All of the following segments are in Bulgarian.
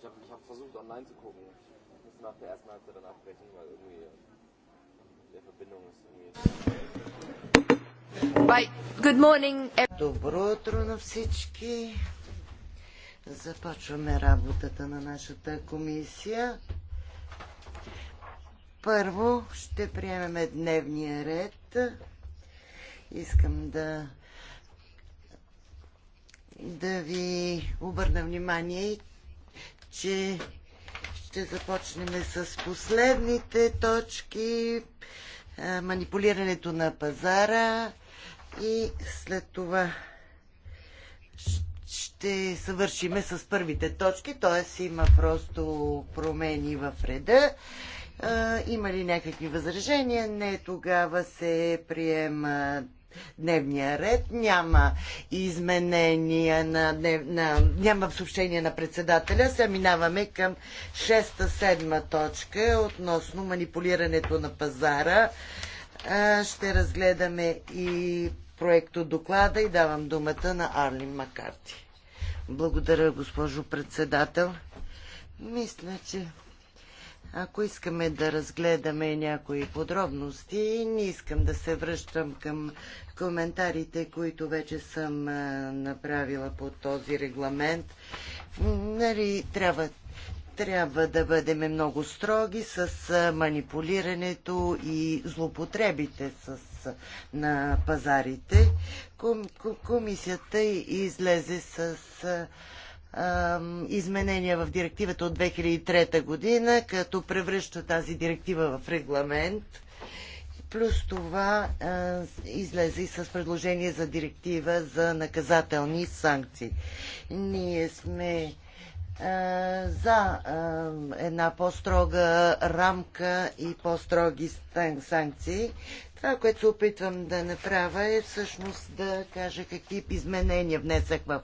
Ich habe ich hab versucht online zu gucken. Ich muss nach der ersten Halbzeit dann abbrechen, weil irgendwie die Verbindung ist irgendwie. Bye. Good morning. Добро утро на всички. Започваме работата на нашата комисия. Първо ще приемем дневния ред. Искам да да ви обърна внимание, че ще започнем с последните точки. Е, манипулирането на пазара и след това ще съвършиме с първите точки, т.е. има просто промени в реда. Е, има ли някакви възражения? Не, тогава се приемат дневния ред, няма изменения на, днев, на няма съобщение на председателя. Сега минаваме към 6-7 точка относно манипулирането на пазара. Ще разгледаме и проекто доклада и давам думата на Арлин Макарти. Благодаря, госпожо председател. Мисля, че ако искаме да разгледаме някои подробности, не искам да се връщам към коментарите, които вече съм направила по този регламент. Нали, трябва, трябва да бъдем много строги с манипулирането и злопотребите с, на пазарите. комисията излезе с изменения в директивата от 2003 година, като превръща тази директива в регламент. Плюс това излезе и с предложение за директива за наказателни санкции. Ние сме за една по-строга рамка и по-строги санкции, това, което се опитвам да направя е всъщност да кажа какви изменения внесах в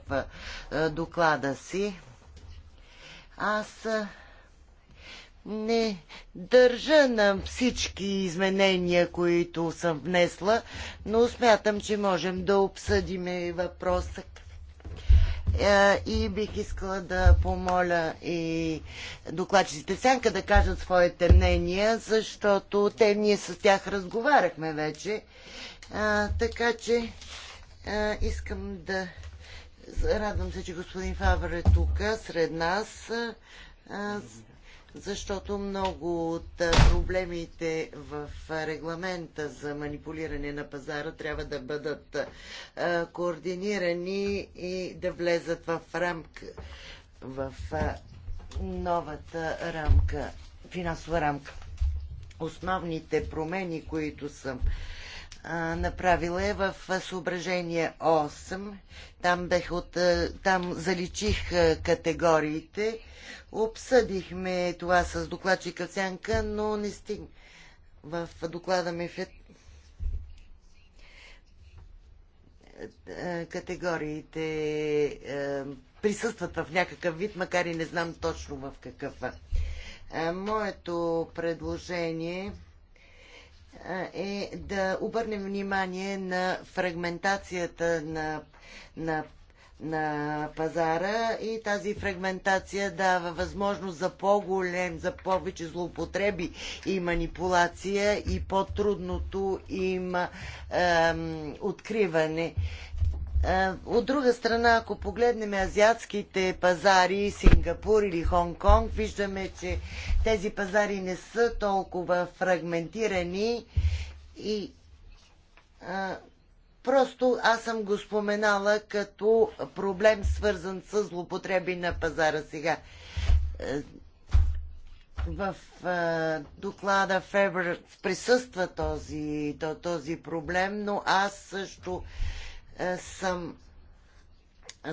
доклада си. Аз не държа на всички изменения, които съм внесла, но смятам, че можем да обсъдим въпроса е, и бих искала да помоля и докладчиците Сянка да кажат своите мнения, защото те ние с тях разговаряхме вече. А, е, така че а, е, искам да. Радвам се, че господин Фавър е тук сред нас. А, защото много от проблемите в регламента за манипулиране на пазара трябва да бъдат е, координирани и да влезат в рамка, в е, новата рамка, финансова рамка. Основните промени, които съм направила е в съображение 8. Там, бех от, там заличих категориите. Обсъдихме това с докладчика Сянка, но не стиг... В доклада ми в е- категориите присъстват в някакъв вид, макар и не знам точно в какъв. Моето предложение е да обърнем внимание на фрагментацията на, на, на пазара и тази фрагментация дава възможност за по-голем, за повече злоупотреби и манипулация и по-трудното им е, откриване. Е, от друга страна, ако погледнем азиатските пазари, Сингапур или Хонг-Конг, виждаме, че тези пазари не са толкова фрагментирани и а, е, просто аз съм го споменала като проблем свързан с злопотреби на пазара сега. Е, в а, доклада Фебър присъства този, този проблем, но аз също а, е, съм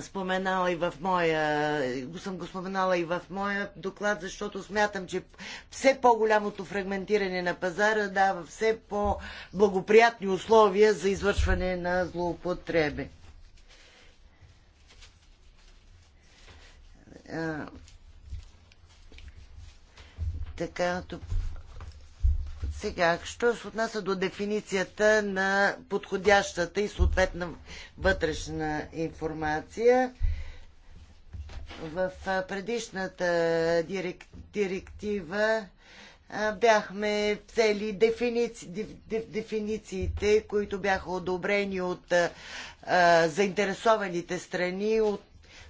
споменала и в моя, го съм го споменала и в моя доклад, защото смятам, че все по-голямото фрагментиране на пазара дава все по-благоприятни условия за извършване на злоупотреби. Е, така, тук. Сега, що се отнася до дефиницията на подходящата и съответна вътрешна информация, в предишната директива бяхме цели дефиниции, дефинициите, които бяха одобрени от заинтересованите страни, от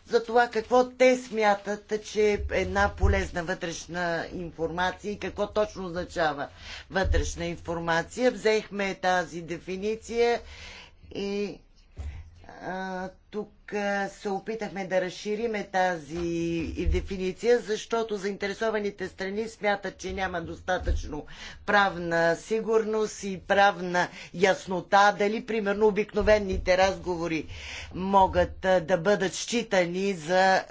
за това какво те смятат, че е една полезна вътрешна информация и какво точно означава вътрешна информация. Взехме тази дефиниция и тук се опитахме да разшириме тази дефиниция, защото заинтересованите страни смятат, че няма достатъчно правна сигурност и правна яснота, дали примерно обикновените разговори могат да бъдат считани за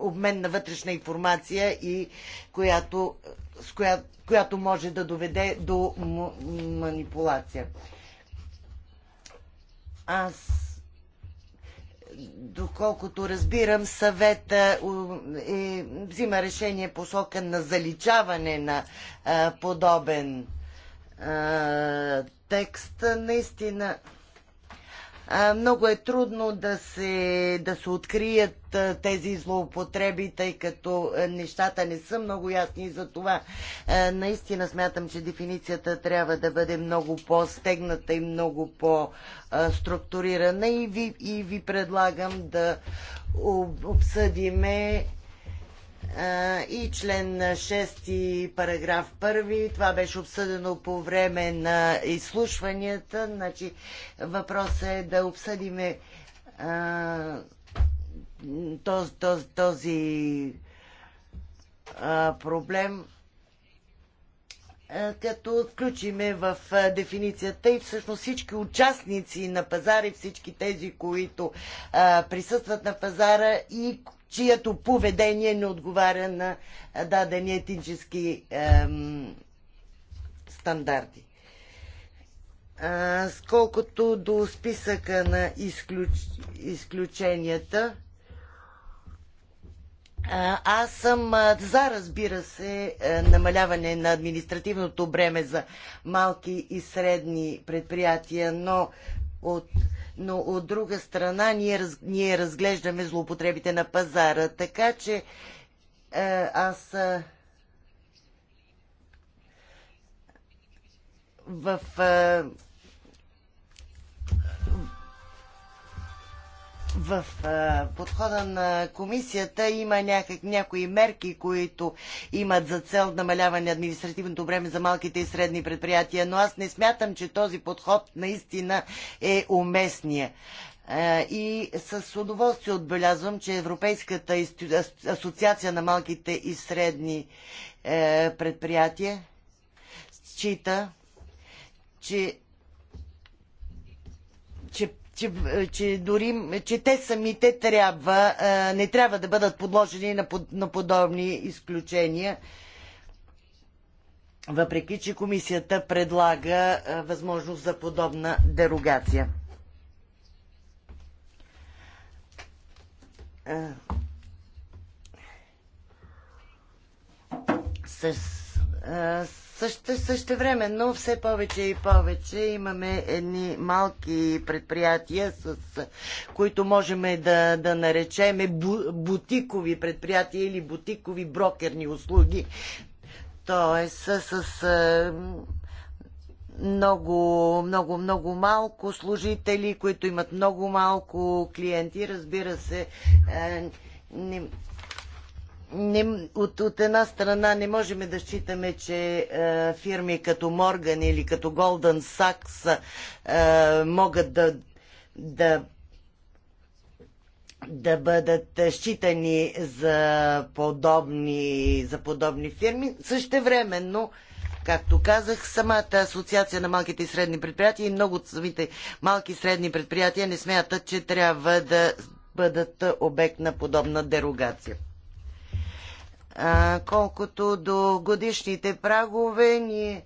обмен на вътрешна информация и която, с коя, която може да доведе до манипулация. Аз доколкото разбирам, съвета е, взима решение посока на заличаване на е, подобен е, текст. Наистина много е трудно да се, да се открият тези злоупотреби, тъй като нещата не са много ясни за това наистина смятам, че дефиницията трябва да бъде много по-стегната и много по-структурирана и ви, и ви предлагам да обсъдиме и член 6 параграф 1. Това беше обсъдено по време на изслушванията. Значи, въпросът е да обсъдиме този, този, този проблем като включиме в дефиницията и всъщност всички участници на пазара и всички тези, които присъстват на пазара и чието поведение не отговаря на дадени етнически ем, стандарти. А, сколкото до списъка на изключ... изключенията, аз съм за, разбира се, е, намаляване на административното бреме за малки и средни предприятия, но от, но от друга страна ние, раз, ние разглеждаме злоупотребите на пазара. Така че е, аз е, в е, в а, подхода на комисията има някак, някои мерки, които имат за цел намаляване административното време за малките и средни предприятия, но аз не смятам, че този подход наистина е уместния. И с удоволствие отбелязвам, че Европейската асоциация на малките и средни е, предприятия счита, че че че, че дори че те самите трябва, е, не трябва да бъдат подложени на, на подобни изключения. Въпреки, че комисията предлага е, възможност за подобна дерогация. Е, с, също, но все повече и повече имаме едни малки предприятия, с които можем да, да наречеме бу, бутикови предприятия или бутикови брокерни услуги. Тоест с, с много, много, много малко служители, които имат много малко клиенти. Разбира се, не, от, от една страна не можем да считаме, че е, фирми като Морган или като Голден Сакс е, могат да, да, да бъдат считани за подобни, за подобни фирми. Същевременно, както казах, самата асоциация на малките и средни предприятия и много от самите малки и средни предприятия не смятат, че трябва да бъдат обект на подобна дерогация колкото до годишните прагове, ние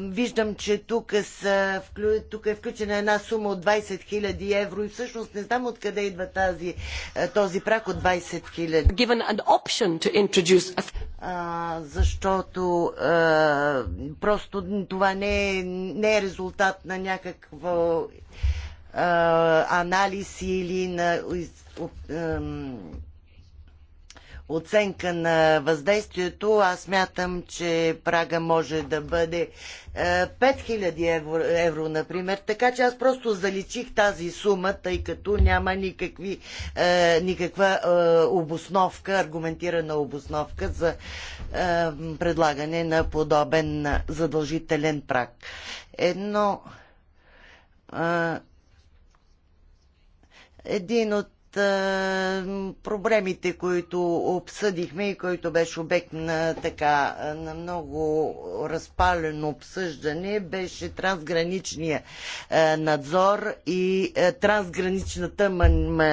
виждам, че тук, са, тук е включена една сума от 20 000 евро и всъщност не знам откъде идва тази, този прак от 20 000. Given an option to introduce a... а, защото а, просто това не е, не е резултат на някакво а, анализ или на а, оценка на въздействието, аз мятам, че прага може да бъде 5000 е, евро, евро, например. Така че аз просто заличих тази сума, тъй като няма никакви, е, никаква е, обосновка, аргументирана обосновка за предлагане на подобен задължителен праг. Едно един от е, проблемите, които обсъдихме и който беше обект на така на много разпалено обсъждане, беше трансграничния е, надзор и е, трансграничната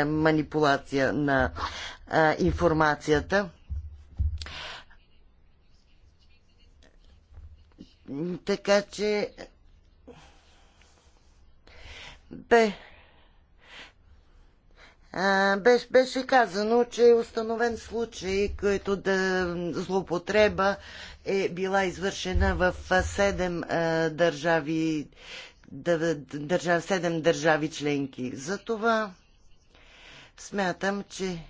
манипулация на информацията. Така че бе беше, беше казано, че е установен случай, който да злоупотреба е била извършена в 7 държави, държав, 7 държави членки. Затова смятам, че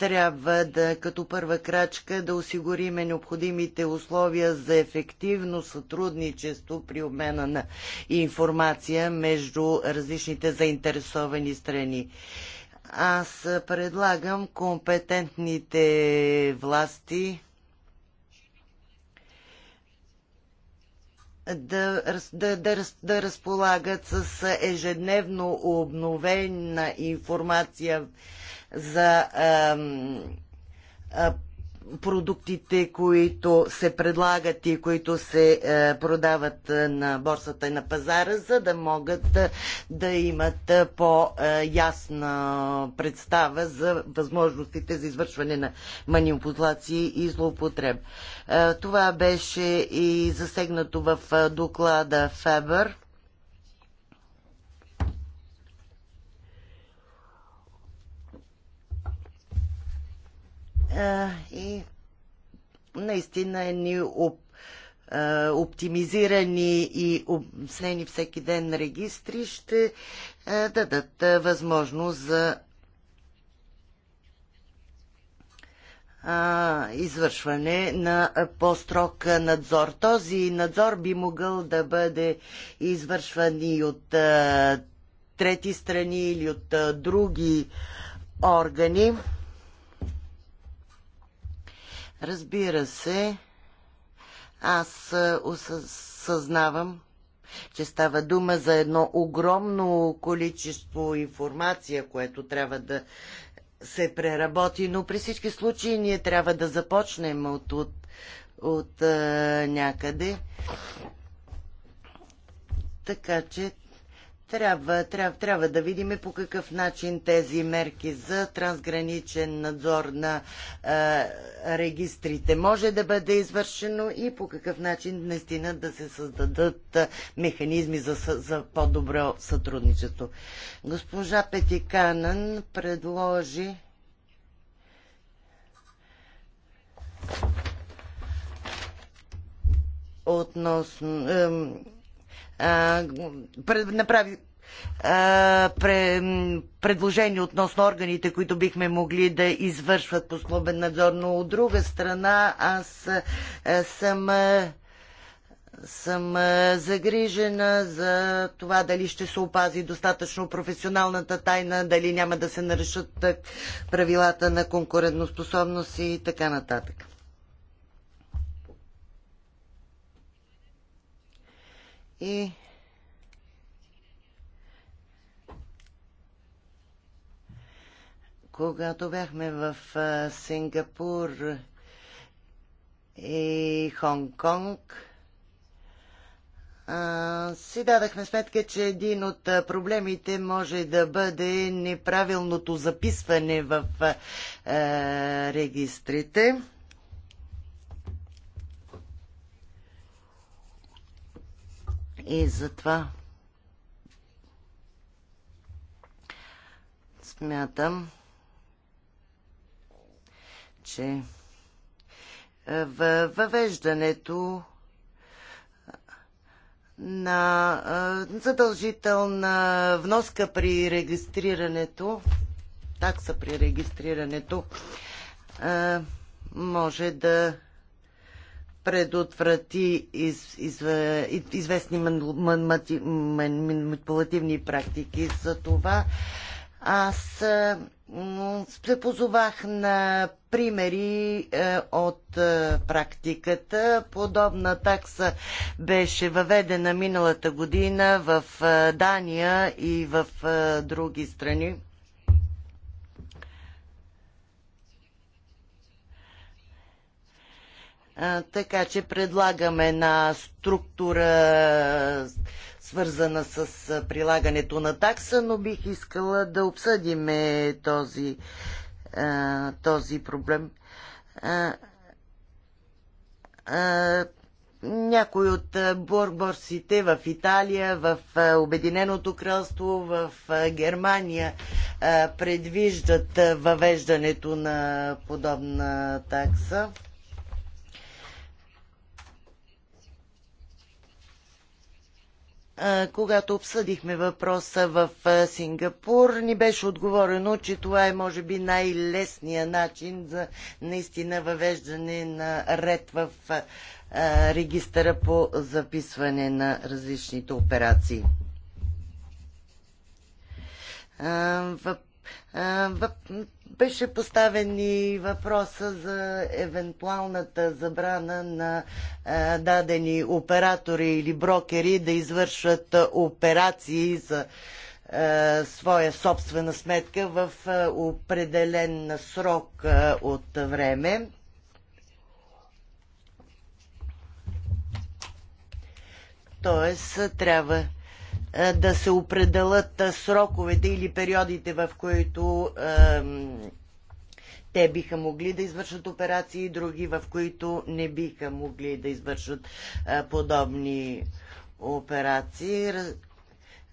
трябва да, като първа крачка, да осигуриме необходимите условия за ефективно сътрудничество при обмена на информация между различните заинтересовани страни. Аз предлагам компетентните власти да, да, да, да разполагат с ежедневно обновена информация за а, а, продуктите, които се предлагат и които се е, продават е, на борсата и на пазара, за да могат е, да имат по-ясна представа за възможностите за извършване на манипулации и злоупотреб. Това беше и засегнато в доклада Фебър и наистина ни оп, оптимизирани и обмислени всеки ден регистри ще дадат възможност за извършване на по-строг надзор. Този надзор би могъл да бъде извършван и от трети страни или от други органи. Разбира се, аз осъзнавам, че става дума за едно огромно количество информация, което трябва да се преработи, но при всички случаи ние трябва да започнем от, от, от някъде. Така че трябва, трябва, трябва да видим по какъв начин тези мерки за трансграничен надзор на а, регистрите може да бъде извършено и по какъв начин наистина да се създадат механизми за, за по-добро сътрудничество. Госпожа Петиканан предложи относно. Е, а, направи а, пре, предложение относно органите, които бихме могли да извършват по слобен надзор, но от друга страна аз а, съм съм загрижена за това дали ще се опази достатъчно професионалната тайна, дали няма да се нарешат правилата на конкурентоспособност и така нататък. И когато бяхме в Сингапур и Хонг-Конг, си дадахме сметка, че един от проблемите може да бъде неправилното записване в регистрите. И затова смятам, че е, въвеждането на е, задължителна вноска при регистрирането, такса при регистрирането, е, може да предотврати из, из, из, известни манипулативни практики. За това аз се позовах на примери е, от е, практиката. Подобна такса беше въведена миналата година в е, Дания и в други страни. така че предлагаме една структура свързана с прилагането на такса, но бих искала да обсъдиме този, този проблем. Някои от борборсите в Италия, в Обединеното кралство, в Германия предвиждат въвеждането на подобна такса. когато обсъдихме въпроса в Сингапур, ни беше отговорено, че това е може би най-лесният начин за наистина въвеждане на ред в регистъра по записване на различните операции. Въп беше поставен и въпроса за евентуалната забрана на дадени оператори или брокери да извършват операции за своя собствена сметка в определен срок от време. Тоест, трябва е, да се определят е, сроковете или периодите, в които те биха могли да извършат операции, други, в които не биха могли да извършат е, подобни операции.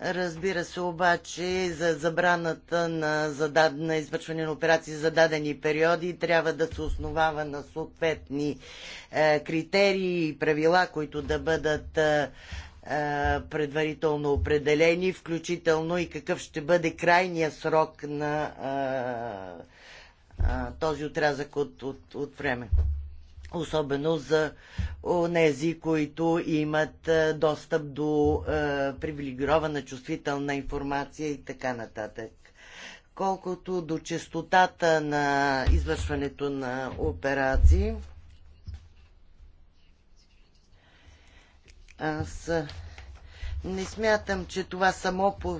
Разбира се обаче за забраната на, задад... на извършване на операции за дадени периоди трябва да се основава на съответни е, критерии и правила, които да бъдат е, предварително определени, включително и какъв ще бъде крайния срок на този отрязък от, от, от време. Особено за нези, които имат достъп до привилегирована чувствителна информация и така нататък. Колкото до частотата на извършването на операции, Аз не смятам, че това само по,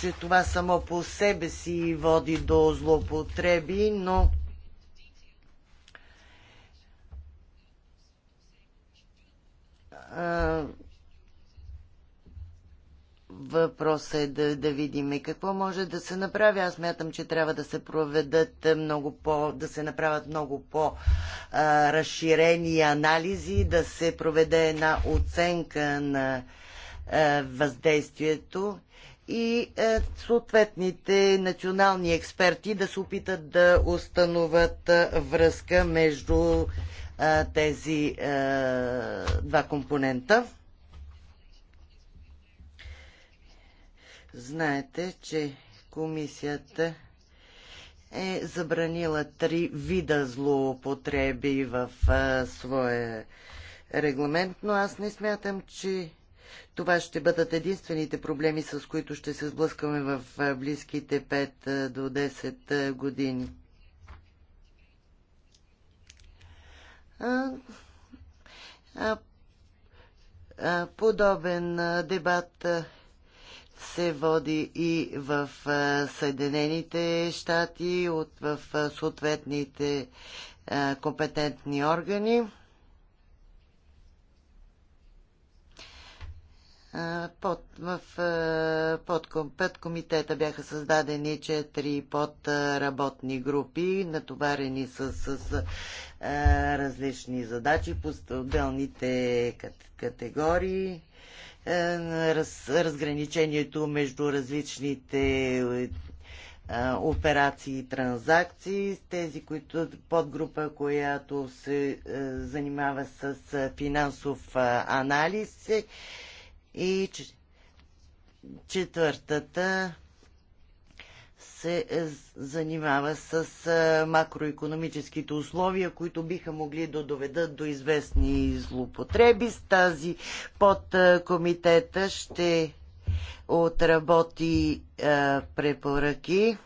че това само по себе си води до злоупотреби, но а, Въпросът е да, да видим и какво може да се направи. Аз мятам, че трябва да се проведат много по, да се направят много по-разширени анализи, да се проведе една оценка на а, въздействието и а, съответните национални експерти да се опитат да установят а, връзка между тези два компонента. Знаете, че комисията е забранила три вида злоупотреби в а, своя регламент, но аз не смятам, че това ще бъдат единствените проблеми, с които ще се сблъскаме в близките 5 до 10 години. А, а, подобен дебат се води и в Съединените щати, от, в съответните компетентни органи. Под, в под, под комитета бяха създадени четири подработни групи, натоварени с, с, с различни задачи по отделните категории. Е, раз, разграничението между различните е, операции и транзакции, тези, които подгрупа, която се е, занимава с финансов анализ и четвъртата се е, занимава с е, макроекономическите условия, които биха могли да доведат до известни злоупотреби. С тази под е, комитета ще отработи препоръки.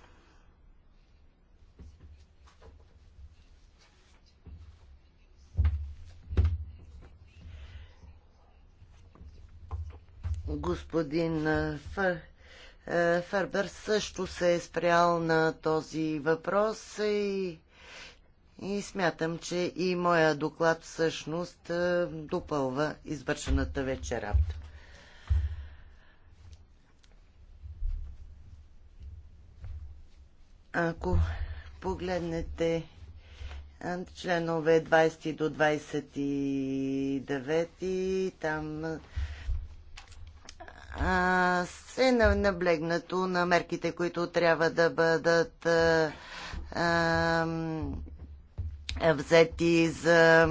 Господин Фър е, Фербер също се е спрял на този въпрос и, и смятам, че и моя доклад всъщност е, допълва извършената вече работа. Ако погледнете е, членове 20 до 29, там се наблегнато на мерките, които трябва да бъдат взети за,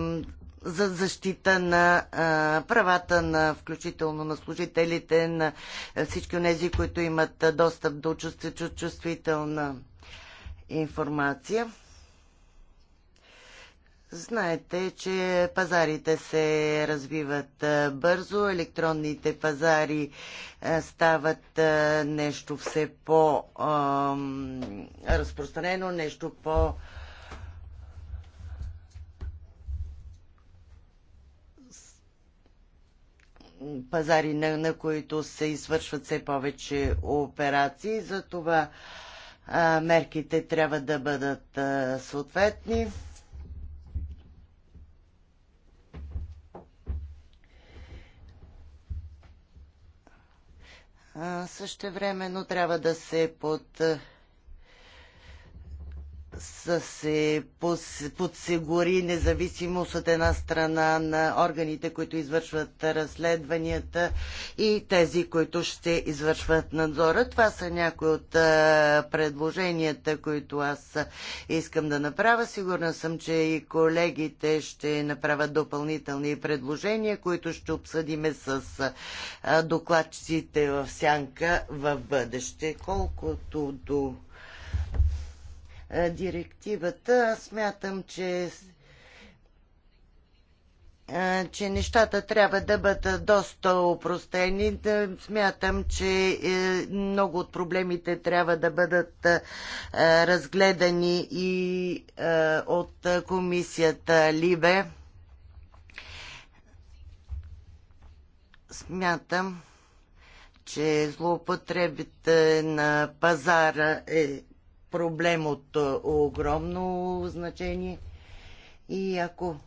за защита на а, правата на включително на служителите, на всички тези, които имат достъп до чувствителна информация. Знаете, че пазарите се развиват бързо, електронните пазари стават нещо все по-разпространено, нещо по- пазари, на, на които се извършват все повече операции. Затова мерките трябва да бъдат съответни. Също времено трябва да се под са се подсигури независимост от една страна на органите, които извършват разследванията и тези, които ще извършват надзора. Това са някои от предложенията, които аз искам да направя. Сигурна съм, че и колегите ще направят допълнителни предложения, които ще обсъдиме с докладчиците в сянка в бъдеще. Колкото до директивата. Аз смятам, че че нещата трябва да бъдат доста упростени. Смятам, че е, много от проблемите трябва да бъдат разгледани и от комисията Либе. Смятам, че злоупотребите на пазара е проблем от е, огромно значение. И ако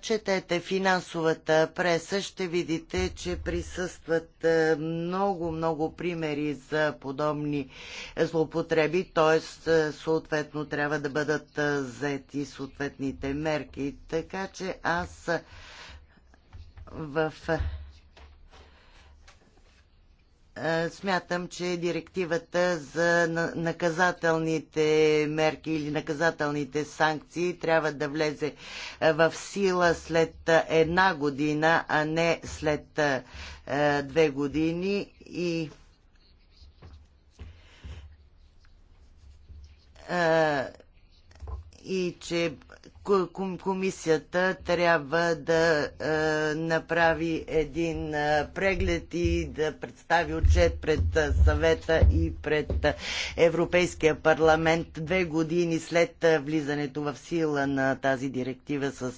четете финансовата преса, ще видите, че присъстват много-много е, примери за подобни злоупотреби, т.е. съответно трябва да бъдат е, заети съответните мерки. Така че аз в е, смятам, че директивата за наказателните мерки или наказателните санкции трябва да влезе е, в сила след една година, а не след е, две години и и че комисията трябва да е, направи един е, преглед и да представи отчет пред е, съвета и пред Европейския парламент две години след влизането в сила на тази директива с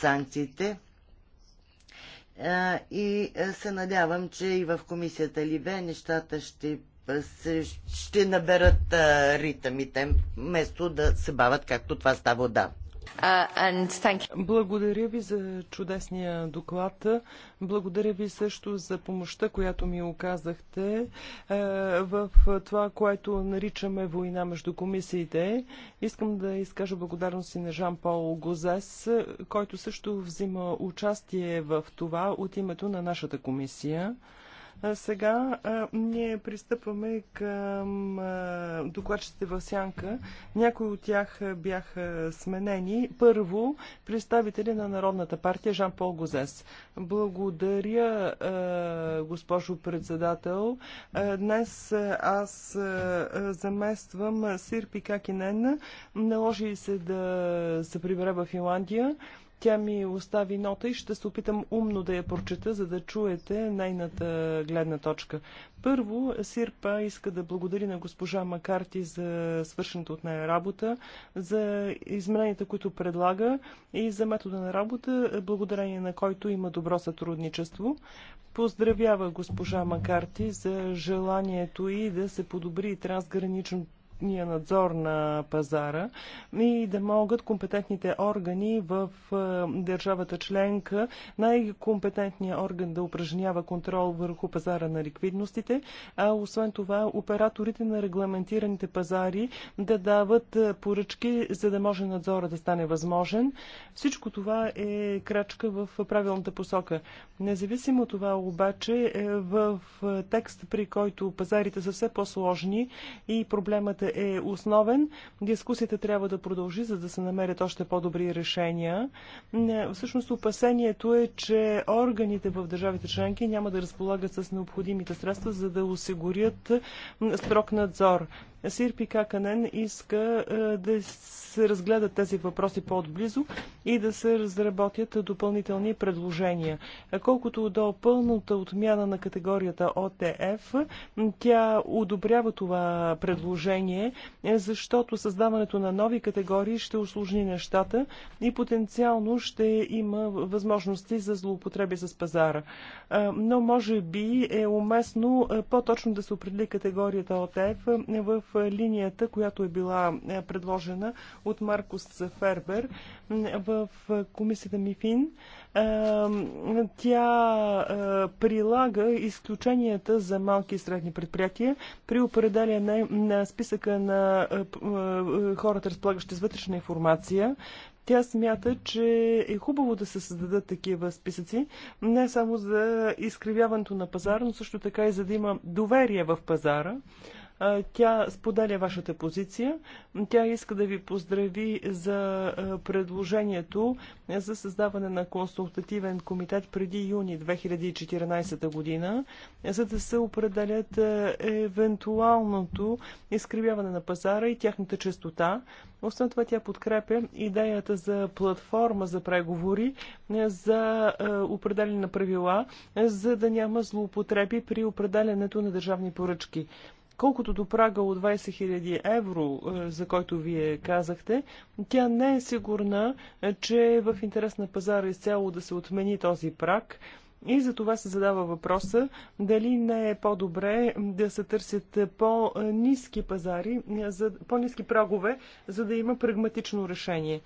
санкциите и се надявам, че и в комисията Ливе нещата ще се, ще наберат а, ритъм и темп, вместо да се бават, както това става да. Uh, Благодаря ви за чудесния доклад. Благодаря ви също за помощта, която ми оказахте е, в това, което наричаме война между комисиите. Искам да изкажа благодарност и на Жан-Пол Гозес, който също взима участие в това от името на нашата комисия. Сега ние пристъпваме към докладчите в сянка. Някои от тях бяха сменени. Първо, представители на Народната партия Жан-Пол Гозес. Благодаря, госпожо председател. Днес аз замествам Сирпи Какинен, Наложи се да се прибере в Финландия. Тя ми остави нота и ще се опитам умно да я прочета, за да чуете нейната гледна точка. Първо, Сирпа иска да благодари на госпожа Макарти за свършената от нея работа, за измененията, които предлага и за метода на работа, благодарение на който има добро сътрудничество. Поздравява госпожа Макарти за желанието и да се подобри трансграничното компетентния надзор на пазара и да могат компетентните органи в е, държавата членка, най-компетентният орган да упражнява контрол върху пазара на ликвидностите, а освен това операторите на регламентираните пазари да дават е, поръчки, за да може надзора да стане възможен. Всичко това е крачка в правилната посока. Независимо от това обаче, е, в текст, при който пазарите са все по-сложни и проблемът е основен. Дискусията трябва да продължи, за да се намерят още по-добри решения. Всъщност опасението е, че органите в държавите членки няма да разполагат с необходимите средства, за да осигурят строг надзор. Сирпи Каканен иска е, да се разгледат тези въпроси по-отблизо и да се разработят допълнителни предложения. Е, колкото до пълната отмяна на категорията ОТФ, тя одобрява това предложение, е, защото създаването на нови категории ще усложни нещата и потенциално ще има възможности за злоупотреби с пазара. Но може би е уместно по-точно да се определи категорията ОТФ в линията, която е била е, предложена от Маркус Фербер в комисията МИФИН. Тя е, прилага изключенията за малки и средни предприятия при определяне на списъка на е, хората, разполагащи с вътрешна информация, тя смята, че е хубаво да се създадат такива списъци, не само за изкривяването на пазара, но също така и за да има доверие в пазара. Тя споделя вашата позиция. Тя иска да ви поздрави за предложението за създаване на консултативен комитет преди юни 2014 година, за да се определят евентуалното изкривяване на пазара и тяхната частота. Освен това тя подкрепя идеята за платформа за преговори, за определене на правила, за да няма злоупотреби при определенето на държавни поръчки. Колкото до прага от 20 000 евро, е, за който вие казахте, тя не е сигурна, е, че е в интерес на пазара изцяло да се отмени този праг – и за това се задава въпроса дали не е по-добре да се търсят по-низки пазари, по-низки прагове, за да има прагматично решение.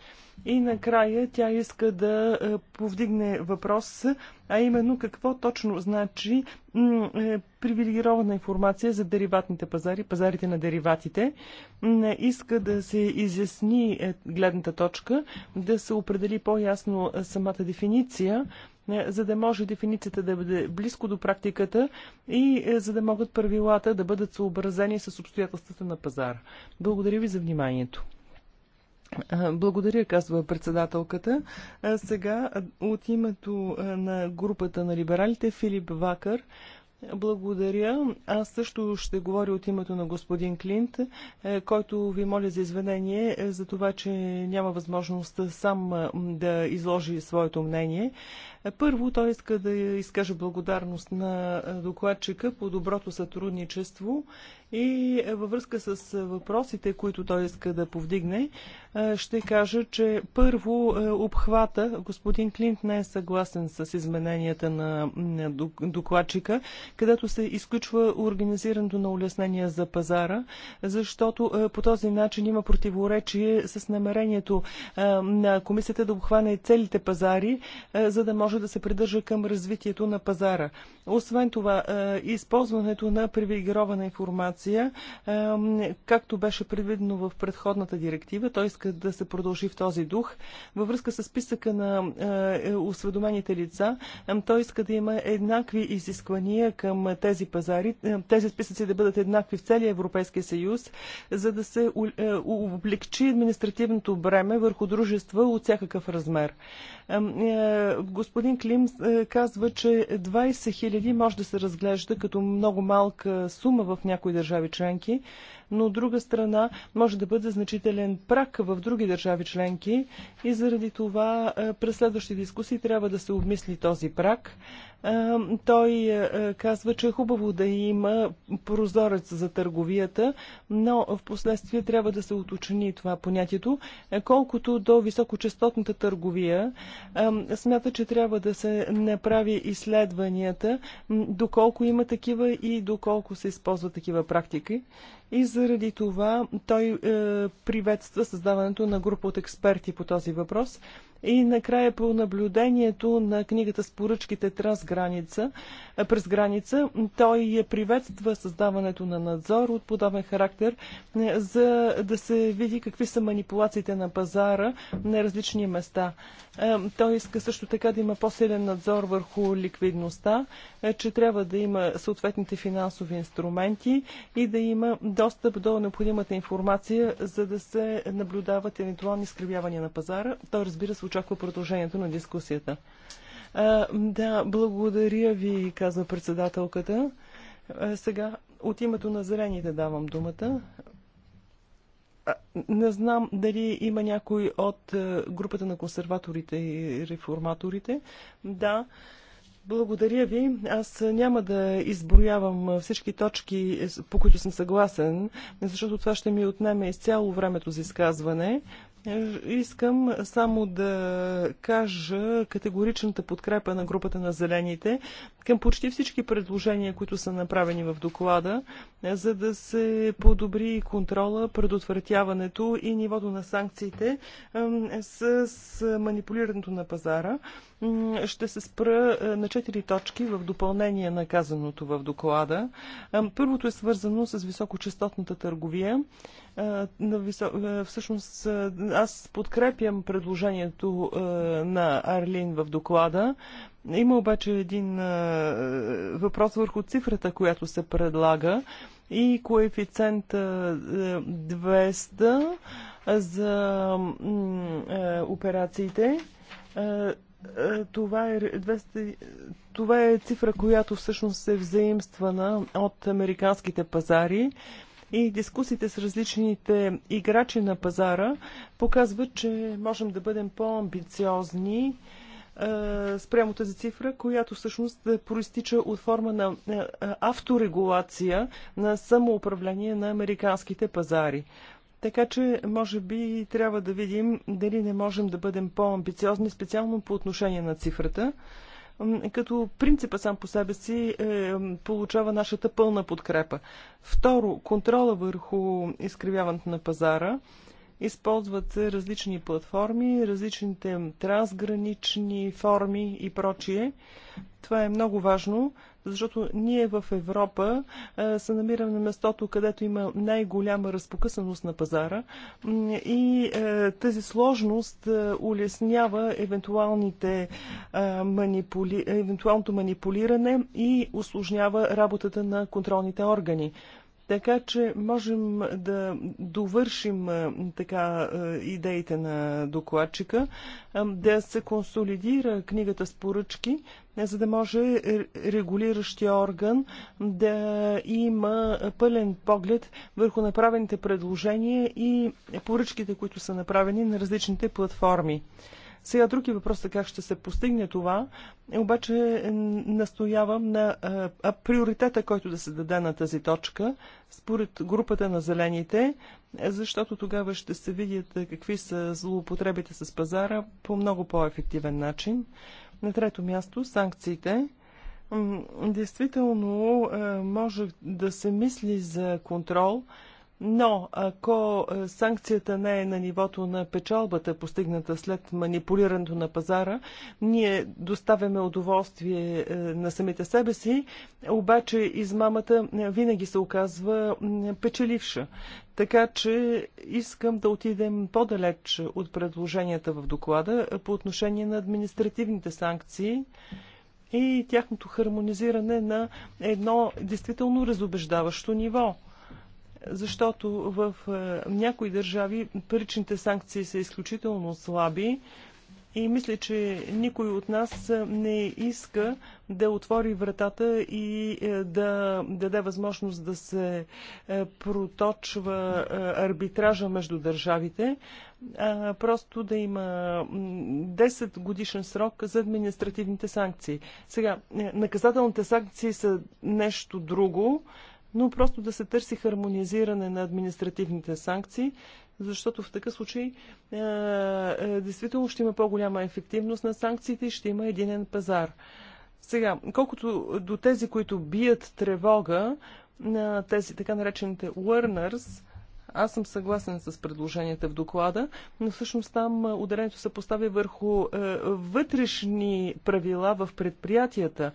И накрая тя иска да е, повдигне въпрос, а именно какво точно значи е, привилегирована информация за дериватните пазари, пазарите на дериватите. Иска да се изясни е, гледната точка, да се определи по-ясно самата дефиниция, е, за да може дефиницията да бъде близко до практиката и е, за да могат правилата да бъдат съобразени с обстоятелствата на пазара. Благодаря ви за вниманието. Е, благодаря, казва председателката. Сега от името на групата на либералите Филип Вакър. Благодаря. Аз също ще говоря от името на господин Клинт, който ви моля за извинение за това, че няма възможност сам да изложи своето мнение. Първо, той иска да изкаже благодарност на докладчика по доброто сътрудничество и във връзка с въпросите, които той иска да повдигне, ще кажа, че първо обхвата, господин Клинт не е съгласен с измененията на докладчика, където се изключва организирането на улеснения за пазара, защото по този начин има противоречие с намерението на комисията да обхване целите пазари, за да може може да се придържа към развитието на пазара. Освен това, е, използването на привилегирована информация, е, както беше предвидено в предходната директива, той иска да се продължи в този дух. Във връзка с списъка на е, осведомените лица, той иска да има еднакви изисквания към тези пазари, тези списъци да бъдат еднакви в целия Европейския съюз, за да се облегчи административното бреме върху дружества от всякакъв размер. Господин Господин Клим е, казва, че 20 000 може да се разглежда като много малка сума в някои държави членки, но от друга страна може да бъде значителен прак в други държави членки и заради това е, през следващи дискусии трябва да се обмисли този прак. Е, той е, казва, че е хубаво да има прозорец за търговията, но в последствие трябва да се уточни това понятието. Колкото до високочастотната търговия, смята, че трябва да се направи изследванията, доколко има такива и доколко се използват такива практики и заради това той е, приветства създаването на група от експерти по този въпрос – и накрая по наблюдението на книгата с поръчките трансграница, през граница, той я приветства създаването на надзор от подобен характер, е, за да се види какви са манипулациите на пазара на различни места. Е, той иска също така да има по-силен надзор върху ликвидността, е, че трябва да има съответните финансови инструменти и да има достъп до необходимата информация, за да се наблюдават евентуални скривявания на пазара. Той разбира се очаква продължението на дискусията. А, да, благодаря ви, казва председателката. А, сега от името на зелените давам думата. А, не знам дали има някой от групата на консерваторите и реформаторите. Да. Благодаря ви. Аз няма да изброявам всички точки, по които съм съгласен, защото това ще ми отнеме изцяло времето за изказване. Искам само да кажа категоричната подкрепа на групата на зелените към почти всички предложения, които са направени в доклада, за да се подобри контрола, предотвратяването и нивото на санкциите с манипулирането на пазара. Ще се спра е, на четири точки в допълнение на казаното в доклада. Първото е свързано с високочастотната търговия. Всъщност аз подкрепям предложението на Арлин в доклада. Има обаче един въпрос върху цифрата, която се предлага и коефициент 200 за операциите. Това е, 200, това е цифра, която всъщност е взаимствана от американските пазари и дискусиите с различните играчи на пазара показват, че можем да бъдем по-амбициозни е, спрямо тази цифра, която всъщност е, проистича от форма на е, авторегулация на самоуправление на американските пазари. Така че, може би, трябва да видим дали не можем да бъдем по-амбициозни, специално по отношение на цифрата като принципа сам по себе си е, получава нашата пълна подкрепа. Второ, контрола върху изкривяването на пазара. Използват се различни платформи, различните трансгранични форми и прочие. Това е много важно, защото ние в Европа се намираме на местото, където има най-голяма разпокъсаност на пазара и тази сложност улеснява евентуалните манипули... евентуалното манипулиране и осложнява работата на контролните органи. Така че можем да довършим така идеите на докладчика, да се консолидира книгата с поръчки, за да може регулиращия орган да има пълен поглед върху направените предложения и поръчките, които са направени на различните платформи. Сега други въпрос е как ще се постигне това, е, обаче е, настоявам на а, е, а, приоритета, който да се даде на тази точка, според групата на зелените, защото тогава ще се видят какви са злоупотребите с пазара по много по-ефективен начин. На трето място санкциите. Действително може да се мисли за контрол, но ако е, санкцията не е на нивото на печалбата, постигната след манипулирането на пазара, ние доставяме удоволствие е, на самите себе си, обаче измамата е, винаги се оказва печеливша. Така че искам да отидем по-далеч от предложенията в доклада по отношение на административните санкции и тяхното хармонизиране на едно действително разобеждаващо ниво – защото в е, някои държави паричните санкции са изключително слаби и мисля, че никой от нас не иска да отвори вратата и е, да даде възможност да се е, проточва арбитража между държавите, а просто да има 10 годишен срок за административните санкции. Сега, наказателните санкции са нещо друго но просто да се търси хармонизиране на административните санкции, защото в такъв случай е, е, действително ще има по-голяма ефективност на санкциите и ще има единен пазар. Сега, колкото до тези, които бият тревога, на тези така наречените learners, аз съм съгласен с предложенията в доклада, но всъщност там ударението се поставя върху е, вътрешни правила в предприятията.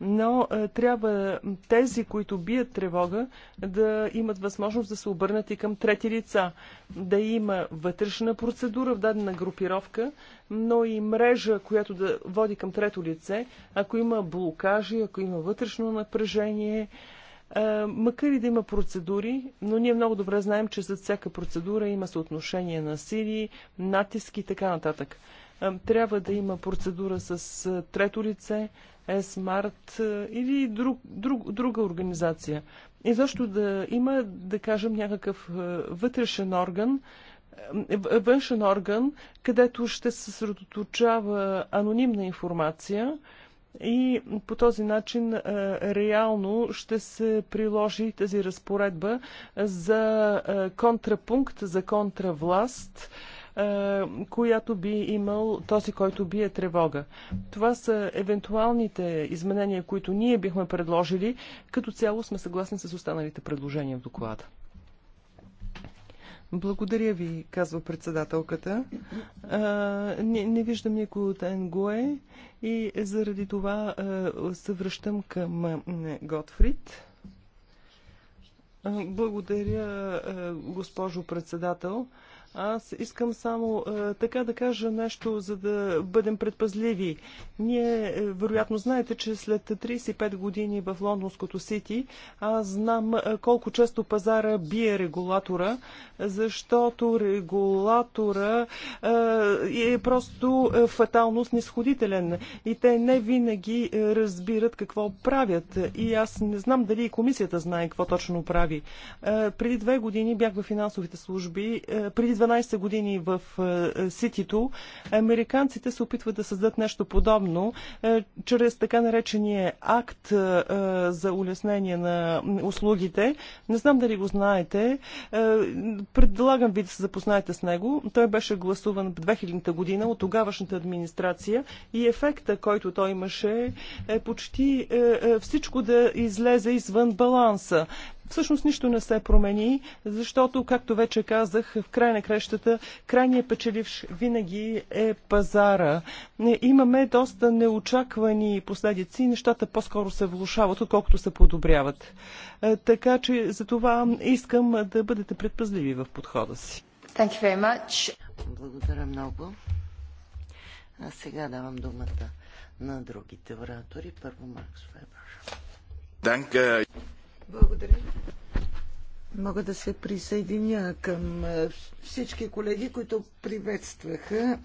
Но е, трябва тези, които бият тревога, да имат възможност да се обърнат и към трети лица. Да има вътрешна процедура в дадена групировка, но и мрежа, която да води към трето лице, ако има блокажи, ако има вътрешно напрежение, е, макар и да има процедури, но ние много добре знаем, че зад всяка процедура има съотношение на сили, натиски и така нататък. Е, трябва да има процедура с е, трето лице, Смарт или друг, друг, друга организация. И защо да има, да кажем, някакъв вътрешен орган, външен орган, където ще се съсредоточава анонимна информация, и по този начин е, реално ще се приложи тази разпоредба за е, контрапункт, за контравласт, е, която би имал този, който бие тревога. Това са евентуалните изменения, които ние бихме предложили. Като цяло сме съгласни с останалите предложения в доклада. Благодаря ви, казва председателката. А, не, не виждам никой от Енгое и заради това а, се връщам към Готфрид. Благодаря, госпожо председател. Аз искам само е, така да кажа нещо, за да бъдем предпазливи. Ние, е, вероятно, знаете, че след 35 години в Лондонското Сити, аз знам е, колко често пазара бие регулатора, защото регулатора е, е просто е, фатално снисходителен. И те не винаги е, разбират какво правят. И аз не знам дали и комисията знае какво точно прави. Е, преди две години бях в финансовите служби. Е, преди 12 години в е, е, Ситито, американците се опитват да създадат нещо подобно е, чрез така наречения акт за улеснение на услугите. Не знам дали го знаете. Предлагам ви да се запознаете с него. Той беше гласуван в 2000-та година от тогавашната администрация и ефекта, който той имаше, е почти всичко да излезе извън баланса. Всъщност нищо не се промени, защото, както вече казах, в край на крещата крайният печеливш винаги е пазара. Имаме доста неочаквани последици. Нещата по-скоро се влушават, отколкото се подобряват. Е, така че за това искам да бъдете предпазливи в подхода си. Thank you very much. Благодаря много. А сега давам думата на другите оратори. Първо Макс Вебер. Danke. Благодаря. Мога да се присъединя към всички колеги, които приветстваха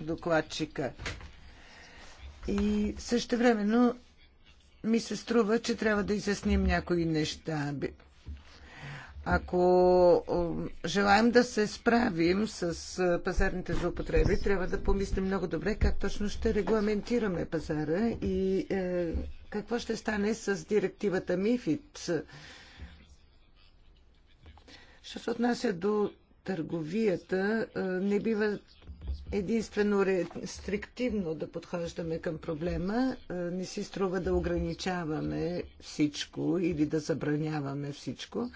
докладчика. И също времено ми се струва, че трябва да изясним някои неща. Ако желаем да се справим с пазарните злоупотреби, трябва да помислим много добре как точно ще регламентираме пазара и е, какво ще стане с директивата МИФИД? Що се отнася до търговията, не бива единствено рестриктивно да подхождаме към проблема. Не си струва да ограничаваме всичко или да забраняваме всичко.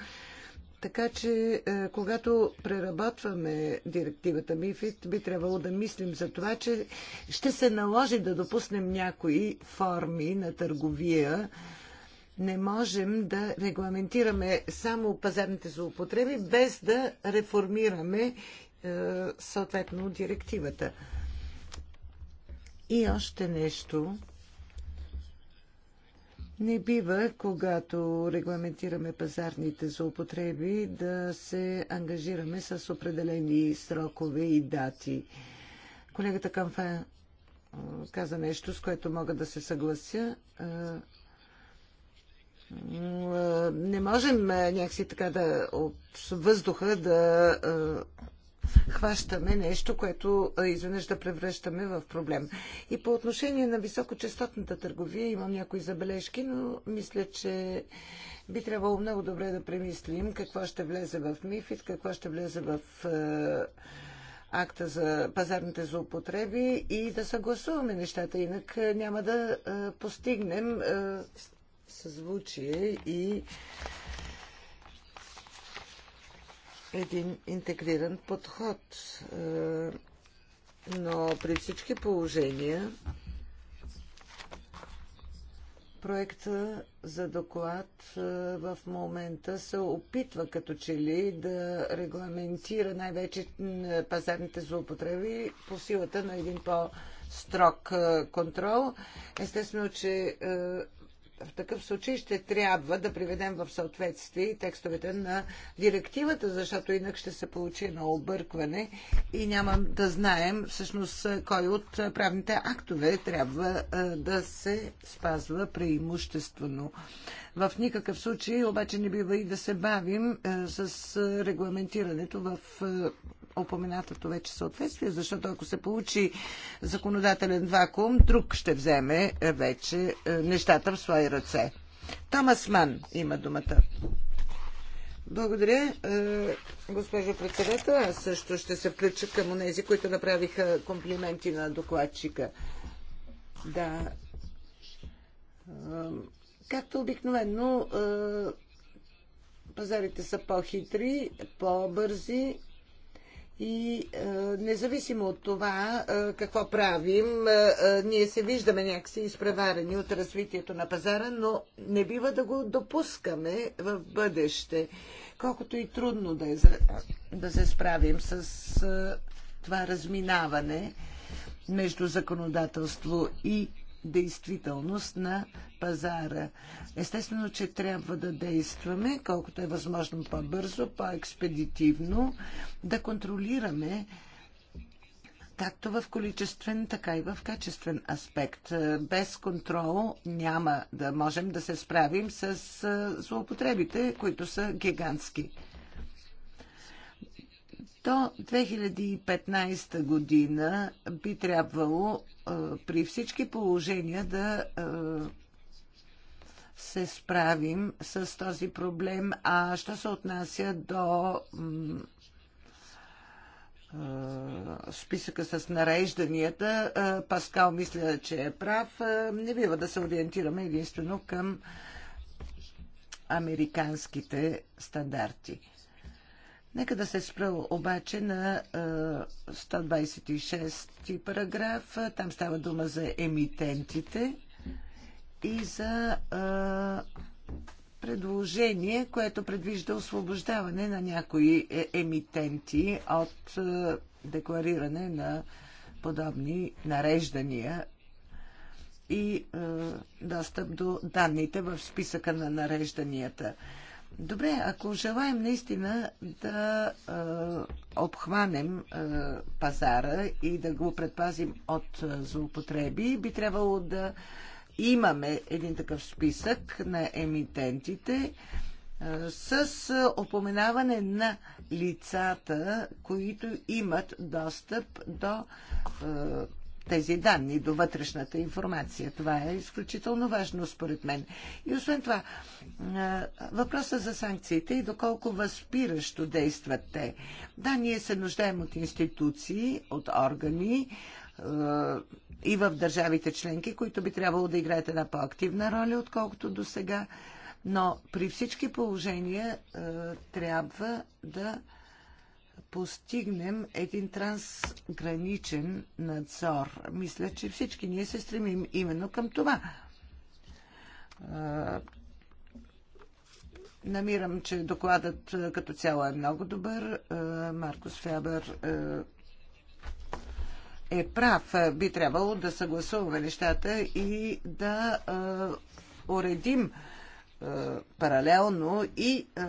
Така че, е, когато преработваме директивата МИФИТ, би трябвало да мислим за това, че ще се наложи да допуснем някои форми на търговия. Не можем да регламентираме само пазарните злоупотреби, без да реформираме е, съответно директивата. И още нещо. Не бива, когато регламентираме пазарните злоупотреби, да се ангажираме с определени срокове и дати. Колегата Камфа каза нещо, с което мога да се съглася. Не можем някакси така да от въздуха да хващаме нещо, което изведнъж да превръщаме в проблем. И по отношение на високочастотната търговия имам някои забележки, но мисля, че би трябвало много добре да премислим какво ще влезе в МИФИД, какво ще влезе в акта за пазарните злоупотреби и да съгласуваме нещата, инак няма да постигнем съзвучие и един интегриран подход. Е, но при всички положения проекта за доклад е, в момента се опитва като че ли да регламентира най-вече пазарните злоупотреби по силата на един по-строг е, контрол. Естествено, че в такъв случай ще трябва да приведем в съответствие и текстовете на директивата, защото инак ще се получи едно объркване и няма да знаем всъщност кой от правните актове трябва да се спазва преимуществено. В никакъв случай обаче не бива и да се бавим с регламентирането в упоменатото вече съответствие, защото ако се получи законодателен вакуум, друг ще вземе вече е, нещата в свои ръце. Томас Ман има думата. Благодаря, е, госпожо председател. Аз също ще се включа към тези, които направиха комплименти на докладчика. Да. Както обикновено, е, пазарите са по-хитри, по-бързи и е, независимо от това е, какво правим, е, е, ние се виждаме някакси изпреварени от развитието на пазара, но не бива да го допускаме в бъдеще, колкото и трудно да, е, да се справим с е, това разминаване между законодателство и действителност на пазара. Естествено, че трябва да действаме колкото е възможно по-бързо, по-експедитивно, да контролираме както в количествен, така и в качествен аспект. Без контрол няма да можем да се справим с злоупотребите, които са гигантски. То 2015 година би трябвало при всички положения да се справим с този проблем. А що се отнася до списъка с нарежданията, Паскал мисля, че е прав. Не бива да се ориентираме единствено към американските стандарти. Нека да се спра обаче на 126 параграф. Там става дума за емитентите и за предложение, което предвижда освобождаване на някои е, емитенти от деклариране на подобни нареждания и достъп до данните в списъка на нарежданията. Добре, ако желаем наистина да е, обхванем е, пазара и да го предпазим от е, злоупотреби, би трябвало да имаме един такъв списък на емитентите с опоменаване на лицата, които имат достъп до тези данни, до вътрешната информация. Това е изключително важно според мен. И освен това, въпросът за санкциите и доколко възпиращо действат те. Да, ние се нуждаем от институции, от органи, и в държавите членки, които би трябвало да играят една по-активна роля, отколкото до сега. Но при всички положения трябва да постигнем един трансграничен надзор. Мисля, че всички ние се стремим именно към това. Намирам, че докладът като цяло е много добър. Маркус Фебър е прав. Би трябвало да съгласуваме нещата и да уредим е, паралелно и е,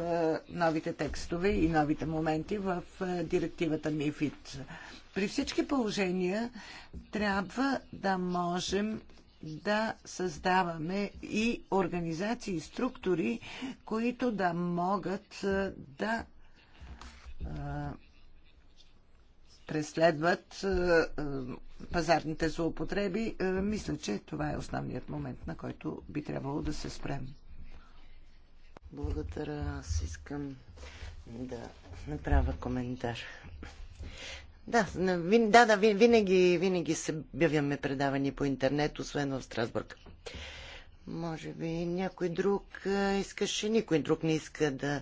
новите текстове и новите моменти в е, директивата МИФИД. При всички положения трябва да можем да създаваме и организации и структури, които да могат да преследват пазарните злоупотреби. Мисля, че това е основният момент, на който би трябвало да се спрем. Благодаря. Аз искам да направя коментар. Да, да, да, винаги, винаги се бявяме предавани по интернет, освен в Страсбург. Може би някой друг искаше, никой друг не иска да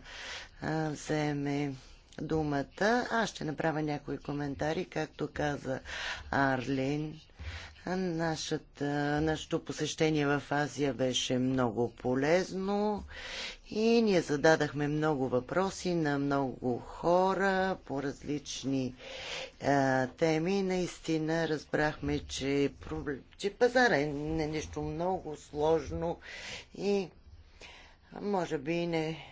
вземе думата. Аз ще направя някои коментари, както каза Арлин. Нашата, нашето посещение в Азия беше много полезно и ние зададахме много въпроси на много хора по различни а, теми. Наистина разбрахме, че, че пазара е нещо много сложно и може би не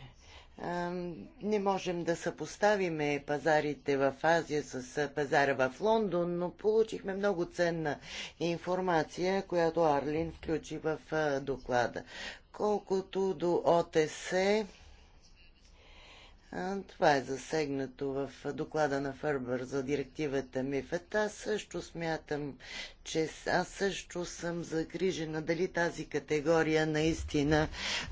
не можем да съпоставиме пазарите в Азия с пазара в Лондон, но получихме много ценна информация, която Арлин включи в доклада. Колкото до ОТС, това е засегнато в доклада на Фърбър за директивата МИФЕТ. Аз също смятам, че аз също съм загрижена дали тази категория наистина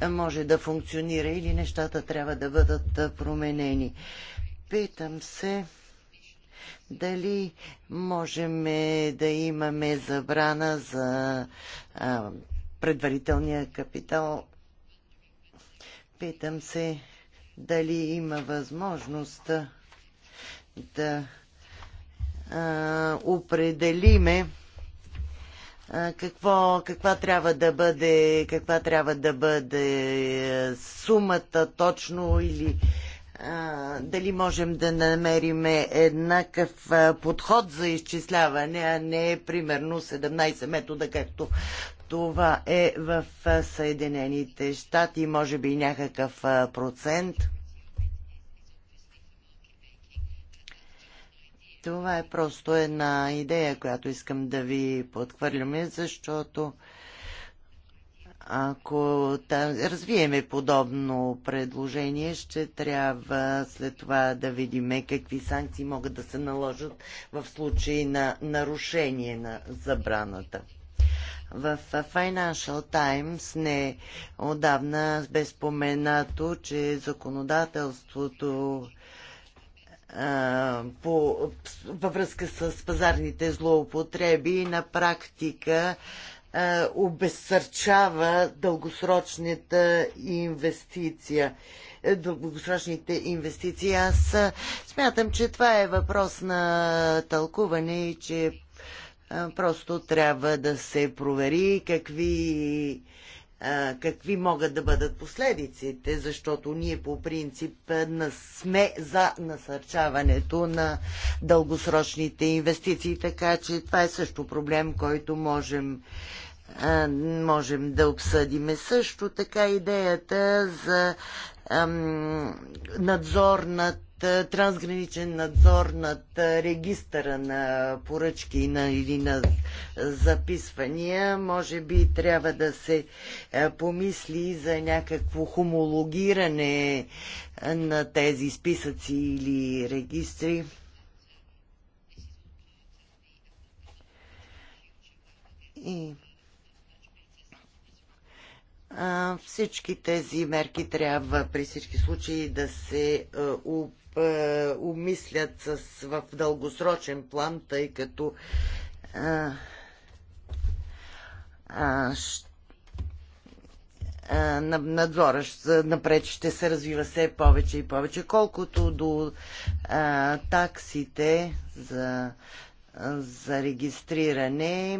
може да функционира или нещата трябва да бъдат променени. Питам се дали можем да имаме забрана за предварителния капитал. Питам се дали има възможност да а, определиме а, какво, каква трябва да бъде, каква трябва да бъде е, сумата точно или а, дали можем да намерим еднакъв подход за изчисляване, а не примерно 17 метода, както това е в Съединените щати, може би някакъв процент. Това е просто една идея, която искам да ви подхвърляме, защото ако развиеме подобно предложение, ще трябва след това да видим какви санкции могат да се наложат в случай на нарушение на забраната. В Financial Times не отдавна бе споменато, че законодателството по, във връзка с пазарните злоупотреби на практика обезсърчава дългосрочната инвестиция. Дългосрочните инвестиции. Аз смятам, че това е въпрос на тълкуване и че Просто трябва да се провери какви, какви могат да бъдат последиците, защото ние по принцип сме за насърчаването на дългосрочните инвестиции, така че това е също проблем, който можем можем да обсъдиме. Също така идеята за надзор над трансграничен надзор над регистъра на поръчки на, или на записвания. Може би трябва да се помисли за някакво хомологиране на тези списъци или регистри. И всички тези мерки трябва при всички случаи да се е, умислят с, в дългосрочен план, тъй като е, а, е, а, а, надзора напред ще се развива все повече и повече. Колкото до а, таксите за за регистриране.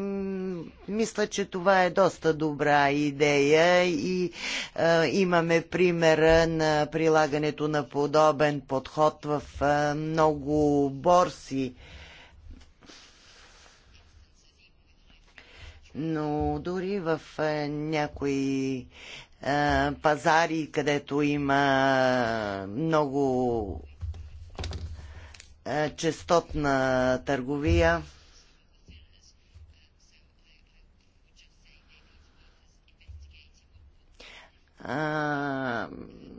Мисля, че това е доста добра идея и а, имаме примера на прилагането на подобен подход в а, много борси. Но дори в а, някои пазари, където има много е, честотна търговия. А,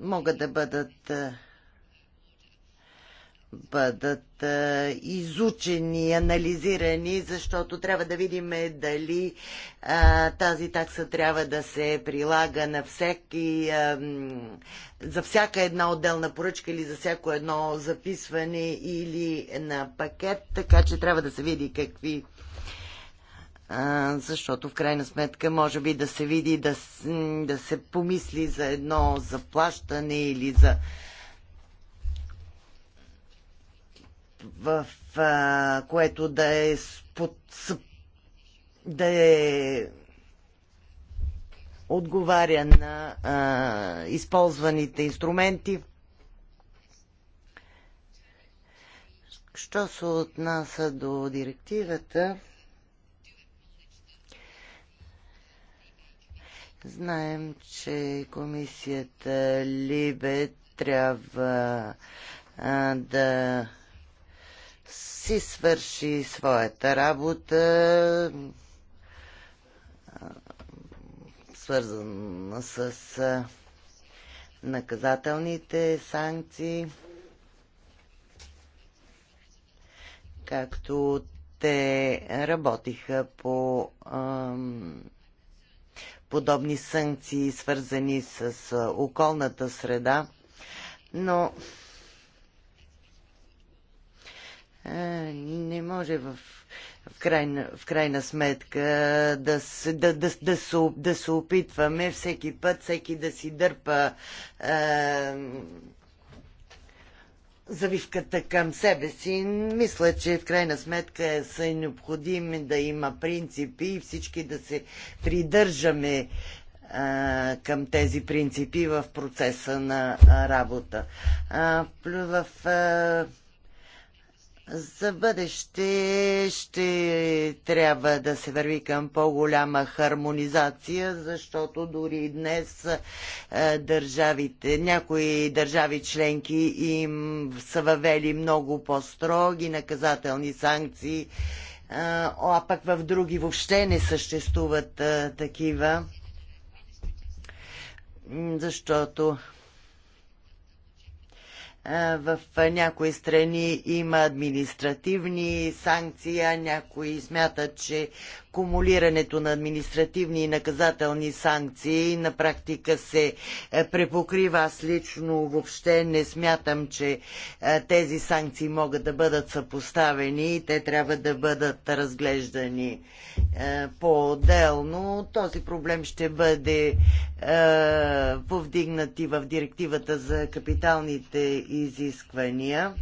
могат да бъдат е, бъдат а, изучени, анализирани, защото трябва да видим дали а, тази такса трябва да се прилага на всеки, а, за всяка една отделна поръчка или за всяко едно записване или на пакет, така че трябва да се види какви защото в крайна сметка може би да се види, да, да се помисли за едно заплащане или за в а, което да е под, да е отговаря на а, използваните инструменти. Що се отнася до директивата, знаем, че комисията Либе трябва а, да си свърши своята работа, свързана с наказателните санкции, както те работиха по подобни санкции, свързани с околната среда, но е, не може в, в, крайна, в крайна сметка да, да, да, да, се, да се опитваме всеки път, всеки да си дърпа е, завивката към себе си. Мисля, че в крайна сметка са и необходими да има принципи и всички да се придържаме е, към тези принципи в процеса на работа. в. Е, за бъдеще ще трябва да се върви към по-голяма хармонизация, защото дори днес е, държавите, някои държави членки им са въвели много по-строги наказателни санкции, е, а пък в други въобще не съществуват е, такива, защото в някои страни има административни санкции, а някои смятат, че акумулирането на административни и наказателни санкции на практика се е, препокрива. Аз лично въобще не смятам, че е, тези санкции могат да бъдат съпоставени и те трябва да бъдат разглеждани е, по-отделно. Този проблем ще бъде повдигнат и в директивата за капиталните изисквания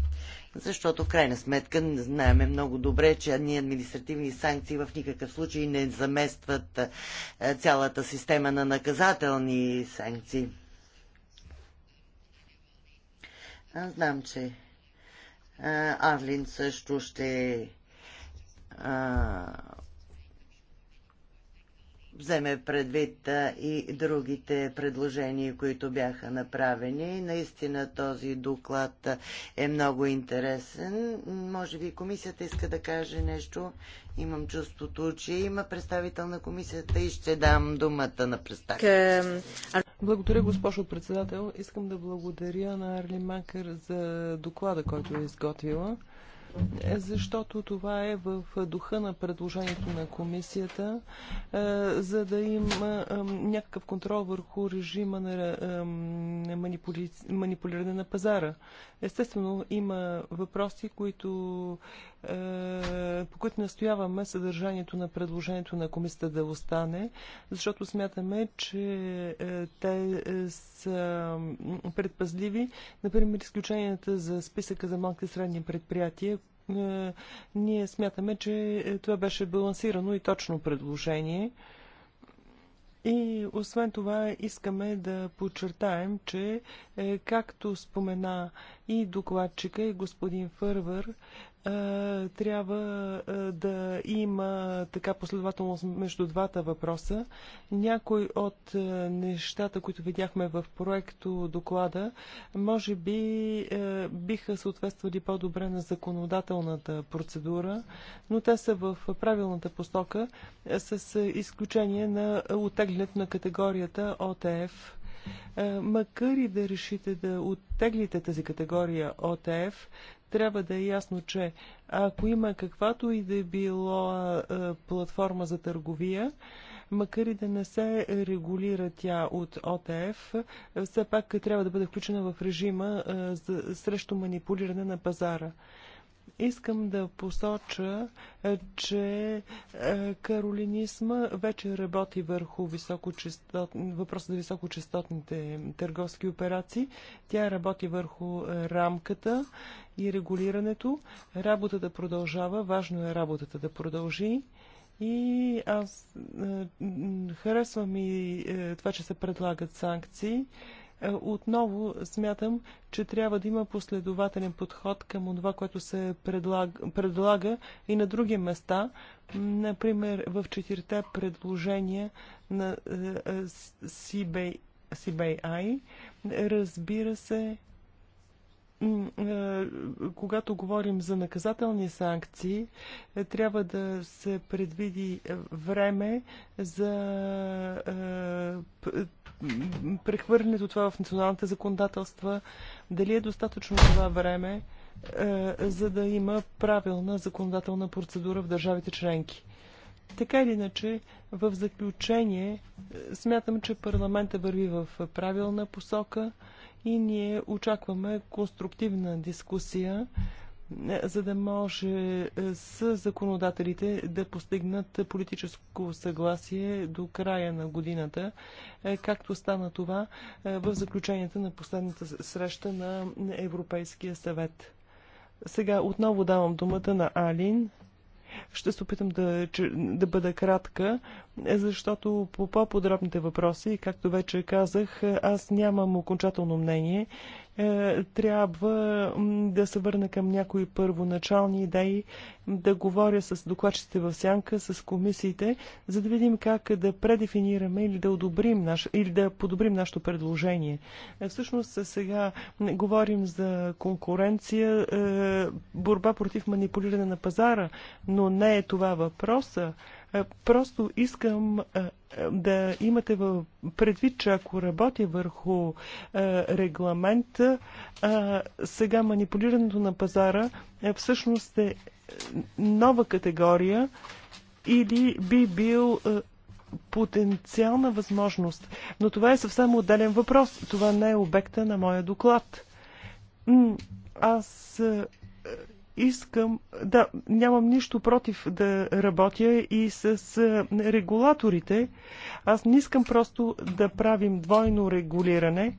защото в крайна сметка знаеме много добре, че ние административни санкции в никакъв случай не заместват цялата система на наказателни санкции. Аз знам, че Арлин също ще вземе предвид и другите предложения, които бяха направени. Наистина този доклад е много интересен. Може би комисията иска да каже нещо. Имам чувството, че има представител на комисията и ще дам думата на представител. Благодаря, госпожо председател. Искам да благодаря на Арли Макър за доклада, който е изготвила. Е, защото това е в духа на предложението на комисията, е, за да има е, някакъв контрол върху режима на манипулиране на пазара. Естествено, има въпроси, които, по които настояваме съдържанието на предложението на комисията да остане, защото смятаме, че те са предпазливи. Например, изключенията за списъка за малки и средни предприятия, е, ние смятаме, че това беше балансирано и точно предложение. И освен това искаме да подчертаем, че е, както спомена и докладчика и господин Фървър, трябва да има така последователност между двата въпроса. Някой от нещата, които видяхме в проекто доклада, може би биха съответствали по-добре на законодателната процедура, но те са в правилната постока, с изключение на отеглянето на категорията ОТФ. Макар и да решите да оттеглите тази категория ОТФ, трябва да е ясно, че ако има каквато и да е било платформа за търговия, макар и да не се регулира тя от ОТФ, все пак трябва да бъде включена в режима срещу манипулиране на пазара. Искам да посоча, е, че е, каролинизма вече работи върху високочастот... въпроса за високочастотните търговски операции. Тя работи върху е, рамката и регулирането. Работата продължава. Важно е работата да продължи. И аз харесвам и това, че се предлагат санкции. Е, отново смятам, че трябва да има последователен подход към това, което се предлага, предлага и на други места. Например, в четирите предложения на CBI, е, CBI е, разбира се, когато говорим за наказателни санкции, трябва да се предвиди време за прехвърлянето това в националните законодателства, дали е достатъчно това време, е, за да има правилна законодателна процедура в държавите членки. Така или иначе, в заключение, е, смятам, че парламента върви в правилна посока и ние очакваме конструктивна дискусия е, за да може е, с законодателите да постигнат политическо съгласие до края на годината, е, както стана това в заключенията на последната среща на Европейския съвет. Сега отново давам думата на Алин. Ще се опитам да, да бъда кратка, защото по по-подробните въпроси, както вече казах, аз нямам окончателно мнение. Е, трябва да се върна към някои първоначални идеи, да говоря с докладчите в сянка, с комисиите, за да видим как да предефинираме или да, одобрим наш, или да подобрим нашето предложение. Е, всъщност сега говорим за конкуренция, е, борба против манипулиране на пазара, но не е това въпроса. Е, просто искам е, е, да имате предвид, че ако работя върху регламент, сега манипулирането на пазара всъщност е нова категория или би бил потенциална възможност. Но това е съвсем отделен въпрос. Това не е обекта на моя доклад. Аз Искам да нямам нищо против да работя и с регулаторите. Аз не искам просто да правим двойно регулиране.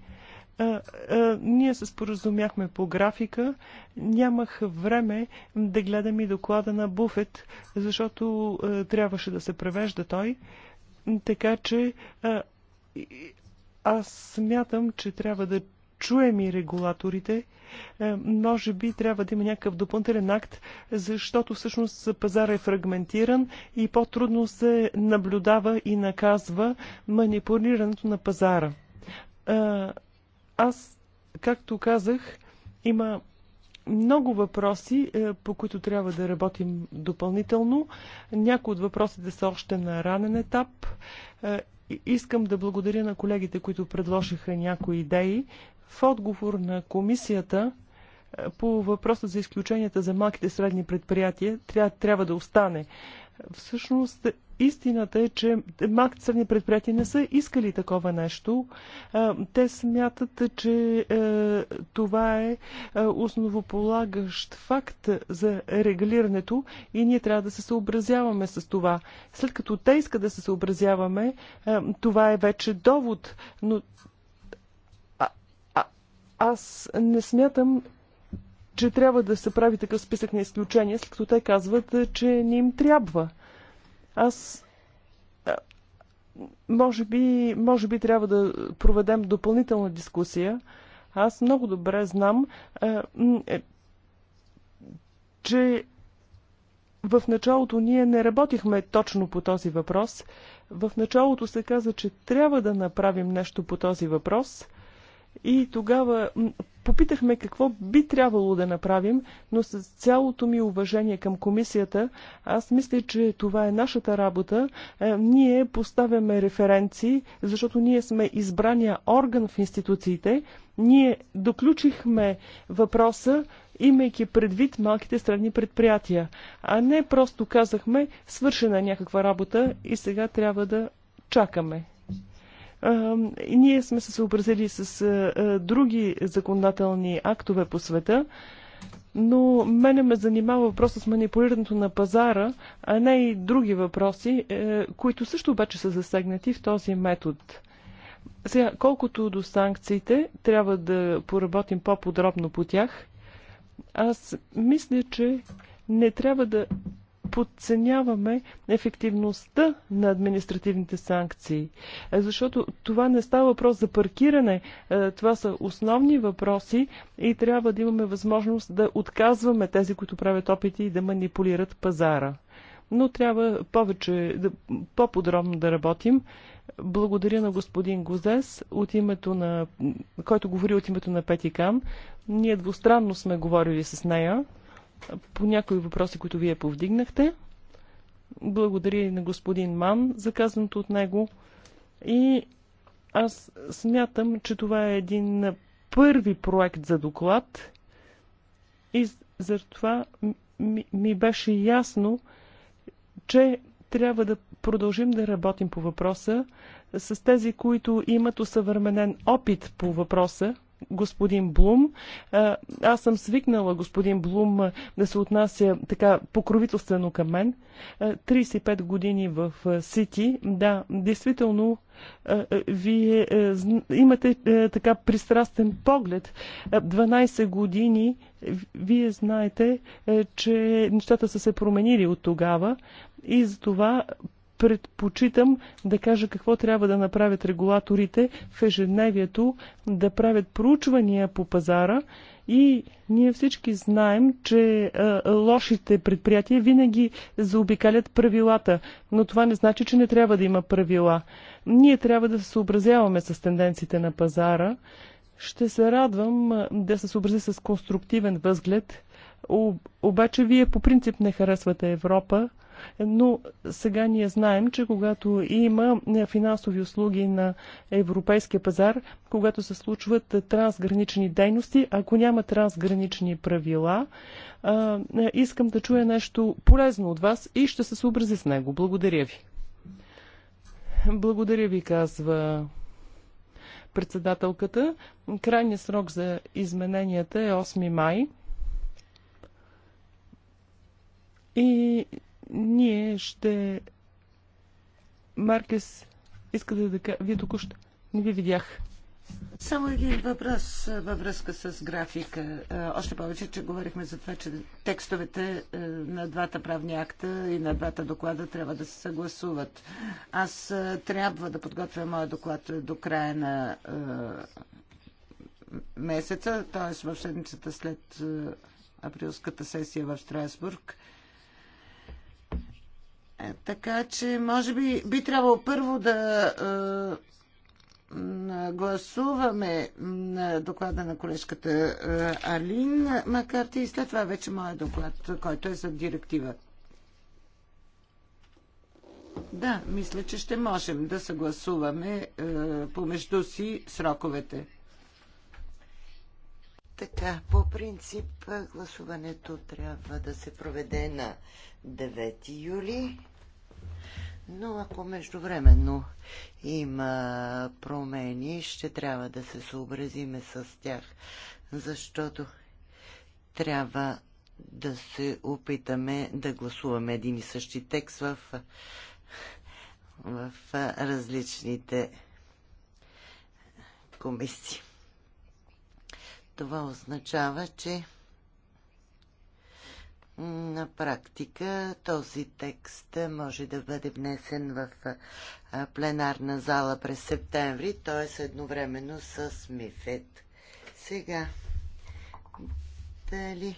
А, а, ние се споразумяхме по графика. Нямах време да гледам и доклада на Буфет, защото а, трябваше да се превежда той. Така че а, аз смятам, че трябва да чуем и регулаторите. Е, може би трябва да има някакъв допълнителен акт, защото всъщност пазар е фрагментиран и по-трудно се наблюдава и наказва манипулирането на пазара. Е, аз, както казах, има много въпроси, е, по които трябва да работим допълнително. Някои от въпросите са още на ранен етап. Искам да благодаря на колегите, които предложиха някои идеи. В отговор на комисията е, по въпроса за изключенията за малките средни предприятия трябва, трябва да остане. Всъщност, истината е, че малките средни предприятия не са искали такова нещо. Е, те смятат, че е, това е основополагащ факт за регулирането и ние трябва да се съобразяваме с това. След като те искат да се съобразяваме, това е вече довод, но аз не смятам, че трябва да се прави такъв списък на изключения, след като те казват, че не им трябва. Аз може би, може би трябва да проведем допълнителна дискусия. Аз много добре знам, е, че в началото ние не работихме точно по този въпрос. В началото се каза, че трябва да направим нещо по този въпрос – и тогава попитахме какво би трябвало да направим, но с цялото ми уважение към комисията, аз мисля, че това е нашата работа. Е, ние поставяме референции, защото ние сме избрания орган в институциите. Ние доключихме въпроса, имайки предвид малките средни предприятия, а не просто казахме свършена някаква работа и сега трябва да чакаме. И Ние сме се съобразили с други законодателни актове по света, но мене ме занимава въпроса с манипулирането на пазара, а не и други въпроси, е, които също обаче са засегнати в този метод. Сега, колкото до санкциите, трябва да поработим по-подробно по тях. Аз мисля, че не трябва да подценяваме ефективността на административните санкции, е, защото това не става въпрос за паркиране, е, това са основни въпроси и трябва да имаме възможност да отказваме тези, които правят опити и да манипулират пазара. Но трябва повече, по-подробно да работим. Благодаря на господин Гозес, от името на, който говори от името на Петикан. Ние двустранно сме говорили с нея по някои въпроси, които вие повдигнахте. Благодаря и на господин Ман за казаното от него. И аз смятам, че това е един първи проект за доклад и затова ми, ми беше ясно, че трябва да продължим да работим по въпроса с тези, които имат усъвременен опит по въпроса, господин Блум. Аз съм свикнала господин Блум да се отнася така покровителствено към мен. 35 години в Сити. Да, действително вие имате така пристрастен поглед. 12 години вие знаете, че нещата са се променили от тогава и за това предпочитам да кажа какво трябва да направят регулаторите в ежедневието, да правят проучвания по пазара и ние всички знаем, че лошите предприятия винаги заобикалят правилата, но това не значи, че не трябва да има правила. Ние трябва да се съобразяваме с тенденциите на пазара. Ще се радвам да се съобрази с конструктивен възглед, обаче вие по принцип не харесвате Европа, но сега ние знаем, че когато има финансови услуги на европейския пазар, когато се случват трансгранични дейности, ако няма трансгранични правила, искам да чуя нещо полезно от вас и ще се съобрази с него. Благодаря ви. Благодаря ви, казва председателката. Крайният срок за измененията е 8 май. И ние ще... Маркес, искате да кажа... Вие току-що не ви видях. Само един въпрос във връзка с графика. Още повече, че говорихме за това, че текстовете на двата правни акта и на двата доклада трябва да се съгласуват. Аз трябва да подготвя моя доклад до края на месеца, т.е. в седмицата след априлската сесия в Страсбург. Е, така че, може би, би трябвало първо да е, гласуваме на доклада на колежката е, Алин Макарти и след това вече моя доклад, който е за директива. Да, мисля, че ще можем да съгласуваме помежду си сроковете. Така, по принцип гласуването трябва да се проведе на 9 юли, но ако междувременно има промени, ще трябва да се съобразиме с тях, защото трябва да се опитаме да гласуваме един и същи текст в, в различните комисии. Това означава, че на практика този текст може да бъде внесен в пленарна зала през септември, т.е. едновременно с МИФЕД. Сега, дали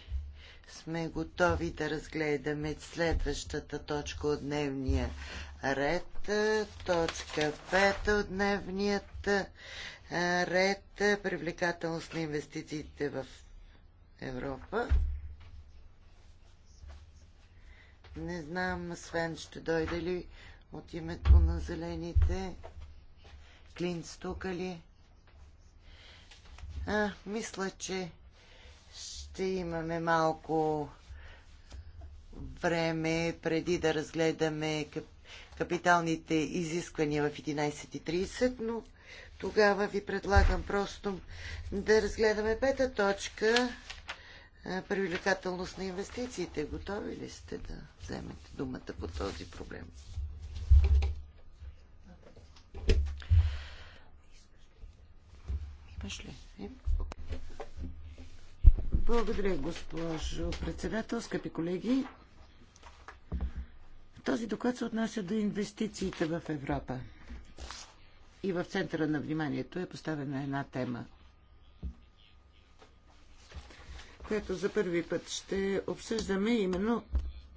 сме готови да разгледаме следващата точка от дневния ред, точка 5 от дневният ред привлекателност на инвестициите в Европа. Не знам, Свен ще дойде ли от името на зелените. клин стука ли? А, мисля, че ще имаме малко време преди да разгледаме капиталните изисквания в 11.30, но тогава ви предлагам просто да разгледаме пета точка е, привлекателност на инвестициите. Готови ли сте да вземете думата по този проблем? Имаш ли? Е? Благодаря, госпожо председател, скъпи колеги. Този доклад се отнася до инвестициите в Европа и в центъра на вниманието е поставена една тема, която за първи път ще обсъждаме именно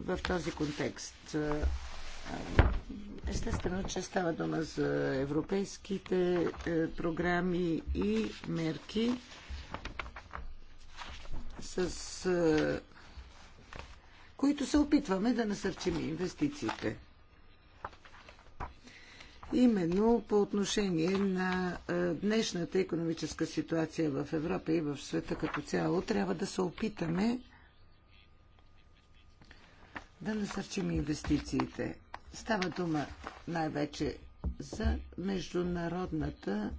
в този контекст. Естествено, че става дума за европейските е, програми и мерки с е, които се опитваме да насърчим инвестициите именно по отношение на е, днешната економическа ситуация в Европа и в света като цяло, трябва да се опитаме да насърчим инвестициите. Става дума най-вече за международната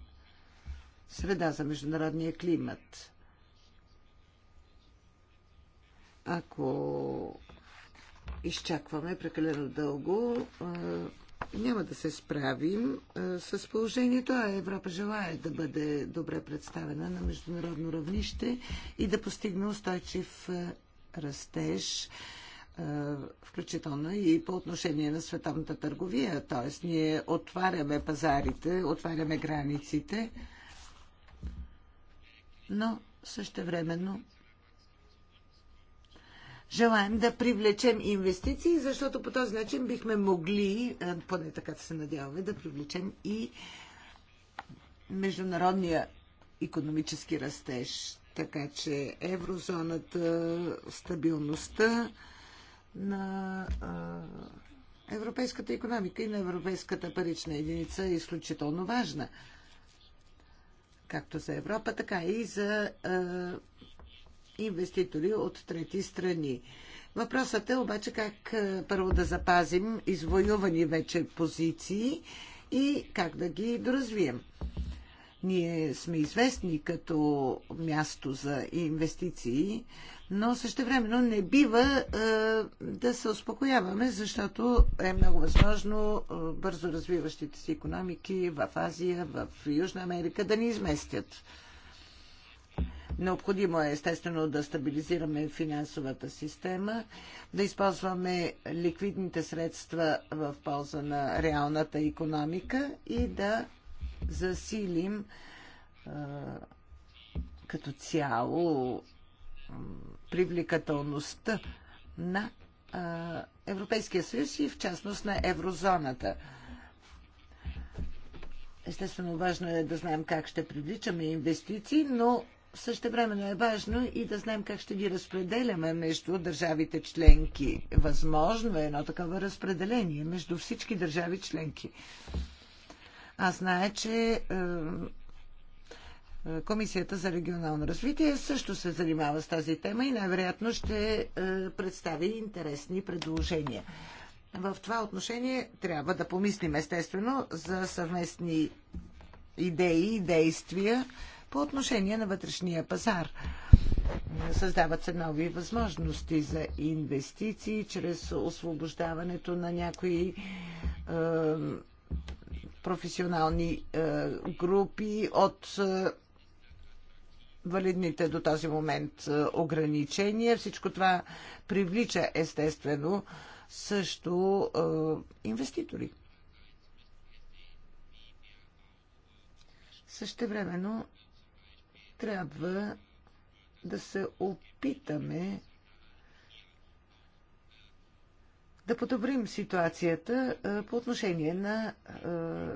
среда, за международния климат. Ако изчакваме прекалено дълго, е, няма да се справим а, с положението, а Европа желая да бъде добре представена на международно равнище и да постигне устойчив а, растеж, а, включително и по отношение на световната търговия. Тоест, ние отваряме пазарите, отваряме границите, но също времено желаем да привлечем инвестиции, защото по този начин бихме могли, е, поне така да се надяваме, да привлечем и международния економически растеж. Така че еврозоната, стабилността на европейската економика и на европейската парична единица е изключително важна. Както за Европа, така и за инвеститори от трети страни. Въпросът е обаче как е, първо да запазим извоювани вече позиции и как да ги доразвием. Ние сме известни като място за инвестиции, но същевременно не бива е, да се успокояваме, защото е много възможно е, бързо развиващите си економики в Азия, в Южна Америка да ни изместят. Необходимо е естествено да стабилизираме финансовата система, да използваме ликвидните средства в полза на реалната економика и да засилим като цяло привлекателността на Европейския съюз и в частност на еврозоната. Естествено, важно е да знаем как ще привличаме инвестиции, но Същевременно е важно и да знаем как ще ги разпределяме между държавите членки. Възможно е едно такова разпределение между всички държави членки. Аз знае, че е, е, Комисията за регионално развитие също се занимава с тази тема и най-вероятно ще е, представи интересни предложения. В това отношение трябва да помислим естествено за съвместни идеи и действия по отношение на вътрешния пазар. Създават се нови възможности за инвестиции чрез освобождаването на някои е, професионални е, групи от е, валидните до този момент ограничения. Всичко това привлича естествено също инвеститори. времено трябва да се опитаме да подобрим ситуацията по отношение на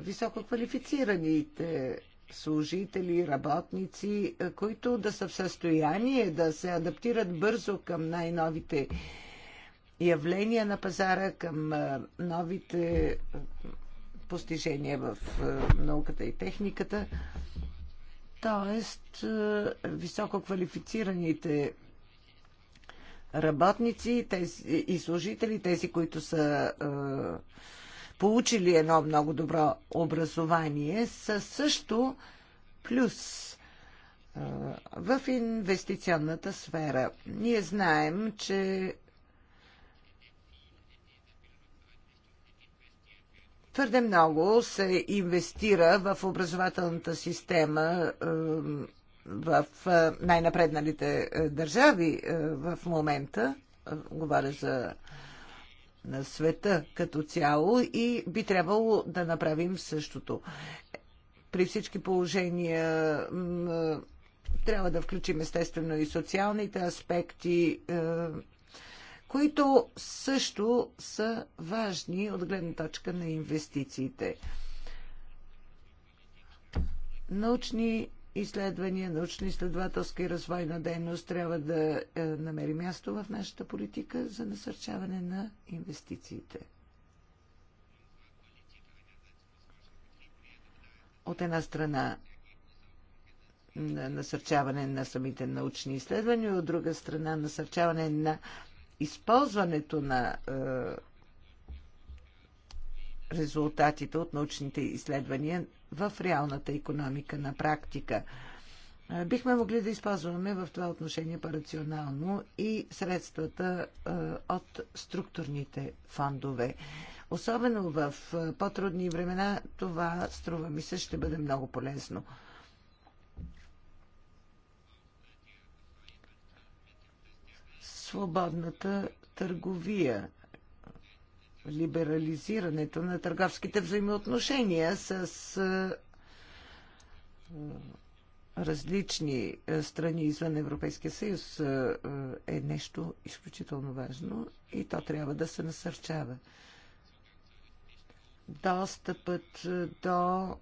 висококвалифицираните служители, работници, които да са в състояние да се адаптират бързо към най-новите явления на пазара, към новите постижения в науката и техниката. Тоест, е, високо квалифицираните работници тези, и служители, тези, които са е, получили едно много добро образование, са също плюс е, в инвестиционната сфера. Ние знаем, че Твърде много се инвестира в образователната система в е, най-напредналите е, държави е, в момента. Говоря за на света като цяло и би трябвало да направим същото. При всички положения трябва да включим естествено и социалните аспекти които също са важни от гледна точка на инвестициите. Научни изследвания, научно-изследователска и развойна дейност трябва да е, намери място в нашата политика за насърчаване на инвестициите. От една страна насърчаване на самите научни изследвания, от друга страна насърчаване на използването на е, резултатите от научните изследвания в реалната економика на практика. Е, бихме могли да използваме в това отношение по-рационално и средствата е, от структурните фондове. Особено в по-трудни времена това, струва ми се, ще бъде много полезно. свободната търговия, либерализирането на търговските взаимоотношения с различни страни извън Европейския съюз е нещо изключително важно и то трябва да се насърчава. Достъпът до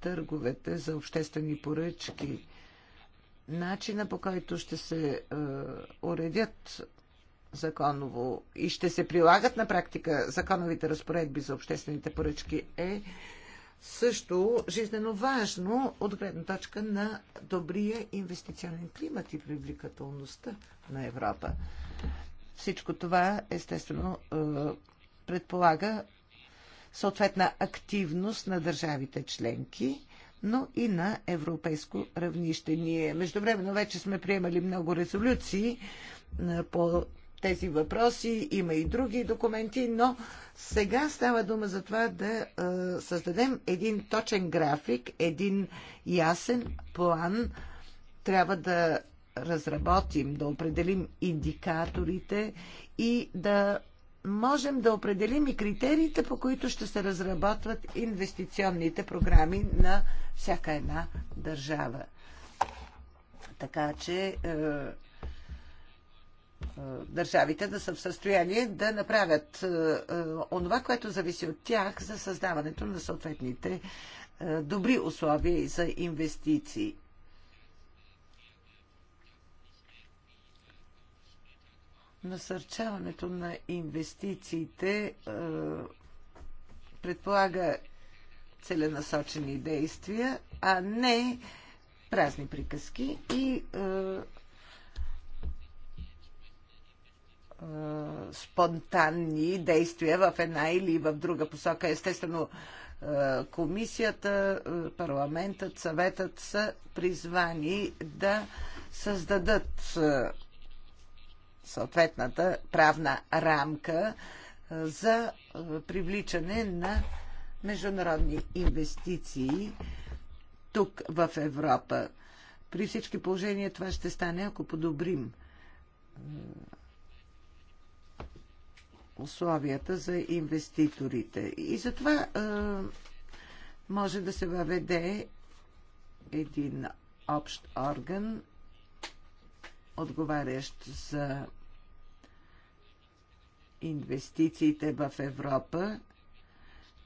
търговете за обществени поръчки – начина по който ще се е, уредят законово и ще се прилагат на практика законовите разпоредби за обществените поръчки е също жизнено важно от гледна точка на добрия инвестиционен климат и привлекателността на Европа. Всичко това, естествено, е, предполага съответна активност на държавите членки но и на европейско равнище. Ние междувременно вече сме приемали много резолюции по тези въпроси, има и други документи, но сега става дума за това да създадем един точен график, един ясен план. Трябва да разработим, да определим индикаторите и да можем да определим и критериите, по които ще се разработват инвестиционните програми на всяка една държава. Така че е, е, държавите да са в състояние да направят е, е онова, което зависи от тях за създаването на съответните е, добри условия за инвестиции. Насърчаването на инвестициите е, предполага целенасочени действия, а не празни приказки и е, е, спонтанни действия в една или в друга посока. Естествено, комисията, парламентът, съветът са призвани да създадат съответната правна рамка е, за е, привличане на международни инвестиции тук в Европа. При всички положения това ще стане, ако подобрим е, условията за инвеститорите. И затова е, може да се въведе един общ орган, отговарящ за инвестициите в Европа,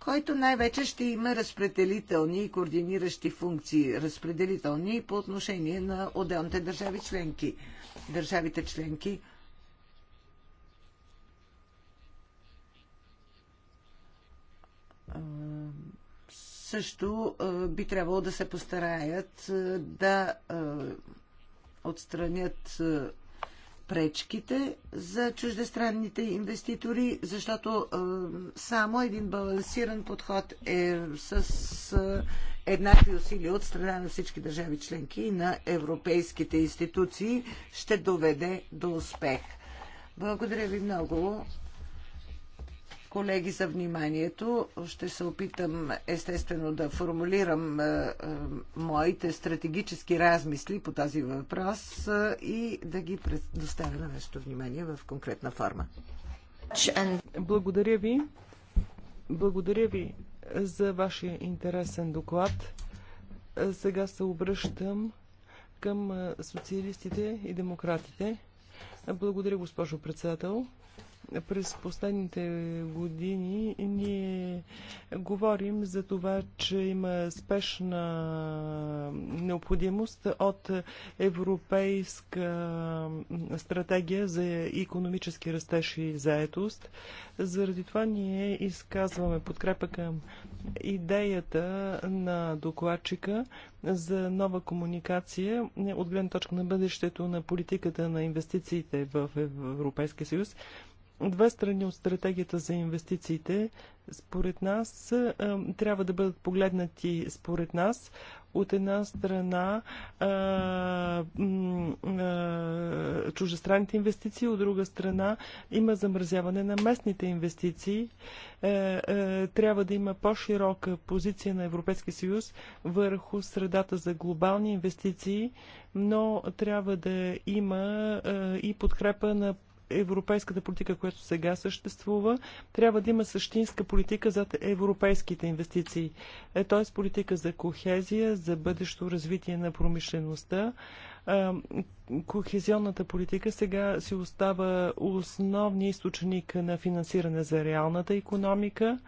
който най-вече ще има разпределителни и координиращи функции, разпределителни по отношение на отделните държави членки. Държавите членки също би трябвало да се постараят да отстранят пречките за чуждестранните инвеститори, защото само един балансиран подход е с еднакви усилия от страна на всички държави членки и на европейските институции ще доведе до успех. Благодаря ви много колеги за вниманието. Ще се опитам естествено да формулирам е, е, моите стратегически размисли по този въпрос е, и да ги предоставя на вашето внимание в конкретна форма. Благодаря ви. Благодаря ви за вашия интересен доклад. Сега се обръщам към социалистите и демократите. Благодаря, госпожо председател. През последните години ние говорим за това, че има спешна необходимост от европейска стратегия за економически растеж и заетост. Заради това ние изказваме подкрепа към идеята на докладчика за нова комуникация от гледна точка на бъдещето на политиката на инвестициите в Европейския съюз две страни от стратегията за инвестициите, според нас, трябва да бъдат погледнати според нас. От една страна чужестранните инвестиции, от друга страна има замразяване на местните инвестиции. Е, е, трябва да има по-широка позиция на Европейския съюз върху средата за глобални инвестиции, но трябва да има е, и подкрепа на европейската политика, която сега съществува. Трябва да има същинска политика зад европейските инвестиции. Е, т.е. политика за кохезия, за бъдещо развитие на промишлеността. Е, кохезионната политика сега си остава основния източник на финансиране за реалната економика.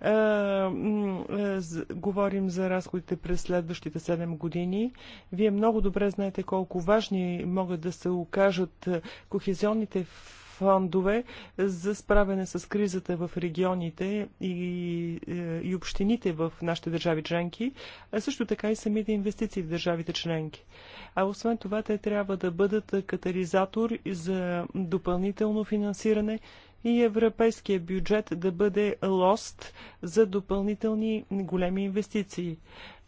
Е, е, говорим за разходите през следващите 7 години. Вие много добре знаете колко важни могат да се окажат е, кохезионните фондове за справяне с кризата в регионите и, и общините в нашите държави членки, а също така и самите инвестиции в държавите членки. А освен това, те трябва да бъдат катализатор за допълнително финансиране и европейския бюджет да бъде лост за допълнителни големи инвестиции.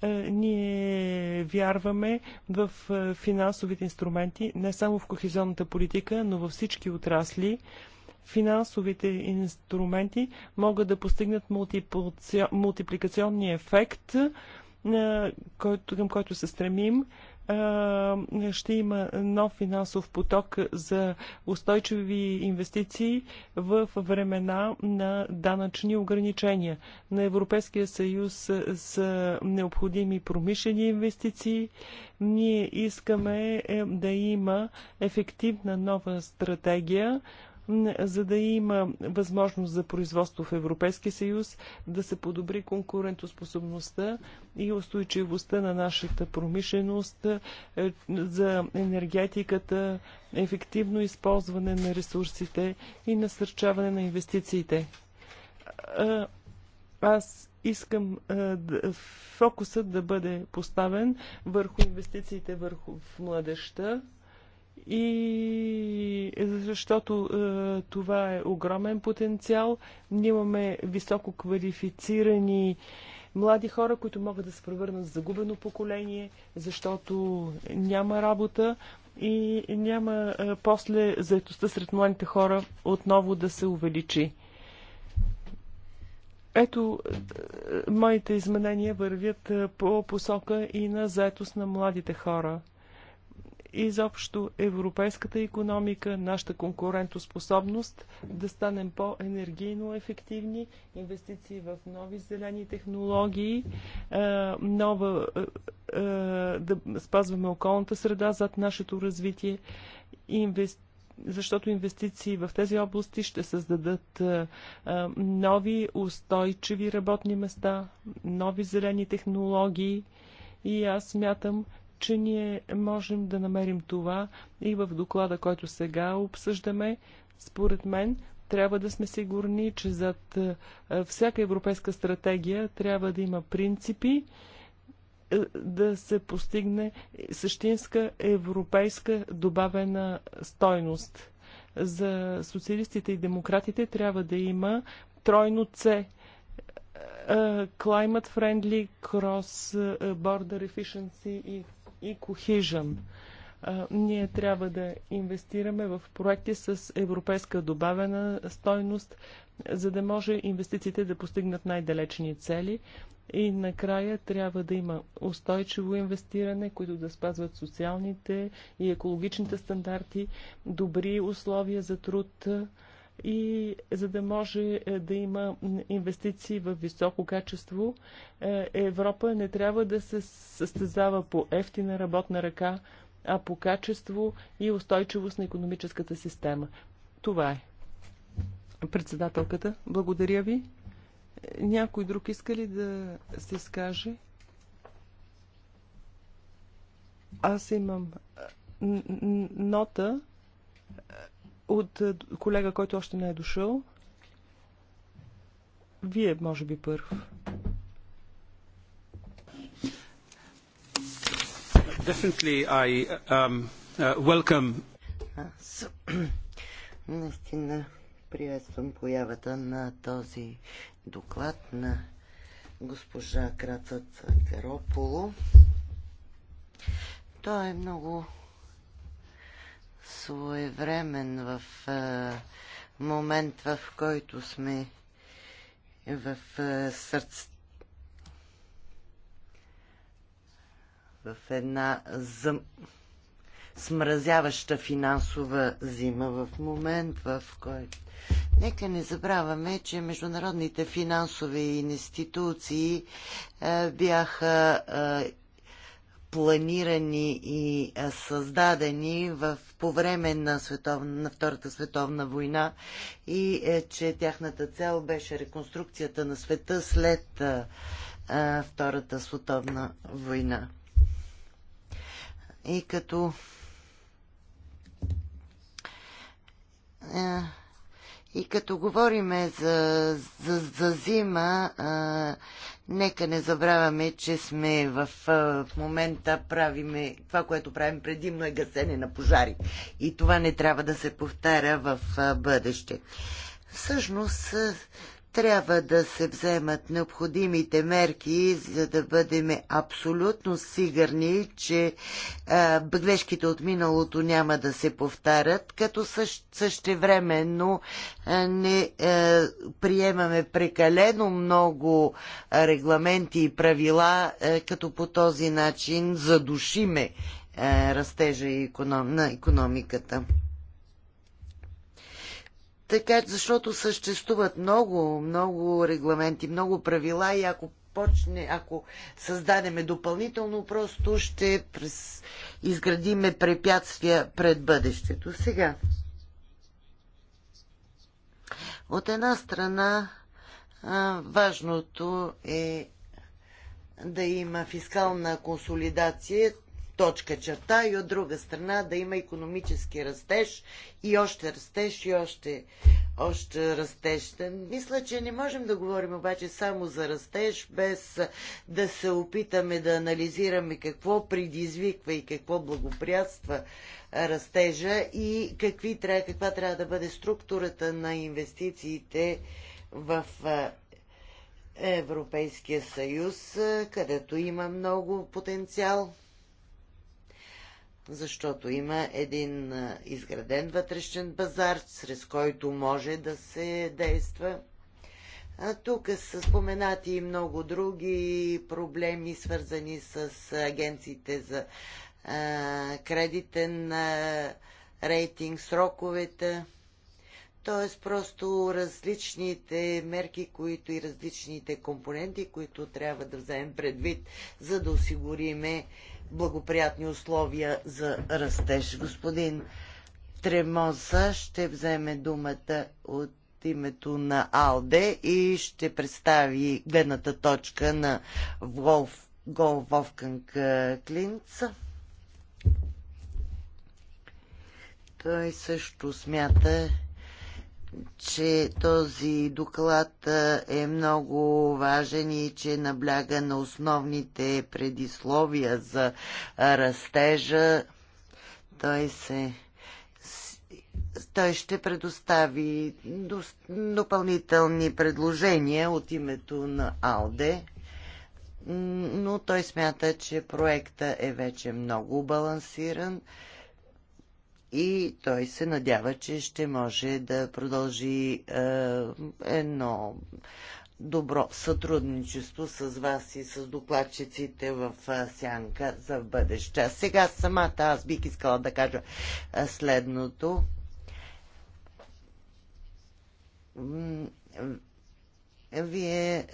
Е, ние вярваме в е, финансовите инструменти, не само в кохезионната политика, но във всички отрасли финансовите инструменти могат да постигнат мултипликационния ефект, е, към който се стремим ще има нов финансов поток за устойчиви инвестиции в времена на данъчни ограничения. На Европейския съюз са необходими промишлени инвестиции. Ние искаме е, да има ефективна нова стратегия, за да има възможност за производство в Европейския съюз, да се подобри конкурентоспособността и устойчивостта на нашата промишленост е, за енергетиката, ефективно използване на ресурсите и насърчаване на инвестициите. Аз искам фокусът да бъде поставен върху инвестициите върху в младеща, и защото е, това е огромен потенциал. Ние имаме високо квалифицирани млади хора, които могат да се превърнат в загубено поколение, защото няма работа и няма е, после заетостта сред младите хора отново да се увеличи. Ето, е, моите изменения вървят е, по посока и на заетост на младите хора – изобщо европейската економика, нашата конкурентоспособност, да станем по-енергийно ефективни, инвестиции в нови зелени технологии, е, нова, е, е, да спазваме околната среда зад нашето развитие, защото инвестиции в тези области ще създадат нови устойчиви работни места, нови зелени технологии и аз смятам, че ние можем да намерим това и в доклада, който сега обсъждаме. Според мен трябва да сме сигурни, че зад е, всяка европейска стратегия трябва да има принципи, е, да се постигне същинска европейска добавена стойност. За социалистите и демократите трябва да има тройно С. Е, climate Friendly, Cross Border Efficiency и и Cohesion. Ние трябва да инвестираме в проекти с европейска добавена стойност, за да може инвестициите да постигнат най-далечни цели. И накрая трябва да има устойчиво инвестиране, които да спазват социалните и екологичните стандарти, добри условия за труд, и за да може е, да има инвестиции в високо качество, е, Европа не трябва да се състезава по ефтина работна ръка, а по качество и устойчивост на економическата система. Това е. Председателката, благодаря ви. Някой друг иска ли да се изкаже? Аз имам нота от е, колега, който още не е дошъл. Вие, може би, първ. Definitely I um, uh, welcome. Аз наистина приветствам появата на този доклад на госпожа Крацът Карополо. Той е много своевремен в момент, в който сме в сърце в една зъм... смразяваща финансова зима в момент, в който... Нека не забравяме, че международните финансови институции бяха планирани и създадени в, по време на, световна, на Втората световна война и е, че тяхната цел беше реконструкцията на света след а, Втората световна война. И като а, е, и като говориме за, за, за зима, а, Нека не забравяме, че сме в, в момента правиме това, което правим предимно е гасене на пожари. И това не трябва да се повтаря в бъдеще. Всъщност трябва да се вземат необходимите мерки, за да бъдем абсолютно сигурни, че а, грешките от миналото няма да се повтарят, като също, същевременно а, не а, приемаме прекалено много регламенти и правила, а, като по този начин задушиме а, растежа економ, на економиката. Така, защото съществуват много, много регламенти, много правила и ако почне, ако създадеме допълнително, просто ще през... изградиме препятствия пред бъдещето. Сега, от една страна, важното е да има фискална консолидация, точка черта и от друга страна да има економически растеж и още растеж и още, още растеж. Мисля, че не можем да говорим обаче само за растеж, без да се опитаме да анализираме какво предизвиква и какво благоприятства растежа и какви, каква трябва да бъде структурата на инвестициите в Европейския съюз, където има много потенциал защото има един изграден вътрешен базар, срез който може да се действа. А тук са споменати и много други проблеми, свързани с агенциите за а, кредитен а, рейтинг, сроковете. Тоест просто различните мерки, които и различните компоненти, които трябва да вземем предвид, за да осигуриме благоприятни условия за растеж. Господин Тремоза ще вземе думата от името на Алде и ще представи гледната точка на Волф, Гол Вовканг Клинц. Той също смята, че този доклад е много важен и че набляга на основните предисловия за растежа. Той се той ще предостави допълнителни предложения от името на АЛДЕ, но той смята, че проекта е вече много балансиран и той се надява, че ще може да продължи е, едно добро сътрудничество с вас и с докладчиците в е, Сянка за в бъдеще. сега самата аз бих искала да кажа е, следното. Е, вие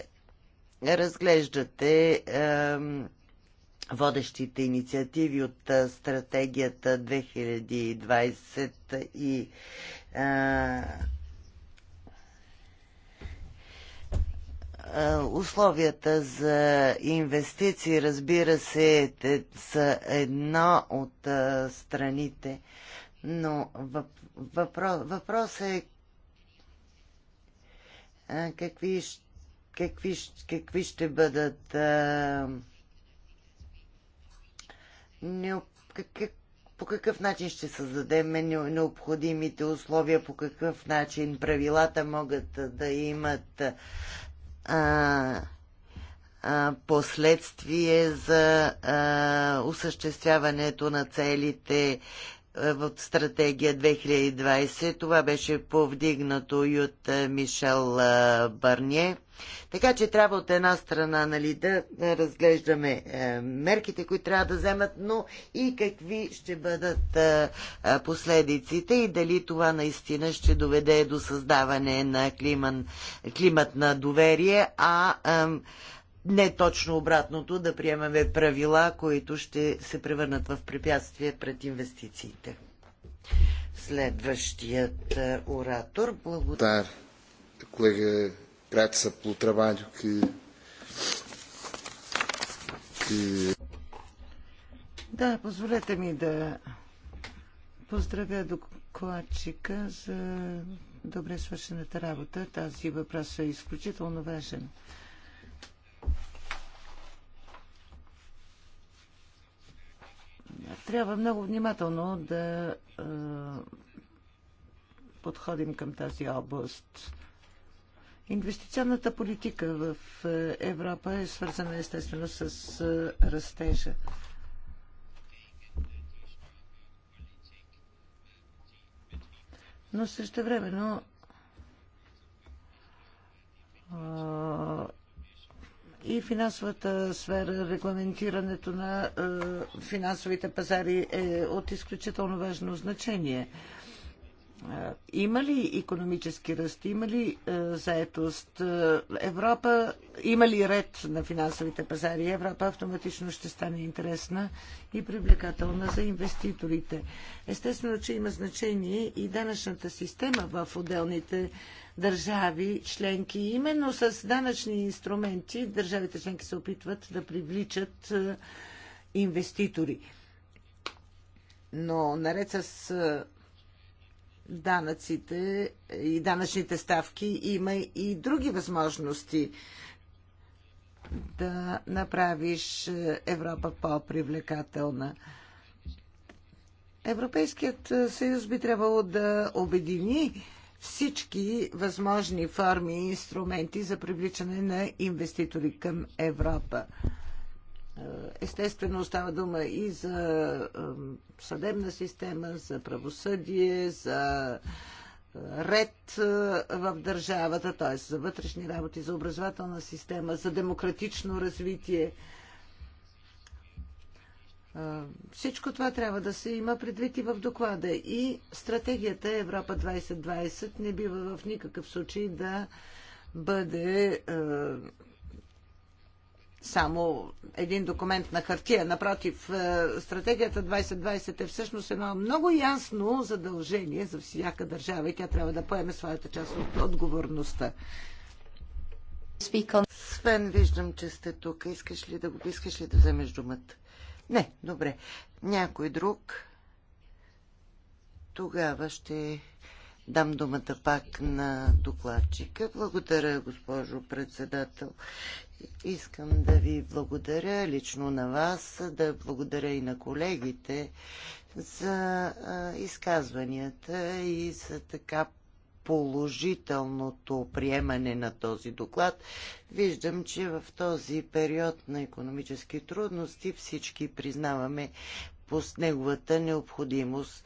разглеждате е, водещите инициативи от стратегията 2020 и условията за инвестиции, разбира се, са една от страните, но въпрос, въпрос е какви, какви, какви ще бъдат а, не, как, по какъв начин ще създадем необходимите условия, по какъв начин правилата могат да имат а, а, последствие за а, осъществяването на целите е, в стратегия 2020. Това беше повдигнато и от е, Мишел е, Барние. Така че трябва от една страна нали, да разглеждаме е, мерките, които трябва да вземат, но и какви ще бъдат е, е, последиците и дали това наистина ще доведе до създаване на климан, климат на доверие, а не точно обратното, да приемаме правила, които ще се превърнат в препятствие пред инвестициите. Следващият оратор. Благодаря. Колега Graça pelo trabalho que, que... Да, позволете ми да поздравя докладчика за добре свършената работа. Тази въпрос е изключително важен. Трябва много внимателно да е, подходим към тази област. Инвестиционната политика в е, Европа е свързана естествено с е, растежа. Но също времено е, и финансовата сфера, регламентирането на финансовите пазари е от изключително важно значение. Има ли економически ръст? Има ли заетост? Европа има ли ред на финансовите пазари? Европа автоматично ще стане интересна и привлекателна за инвеститорите. Естествено, че има значение и данъчната система в отделните държави членки. Именно с данъчни инструменти държавите членки се опитват да привличат инвеститори. Но наред с данъците и данъчните ставки, има и други възможности да направиш Европа по-привлекателна. Европейският съюз би трябвало да обедини всички възможни форми и инструменти за привличане на инвеститори към Европа. Естествено става дума и за съдебна система, за правосъдие, за ред в държавата, т.е. за вътрешни работи, за образователна система, за демократично развитие. Всичко това трябва да се има предвид и в доклада. И стратегията Европа 2020 не бива в никакъв случай да бъде само един документ на хартия. Напротив, е, стратегията 2020 е всъщност едно много ясно задължение за всяка държава и тя трябва да поеме своята част от отговорността. Свен, виждам, че сте тук. Искаш ли да го искаш ли да вземеш думата? Не, добре. Някой друг. Тогава ще дам думата пак на докладчика. Благодаря, госпожо председател. Искам да ви благодаря лично на вас, да благодаря и на колегите за изказванията и за така положителното приемане на този доклад. Виждам, че в този период на економически трудности всички признаваме по неговата необходимост.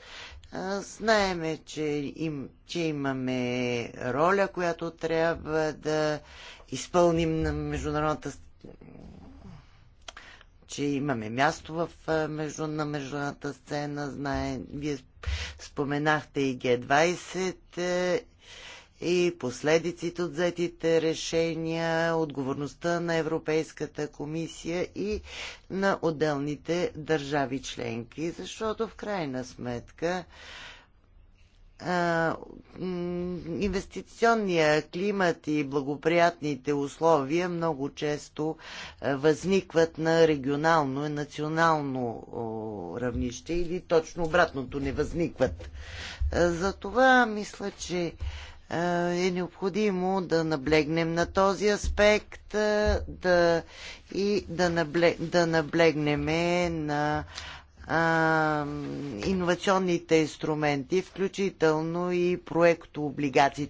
Знаеме, че, им, че имаме роля, която трябва да изпълним на международната че имаме място в между, на международната сцена. Знае, вие споменахте и Г20 и последиците от взетите решения, отговорността на Европейската комисия и на отделните държави членки, защото в крайна сметка инвестиционния климат и благоприятните условия много често възникват на регионално и национално равнище или точно обратното не възникват. Затова мисля, че е, е необходимо да наблегнем на този аспект е, да, и да, наблег, да наблегнем на а, е, инновационните инструменти, включително и проекто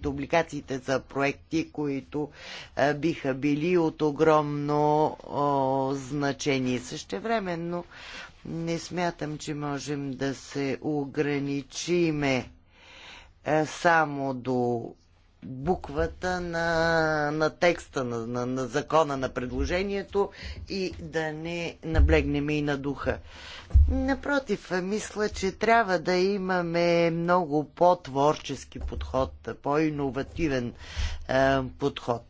Облигациите за проекти, които а, биха били от огромно о, значение. Същевременно не смятам, че можем да се ограничиме е, само до буквата на, на текста на, на, на закона на предложението и да не наблегнем и на духа. Напротив, е, мисля, че трябва да имаме много по-творчески подход, по-инновативен е, подход.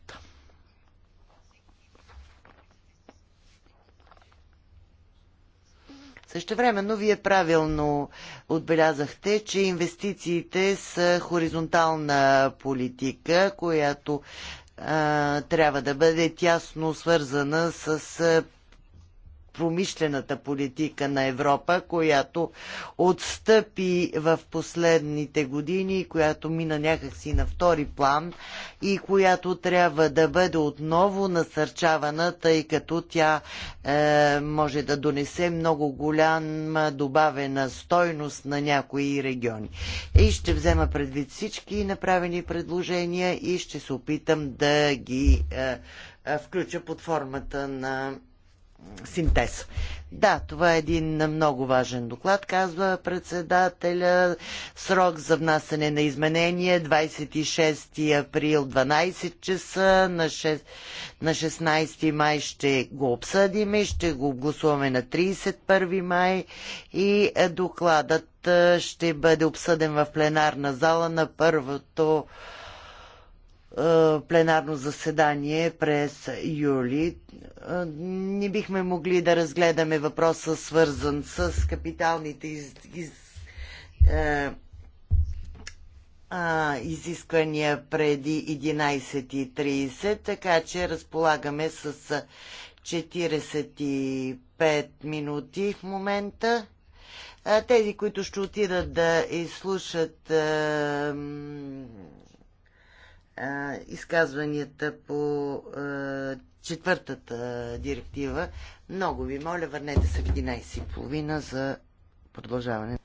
Също Същевременно вие правилно отбелязахте, че инвестициите са хоризонтална политика, която а, трябва да бъде тясно свързана с промишлената политика на Европа, която отстъпи в последните години, която мина някакси на втори план и която трябва да бъде отново насърчавана, тъй като тя е, може да донесе много голяма добавена стойност на някои региони. И ще взема предвид всички направени предложения и ще се опитам да ги е, е включа под формата на синтез. Да, това е един много важен доклад, казва председателя. Срок за внасене на изменение 26 е април 12 часа. На, 6, на 16 май ще го обсъдим и ще го гласуваме на 31 май и е, докладът е, ще бъде обсъден в пленарна зала на първото е, пленарно заседание през юли. Е, не бихме могли да разгледаме въпроса свързан с капиталните из, из, е, а, изисквания преди 11.30, така че разполагаме с 45 минути в момента. Е, тези, които ще отидат да изслушат е, а, изказванията по а, четвъртата директива. Много ви моля, върнете се в 11.30 за продължаване.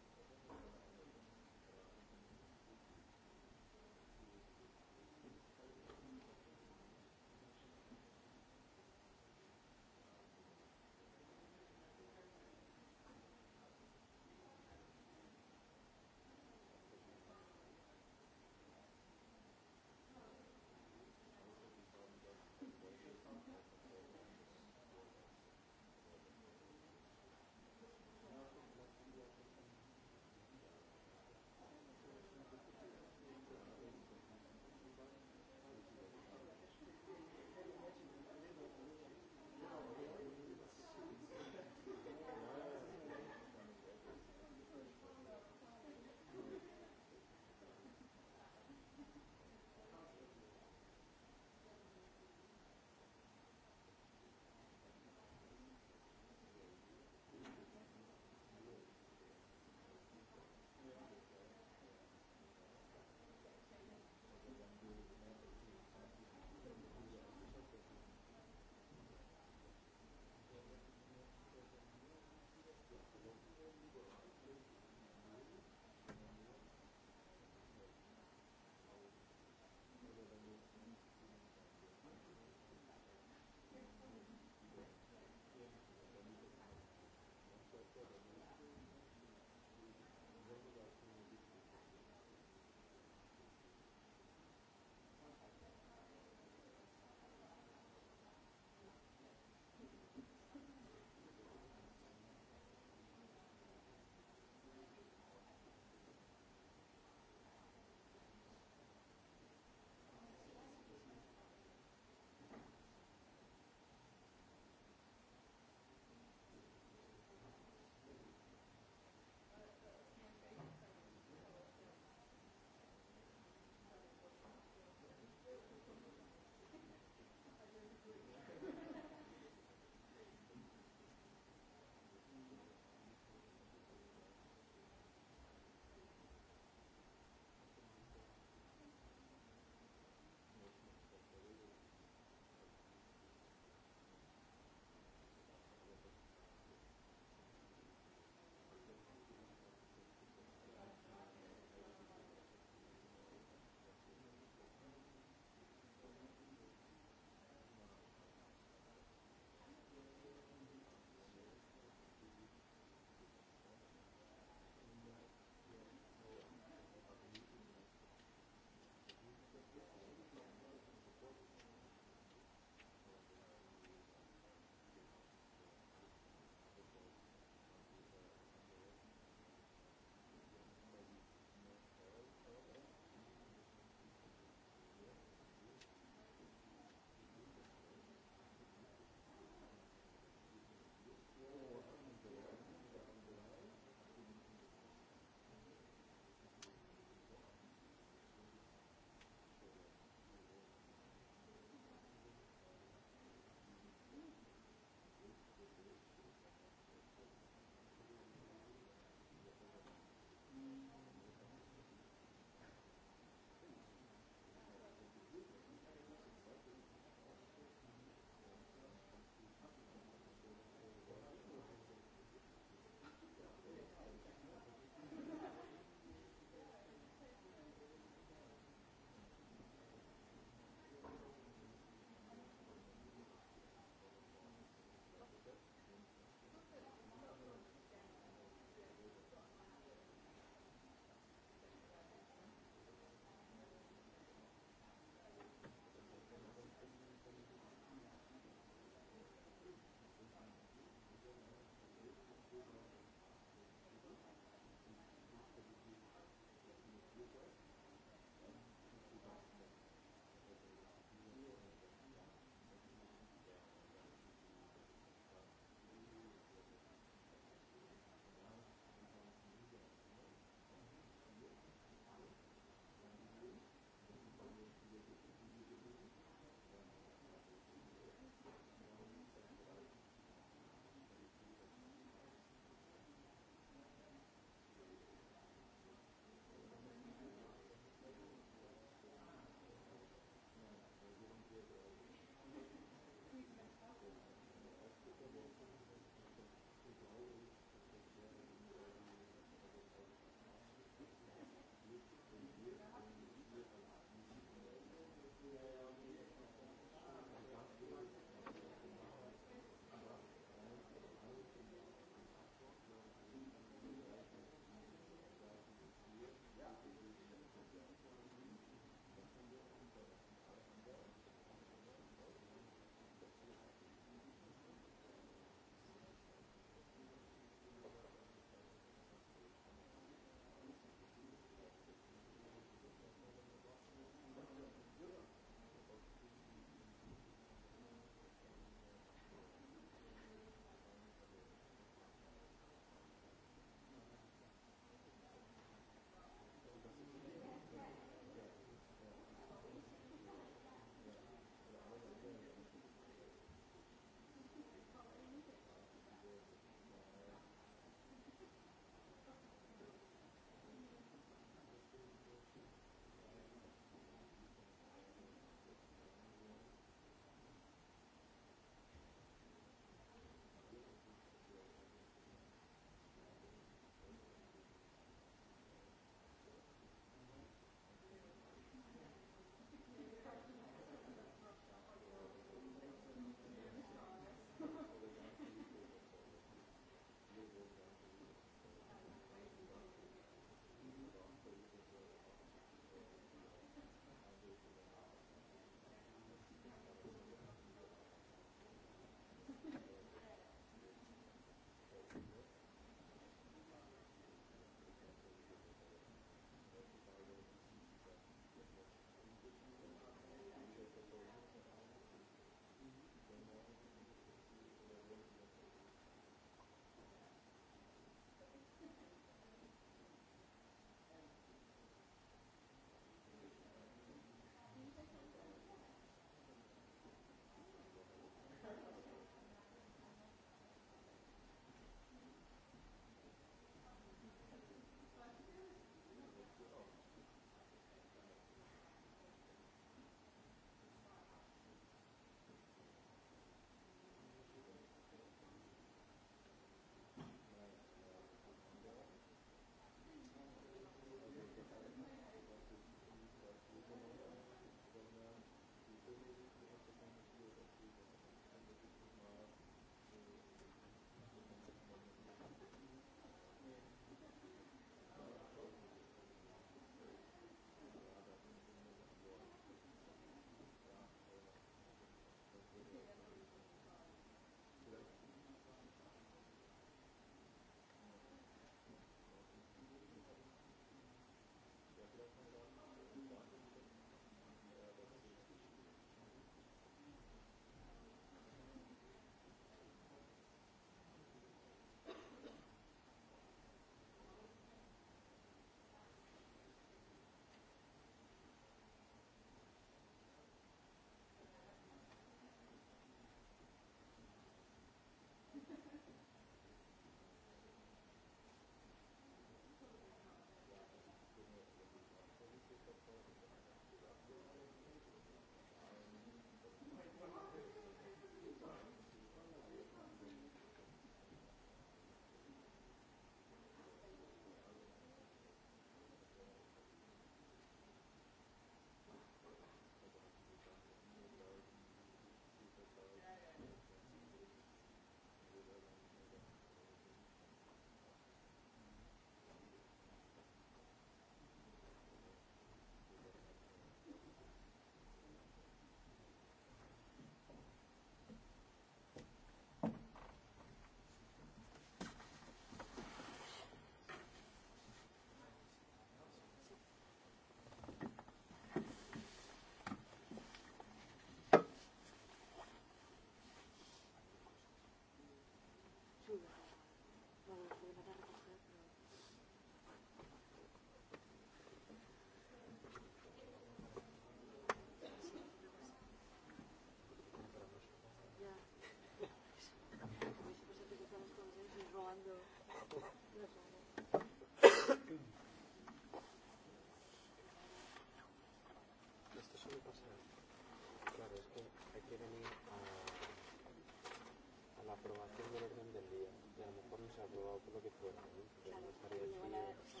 aprobación del orden del día. Y a lo mejor no se ha aprobado por lo que fuera, ¿no? Pero no estaría aquí.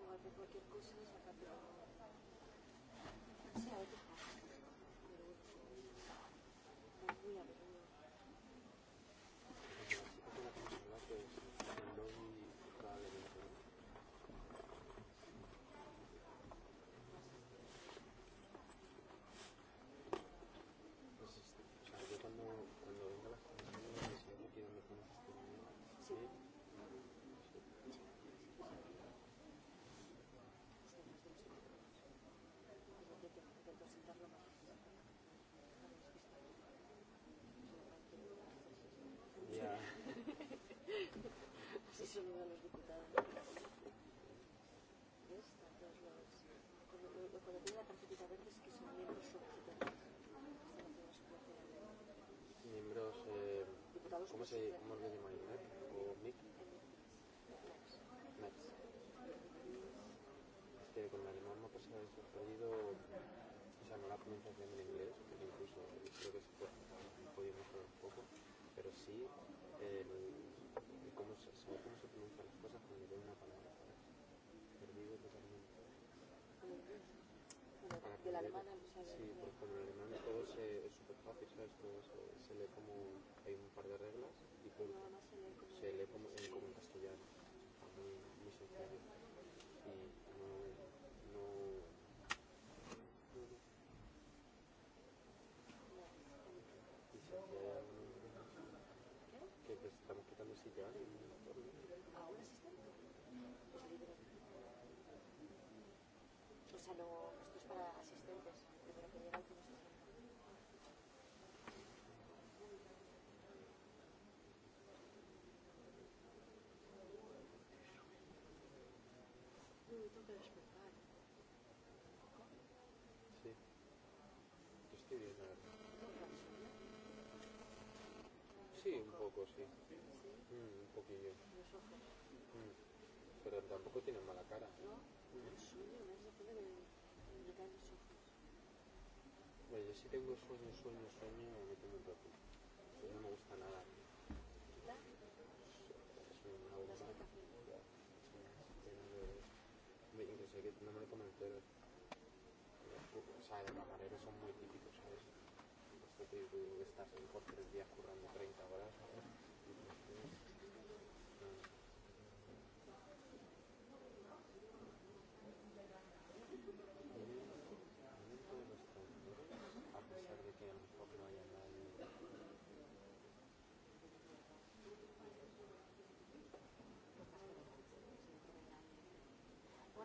O hacer cualquier cosa, sacarlo. ¿Cómo se cómo le ahí? ¿MEP o Mick? MEPS. Es que con el alemán me pasa pasado eso. He perdido, o sea, no la pronunciación en inglés, pero incluso creo que se puede, podía mejorar un poco, pero sí el, el cómo, se, saber cómo se pronuncian las cosas cuando le doy una palabra. Perdido totalmente. Bueno, del alemán, sí, porque con el alemán todo se, es súper fácil, ¿sabes? Todo se, se lee como hay un par de reglas y punto. Se lee como en, como en castellano, muy, muy sencillo. Y no, no, no. Y que pues estamos quitando sitio a alguien. Ahora sí está. O sea, no. Sí. un poco, sí. Mm, un poquillo. Los Mm. Pero tampoco tiene mala cara. No, mm. el sueño, no es de, de los ojos. Bueno, yo sí tengo sueño, sueño, sueño, me meto en un rato. No me gusta nada. ¿Verdad? Es una bomba incluso que no me lo comen entero. O sea, de camareros son muy típicos, ¿sabes? Esto te digo que estás tres días currando 30 horas, ¿sabes?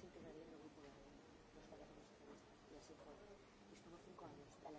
siempre la en el grupo de los socialistas y así fue. Y estuvo cinco años. La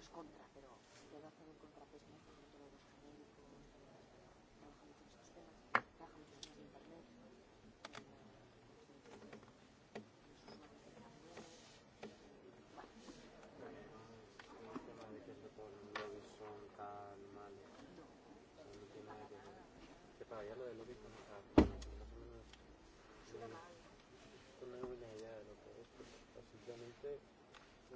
es contra, pero a hacer un contrapeso ¿no? con todos los genéricos, trabaja con en esos temas, trabaja en Internet. Para allá lo del lobby con la... de lo que es, pues, simplemente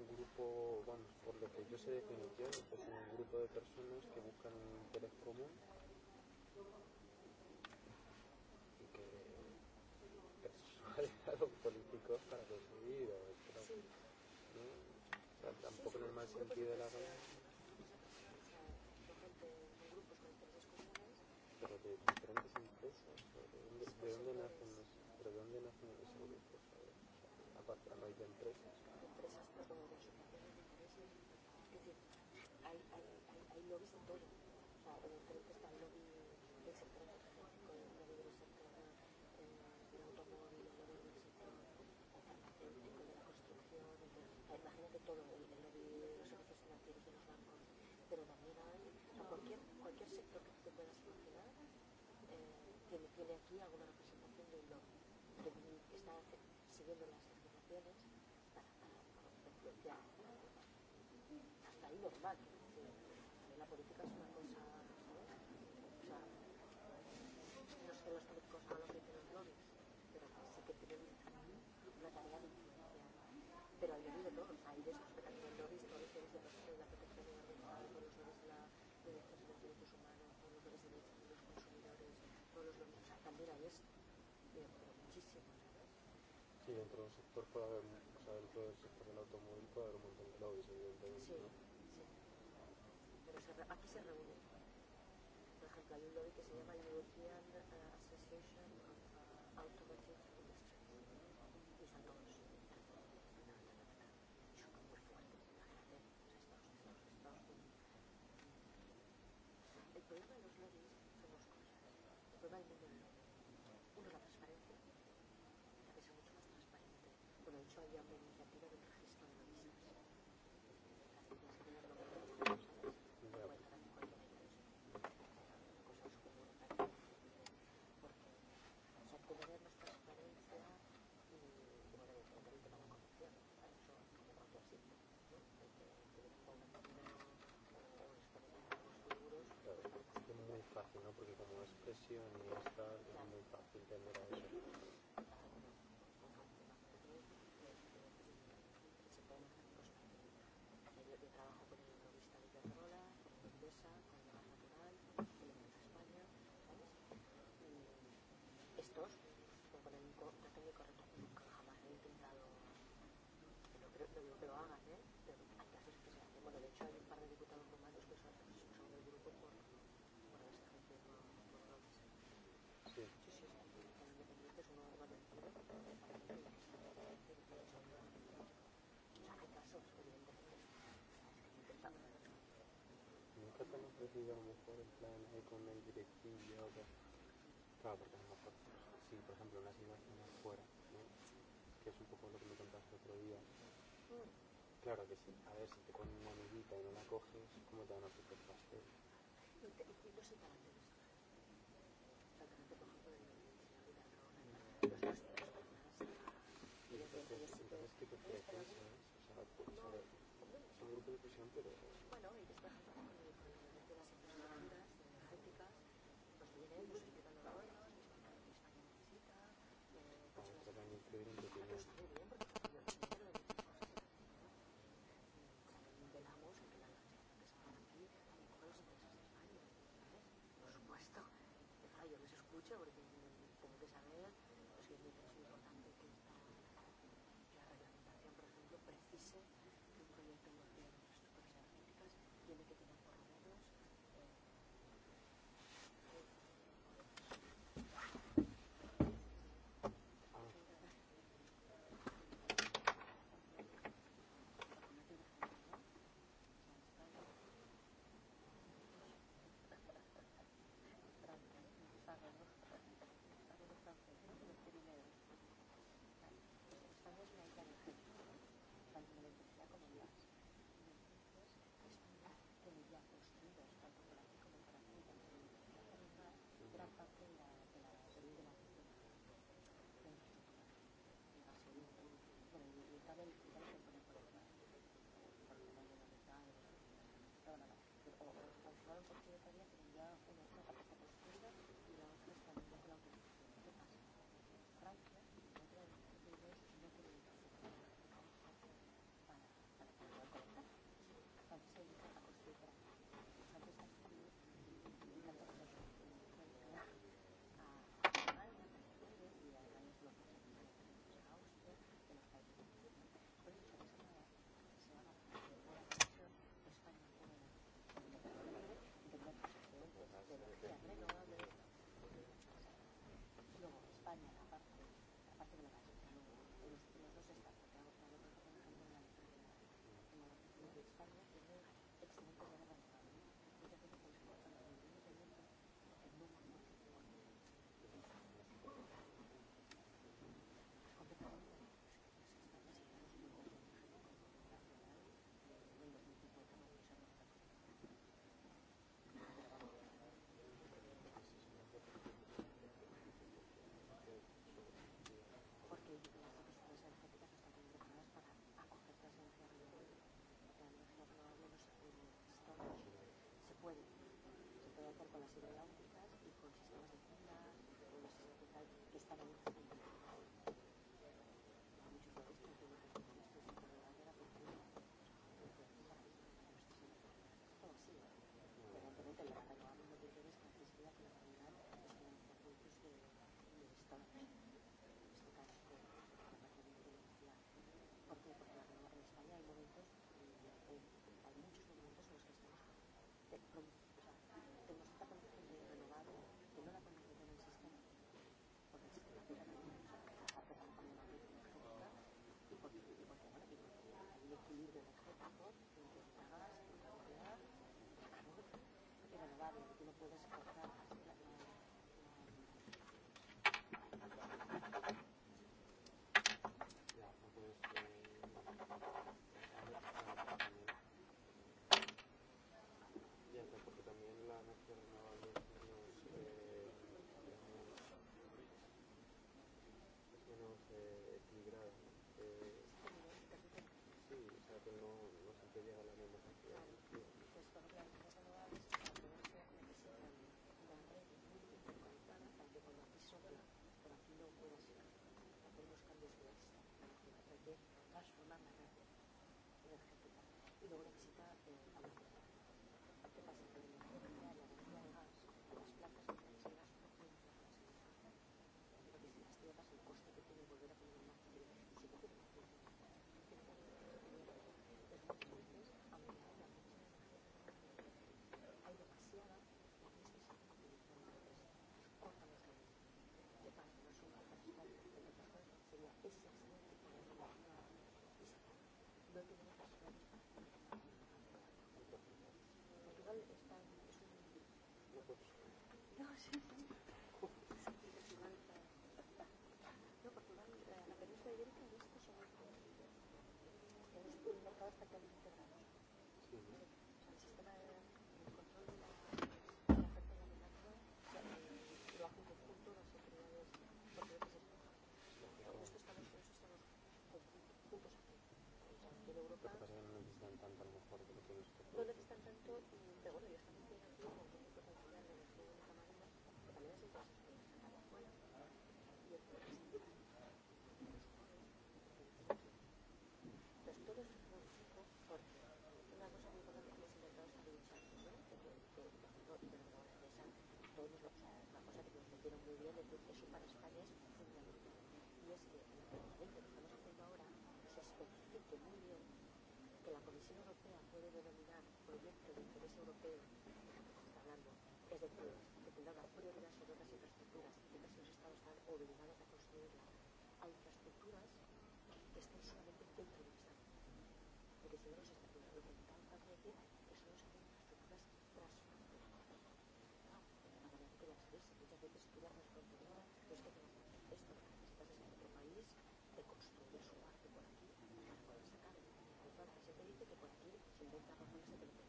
un grupo, bueno, por lo que yo sé definición, pues un grupo de personas que buscan un interés común y que persuaden a los políticos para conseguir o ¿no? o sea, tampoco en el mal sentido de la palabra. Pero de diferentes empresas, ¿de dónde, de dónde nacen, pero de dónde nacen esos grupos? A raíz de empresas. hay, hay, hay, hay lobbies en todo. O sea, evidentemente está el lobby del sector energético, el lobby del sector eh, del automóvil, el lobby del sector farmacéutico, de la construcción, el de, o sea, imagínate todo, el, el lobby de los servicios financieros de los bancos, pero también hay, o sea, cualquier, cualquier sector que te puedas imaginar eh, tiene, tiene aquí alguna representación de un lobby que está siguiendo las legislaciones para, para, para influenciar. Hasta ahí normal, ¿no? política es una cosa, ¿sabes? O sea, no sé los políticos malos que tienen lobbies, pero sí que tienen una tarea de influencia. Pero hay de todo, hay de esos que también han lobbies, por eso de los de la protección ambiental, por los lobbies de la defensa de los derechos humanos, por los lobbies de los consumidores, todos los lobbies, o sea, también hay esto, pero muchísimo, Sí, dentro del sector puede haber, o sea, dentro del sector del automóvil puede haber un montón de lobbies, evidentemente, ¿no? se, aquí se reúne Por ejemplo, hay un lobby que se llama European Association of uh, Automotive Industries. Y están todos. Y son muy fuertes, imagínate, los Estados Unidos, El problema de los lobbies son dos cosas. El problema del mundo del lobby. Uno, la transparencia, la que sea mucho más transparente. Bueno, de hecho, había un lo que lo hagan, ¿eh? Pero hay casos que se hacen. Bueno, de hecho hay un par de diputados romanos que son, son del grupo por, por esta gente no, no conoces. Sí. Sí, sí, están independientes, uno va del foro, o sea, hay casos, evidentemente. Nunca te han ofrecido a lo mejor en plan eh, con el directillo o Claro, porque a lo mejor si por ejemplo una situación fuera, ¿no? que es un poco lo que me contaste otro día, Claro que sí. A ver, si te ponen una amiguita y no la coges, ¿cómo te van a ofrecer pastel? Y, te, no te cojan entonces, ¿qué prefieres? ¿Sabes? O sea, es un grupo de presión, pero... Bueno, y después... utility no necesitan tanto y este el nivel del que estamos haciendo ahora se especifique muy bien que la Comisión Europea puede denominar proyecto de interés europeo, de que se está hablando, es decir, que tendrá una prioridad sobre otras infraestructuras y que los Estados están obligados a construirla. a infraestructuras que estén solamente dentro del Estado. Porque si no, los Estados lo que encanta decir que solo se hacen infraestructuras transfronterizas. No, para que las veces muchas veces tú las transfronterizas, no es que esto es construye su arte por aquí, por sacar. Hay gente que te dice que por aquí se inventan razones ese que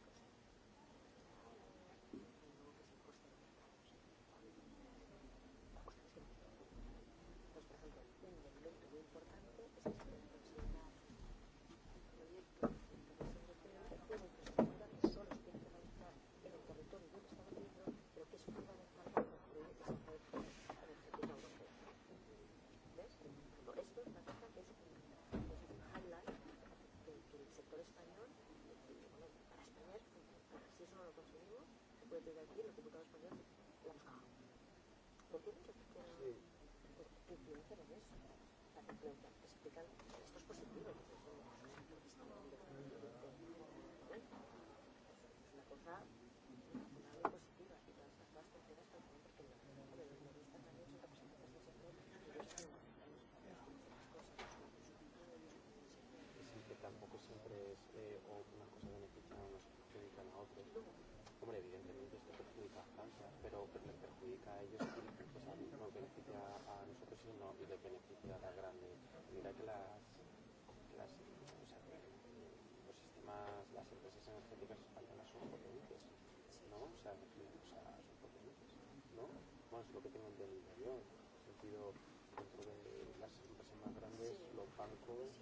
explican, esto es positivo, positiva, y las personas terceras también, porque los representantes del sector y ellos tampoco siempre es una cosa beneficia a unos Hombre, evidentemente esto perjudica a Francia, pero, perjudica a ellos pues, a nos beneficia a no y le beneficia a la grande. Mira que las, las, o sea, los sistemas, las empresas energéticas españolas son potentes, ¿no? O sea, o sea son potentes, ¿no? Bueno, es lo que tengo entendido yo, en el sentido dentro de las empresas más grandes, los bancos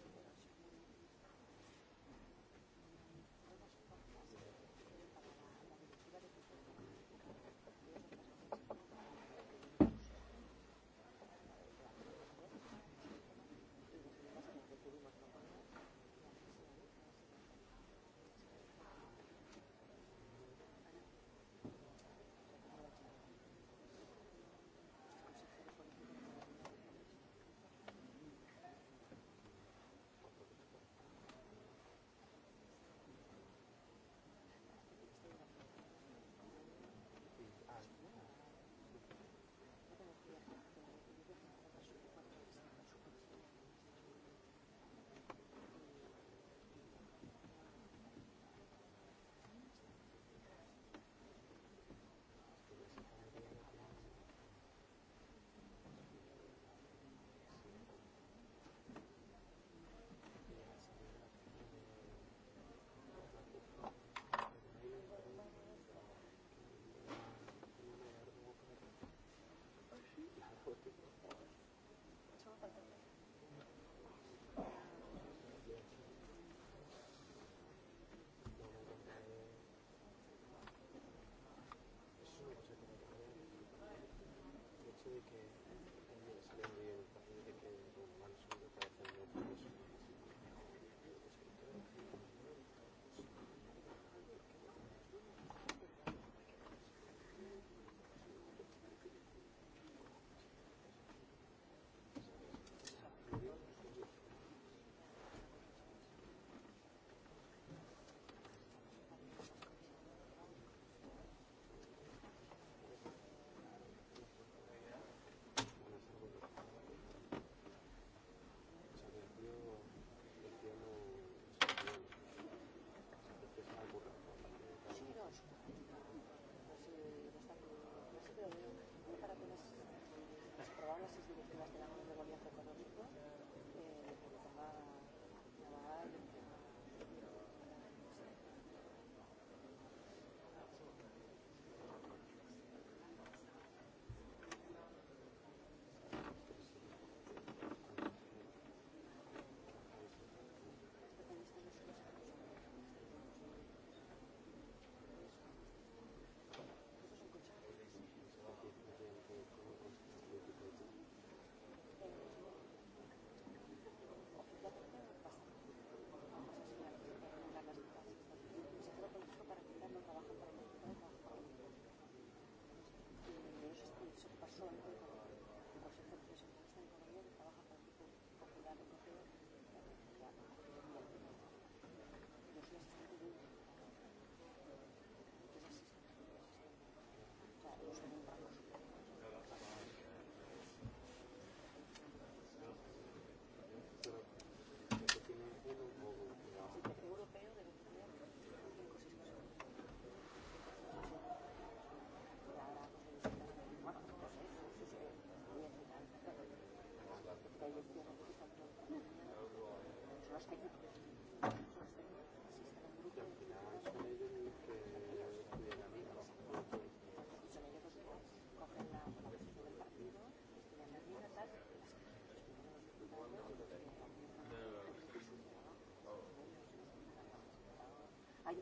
hay diputados que sí lo que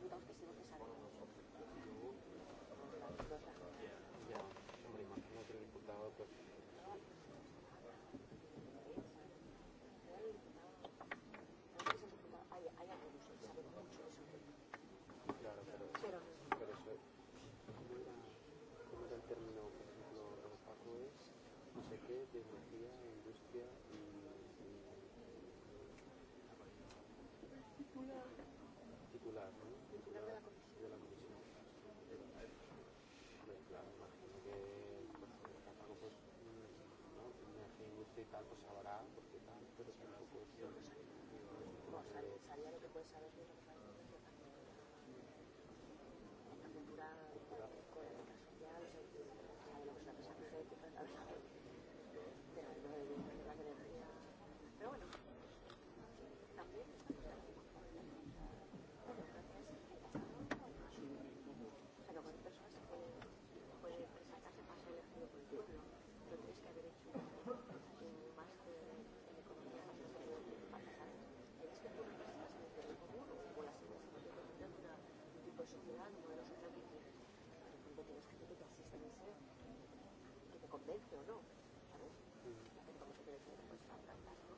Ya, hombre, imagino otro diputado, pues tecnología, industria y titular, ¿no? de la comisión. De la comisión. Pues claro, imagino que tampoco pues, ¿no? Me y tal, pues sabrá, porque tal, pero tampoco pues... No, convence o no. ¿sabes? Entonces, como se puede decir, pues, tal, tal, tal.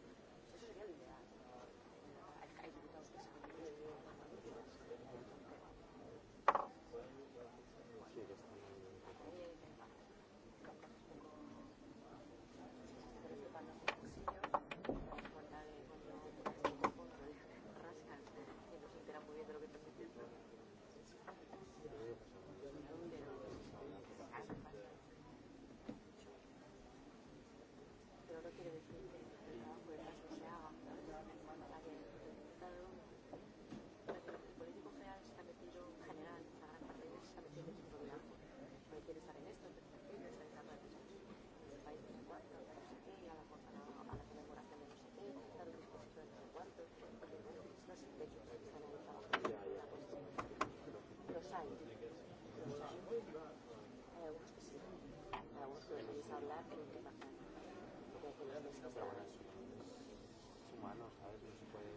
No se puede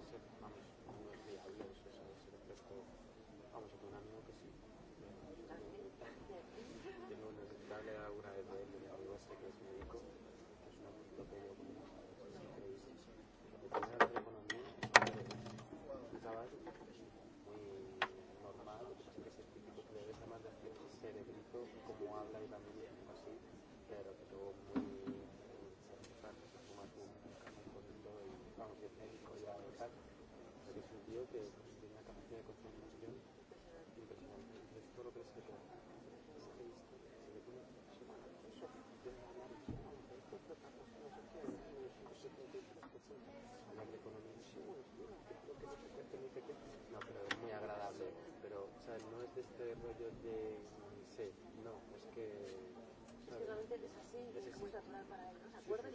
ser, vamos, no es viable eso, ¿sabes? con un amigo que sí. Tengo una secretaria alguna vez de él, este que es médico, es una lo que yo que tenía el un chaval muy normal, es el típico que debe ser más de cerebrito, como habla y también eh, pues capacidad de concentración impresionante. hablar de economía no pero es muy agradable pero o sea no es de este rollo de sé no es que es que es así es muy natural para él ¿no? ¿se acuerdan?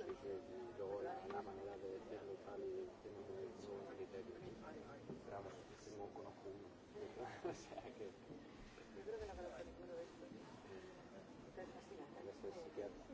o Yo creo que no conozco ninguno de estos. Es fascinante.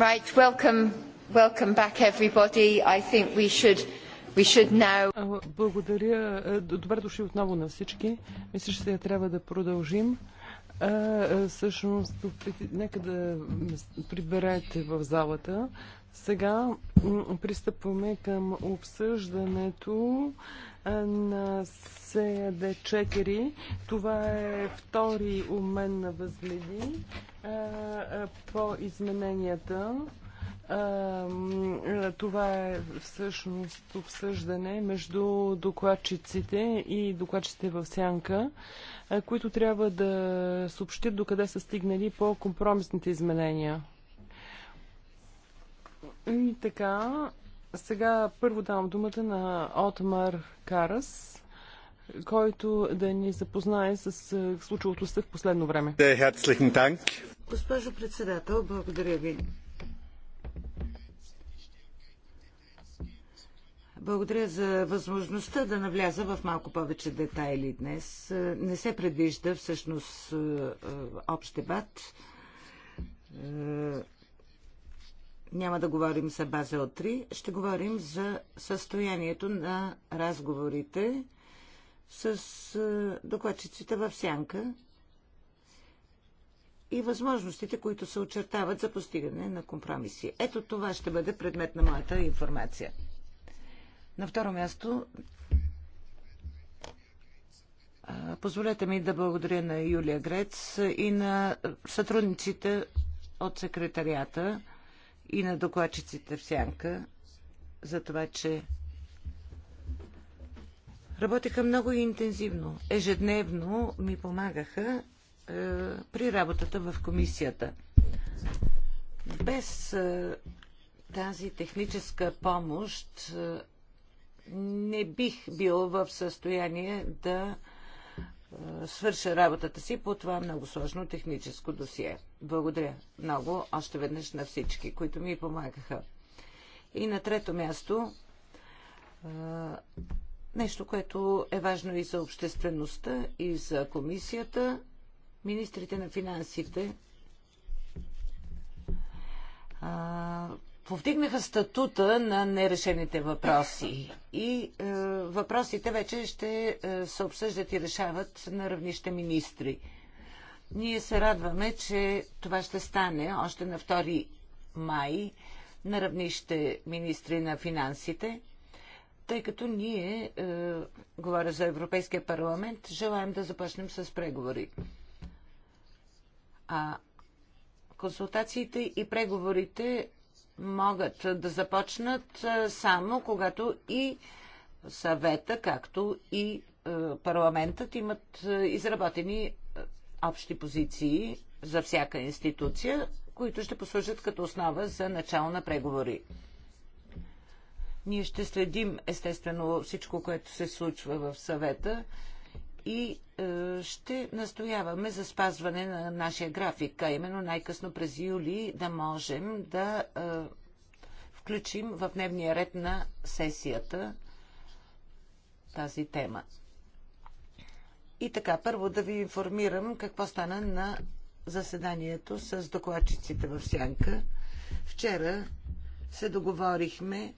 Right, welcome, welcome back everybody. I think we should, we should now... Благодаря. Е, добре дошли отново на всички. Мисля, че сега трябва да продължим. А, е, е, всъщност, нека да приберете в залата. Сега пристъпваме към обсъждането на СД4. Това е втори обмен на възгледи по измененията. Това е всъщност обсъждане между докладчиците и докладчиците в сянка, които трябва да съобщят докъде са стигнали по компромисните изменения. И така, сега първо давам думата на Отмар Карас, който да ни запознае с случилото се в последно време. Е, Госпожо председател, благодаря ви. Благодаря за възможността да навляза в малко повече детайли днес. Не се предвижда всъщност общ дебат няма да говорим за база от 3, ще говорим за състоянието на разговорите с докладчиците в сянка и възможностите, които се очертават за постигане на компромиси. Ето това ще бъде предмет на моята информация. На второ място, позволете ми да благодаря на Юлия Грец и на сътрудниците от секретарията, и на докладчиците в сянка за това, че работеха много интензивно. Ежедневно ми помагаха е, при работата в комисията. Без е, тази техническа помощ е, не бих бил в състояние да свърша работата си по това много сложно техническо досие. Благодаря много още веднъж на всички, които ми помагаха. И на трето място, нещо, което е важно и за обществеността, и за комисията, министрите на финансите повдигнаха статута на нерешените въпроси. И е, въпросите вече ще е, се обсъждат и решават на равнище министри. Ние се радваме, че това ще стане още на 2 май на равнище министри на финансите, тъй като ние, е, говоря за Европейския парламент, желаем да започнем с преговори. А консултациите и преговорите могат да започнат само когато и съвета, както и парламентът имат изработени общи позиции за всяка институция, които ще послужат като основа за начало на преговори. Ние ще следим естествено всичко, което се случва в съвета и е, ще настояваме за спазване на нашия график, а именно най-късно през юли да можем да е, включим в дневния ред на сесията тази тема. И така, първо да ви информирам какво стана на заседанието с докладчиците в Сянка. Вчера се договорихме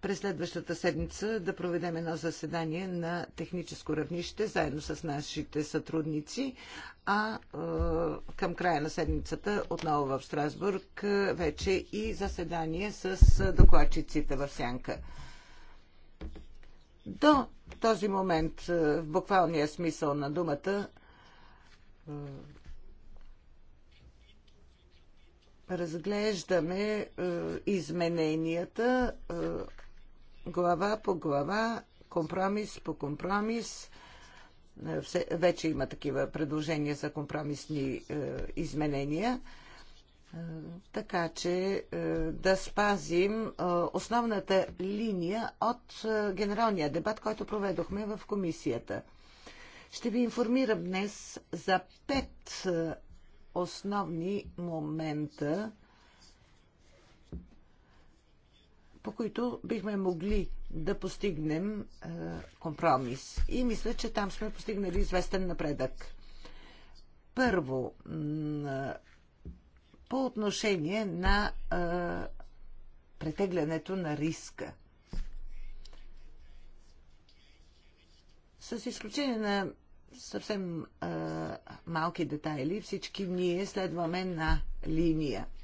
през следващата седмица да проведем едно заседание на техническо равнище, заедно с нашите сътрудници, а е, към края на седмицата отново в Страсбург е, вече и заседание с докладчиците в Сянка. До този момент, е, в буквалния смисъл на думата, е, разглеждаме измененията глава по глава, компромис по компромис. Е, вече има такива предложения за компромисни е, изменения. Е, така че да спазим основната линия от генералния дебат, който проведохме в комисията. Ще ви информирам днес за пет основни момента, по които бихме могли да постигнем е, компромис. И мисля, че там сме постигнали известен напредък. Първо, е, по отношение на е, претеглянето на риска. С изключение на съвсем е, малки детайли, всички ние следваме на линия –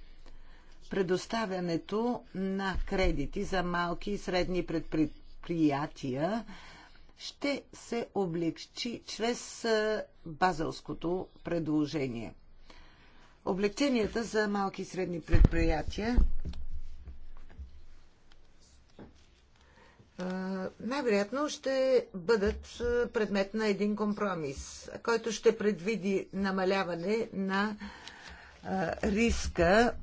предоставянето на кредити за малки и средни предприятия ще се облегчи чрез е, базалското предложение. Облегченията за малки и средни предприятия е, най-вероятно ще бъдат е, предмет на един компромис, който ще предвиди намаляване на риска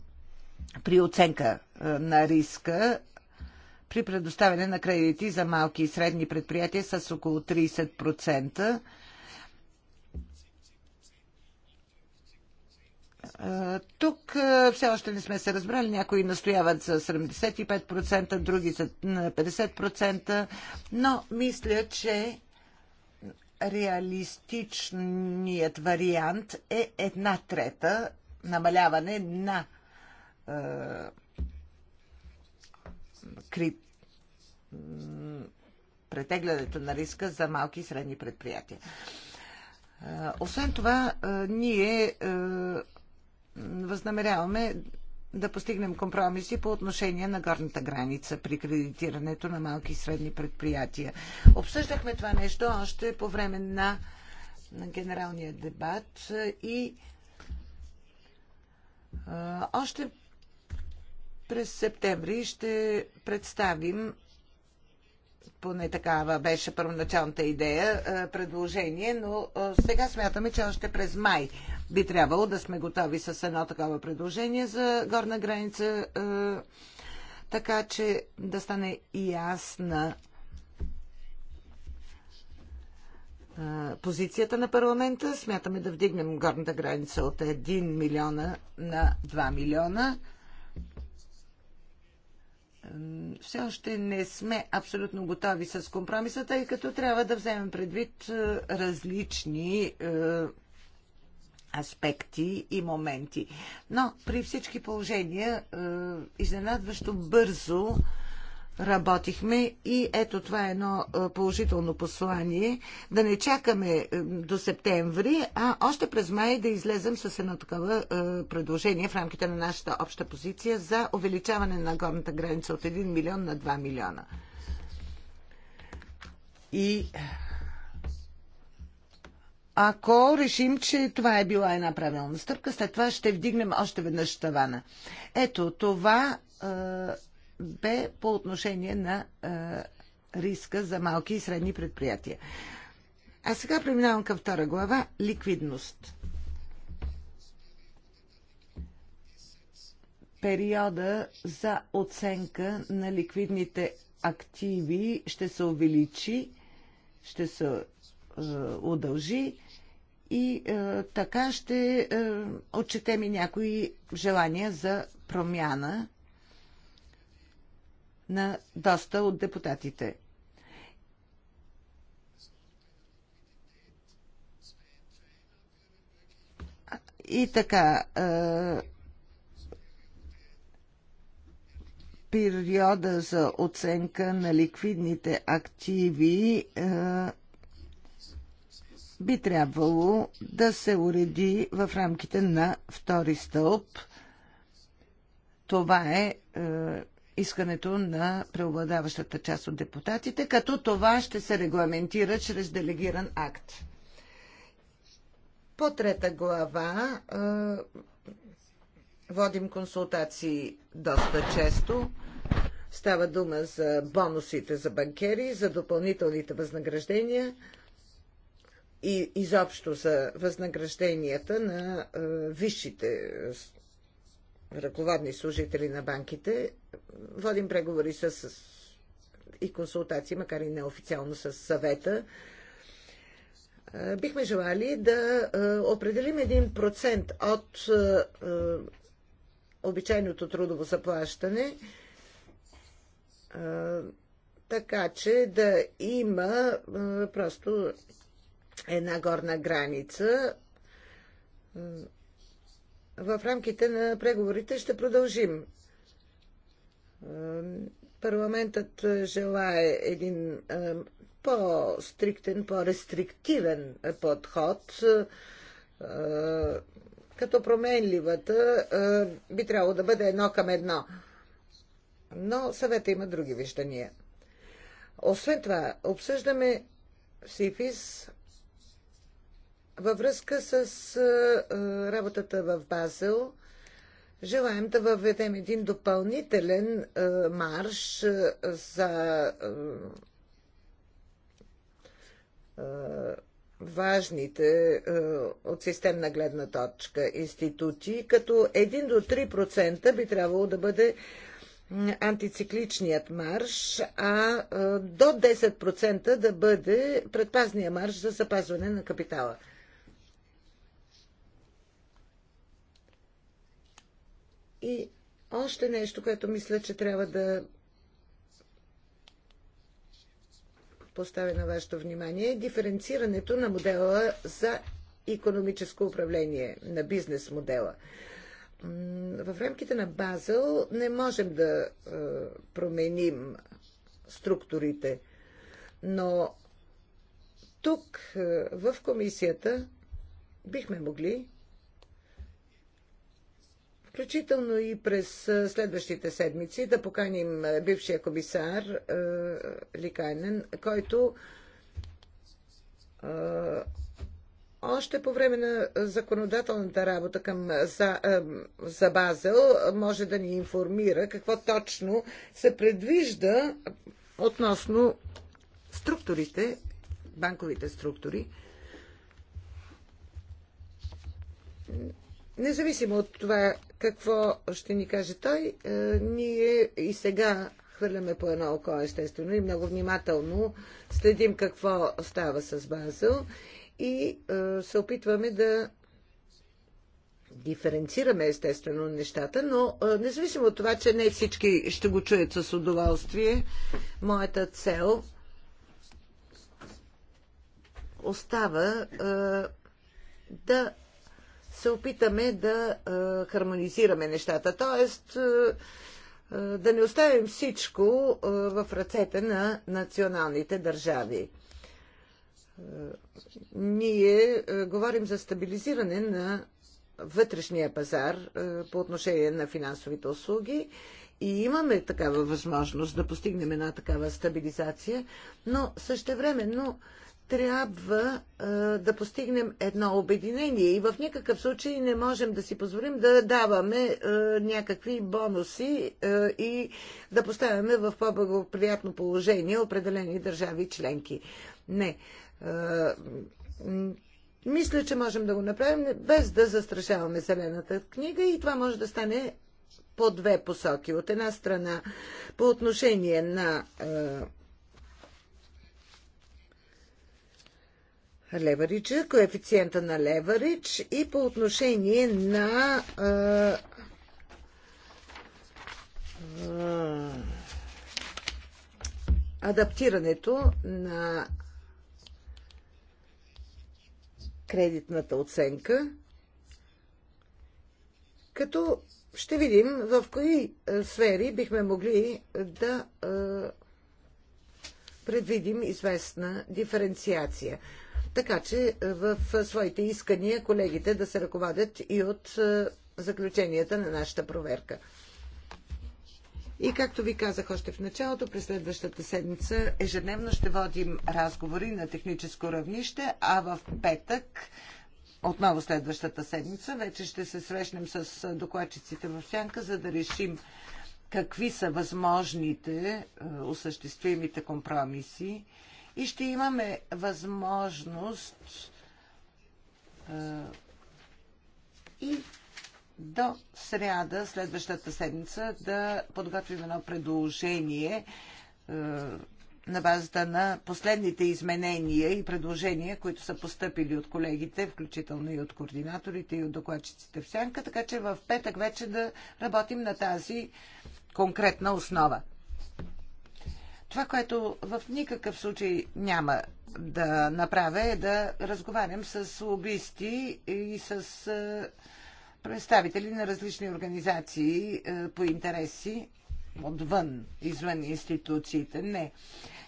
при оценка е, на риска при предоставяне на кредити за малки и средни предприятия с около 30%. Е, тук е, все още не сме се разбрали. Някои настояват за 75%, други за 50%, но мисля, че реалистичният вариант е една трета намаляване на претеглянето на риска за малки и средни предприятия. Освен това, ние възнамеряваме да постигнем компромиси по отношение на горната граница при кредитирането на малки и средни предприятия. Обсъждахме това нещо още по време на, на генералния дебат и още през септември ще представим поне такава беше първоначалната идея, е, предложение, но е, сега смятаме, че още през май би трябвало да сме готови с едно такова предложение за горна граница, е, така че да стане ясна позицията на парламента. Смятаме да вдигнем горната граница от 1 милиона на 2 милиона все още не сме абсолютно готови с компромиса, тъй като трябва да вземем предвид е, различни е, аспекти и моменти. Но при всички положения, е, изненадващо бързо работихме и ето това е едно е, положително послание. Да не чакаме е, до септември, а още през май да излезем с едно такова е, предложение в рамките на нашата обща позиция за увеличаване на горната граница от 1 милион на 2 милиона. И ако решим, че това е била една правилна стъпка, след това ще вдигнем още веднъж тавана. Ето, това бе по отношение на риска за малки и средни предприятия. А сега преминавам към втора глава ликвидност. Периода за оценка на ликвидните активи ще се увеличи, ще се е, удължи и е, така ще е, отчетем и някои желания за промяна на доста от депутатите. И така, е, периода за оценка на ликвидните активи е, би трябвало да се уреди в рамките на втори стълб. Това е, е искането на преобладаващата част от депутатите, като това ще се регламентира чрез делегиран акт. По трета глава водим консултации доста често. Става дума за бонусите за банкери, за допълнителните възнаграждения и изобщо за възнагражденията на висшите ръководни служители на банките. Водим преговори с, и консултации, макар и неофициално с съвета. Бихме желали да определим един процент от обичайното трудово заплащане, така че да има просто една горна граница в рамките на преговорите ще продължим. Е, парламентът е, желае един е, по-стриктен, по-рестриктивен подход, като променливата би трябвало да бъде едно към едно. Но съвета има други виждания. Освен това, обсъждаме СИФИС във връзка с работата в Базел, желаем да въведем един допълнителен марш за важните а, от системна гледна точка институти, като 1 до 3% би трябвало да бъде антицикличният марш, а до 10% да бъде предпазния марш за запазване на капитала. И още нещо, което мисля, че трябва да поставя на вашето внимание, е диференцирането на модела за економическо управление, на бизнес модела. В рамките на Базел не можем да е, променим структурите, но тук е, в комисията бихме могли включително и през следващите седмици, да поканим бившия комисар Ликайнен, който още по време на законодателната работа към за, за Базел може да ни информира какво точно се предвижда относно структурите, банковите структури. Независимо от това какво ще ни каже той, е, ние и сега хвърляме по едно око, естествено, и много внимателно следим какво става с Базел и е, се опитваме да диференцираме естествено нещата, но е, независимо от това, че не всички ще го чуят с удоволствие, моята цел остава да се опитаме да хармонизираме нещата. Тоест, да не оставим всичко в ръцете на националните държави. Ние говорим за стабилизиране на вътрешния пазар по отношение на финансовите услуги и имаме такава възможност да постигнем една такава стабилизация, но същевременно времено трябва а, да постигнем едно обединение и в никакъв случай не можем да си позволим да даваме а, някакви бонуси а, и да поставяме в по-благоприятно положение определени държави членки. Не. А, мисля, че можем да го направим без да застрашаваме зелената книга и това може да стане по две посоки. От една страна, по отношение на. А, левариджа, коефициента на леварич и по отношение на адаптирането на кредитната оценка, като ще видим в кои сфери бихме могли да предвидим известна диференциация така че е, в своите искания колегите да се ръководят и от е, заключенията на нашата проверка. И както ви казах още в началото, през следващата седмица ежедневно ще водим разговори на техническо равнище, а в петък, отново следващата седмица, вече ще се срещнем с докладчиците в Сянка, за да решим какви са възможните е, осъществимите компромиси и ще имаме възможност е, и до сряда, следващата седмица, да подготвим едно предложение е, на базата на последните изменения и предложения, които са поступили от колегите, включително и от координаторите и от докладчиците в сянка, така че в петък вече да работим на тази конкретна основа. Това, което в никакъв случай няма да направя е да разговарям с лобисти и с е, представители на различни организации е, по интереси отвън, извън институциите. Не.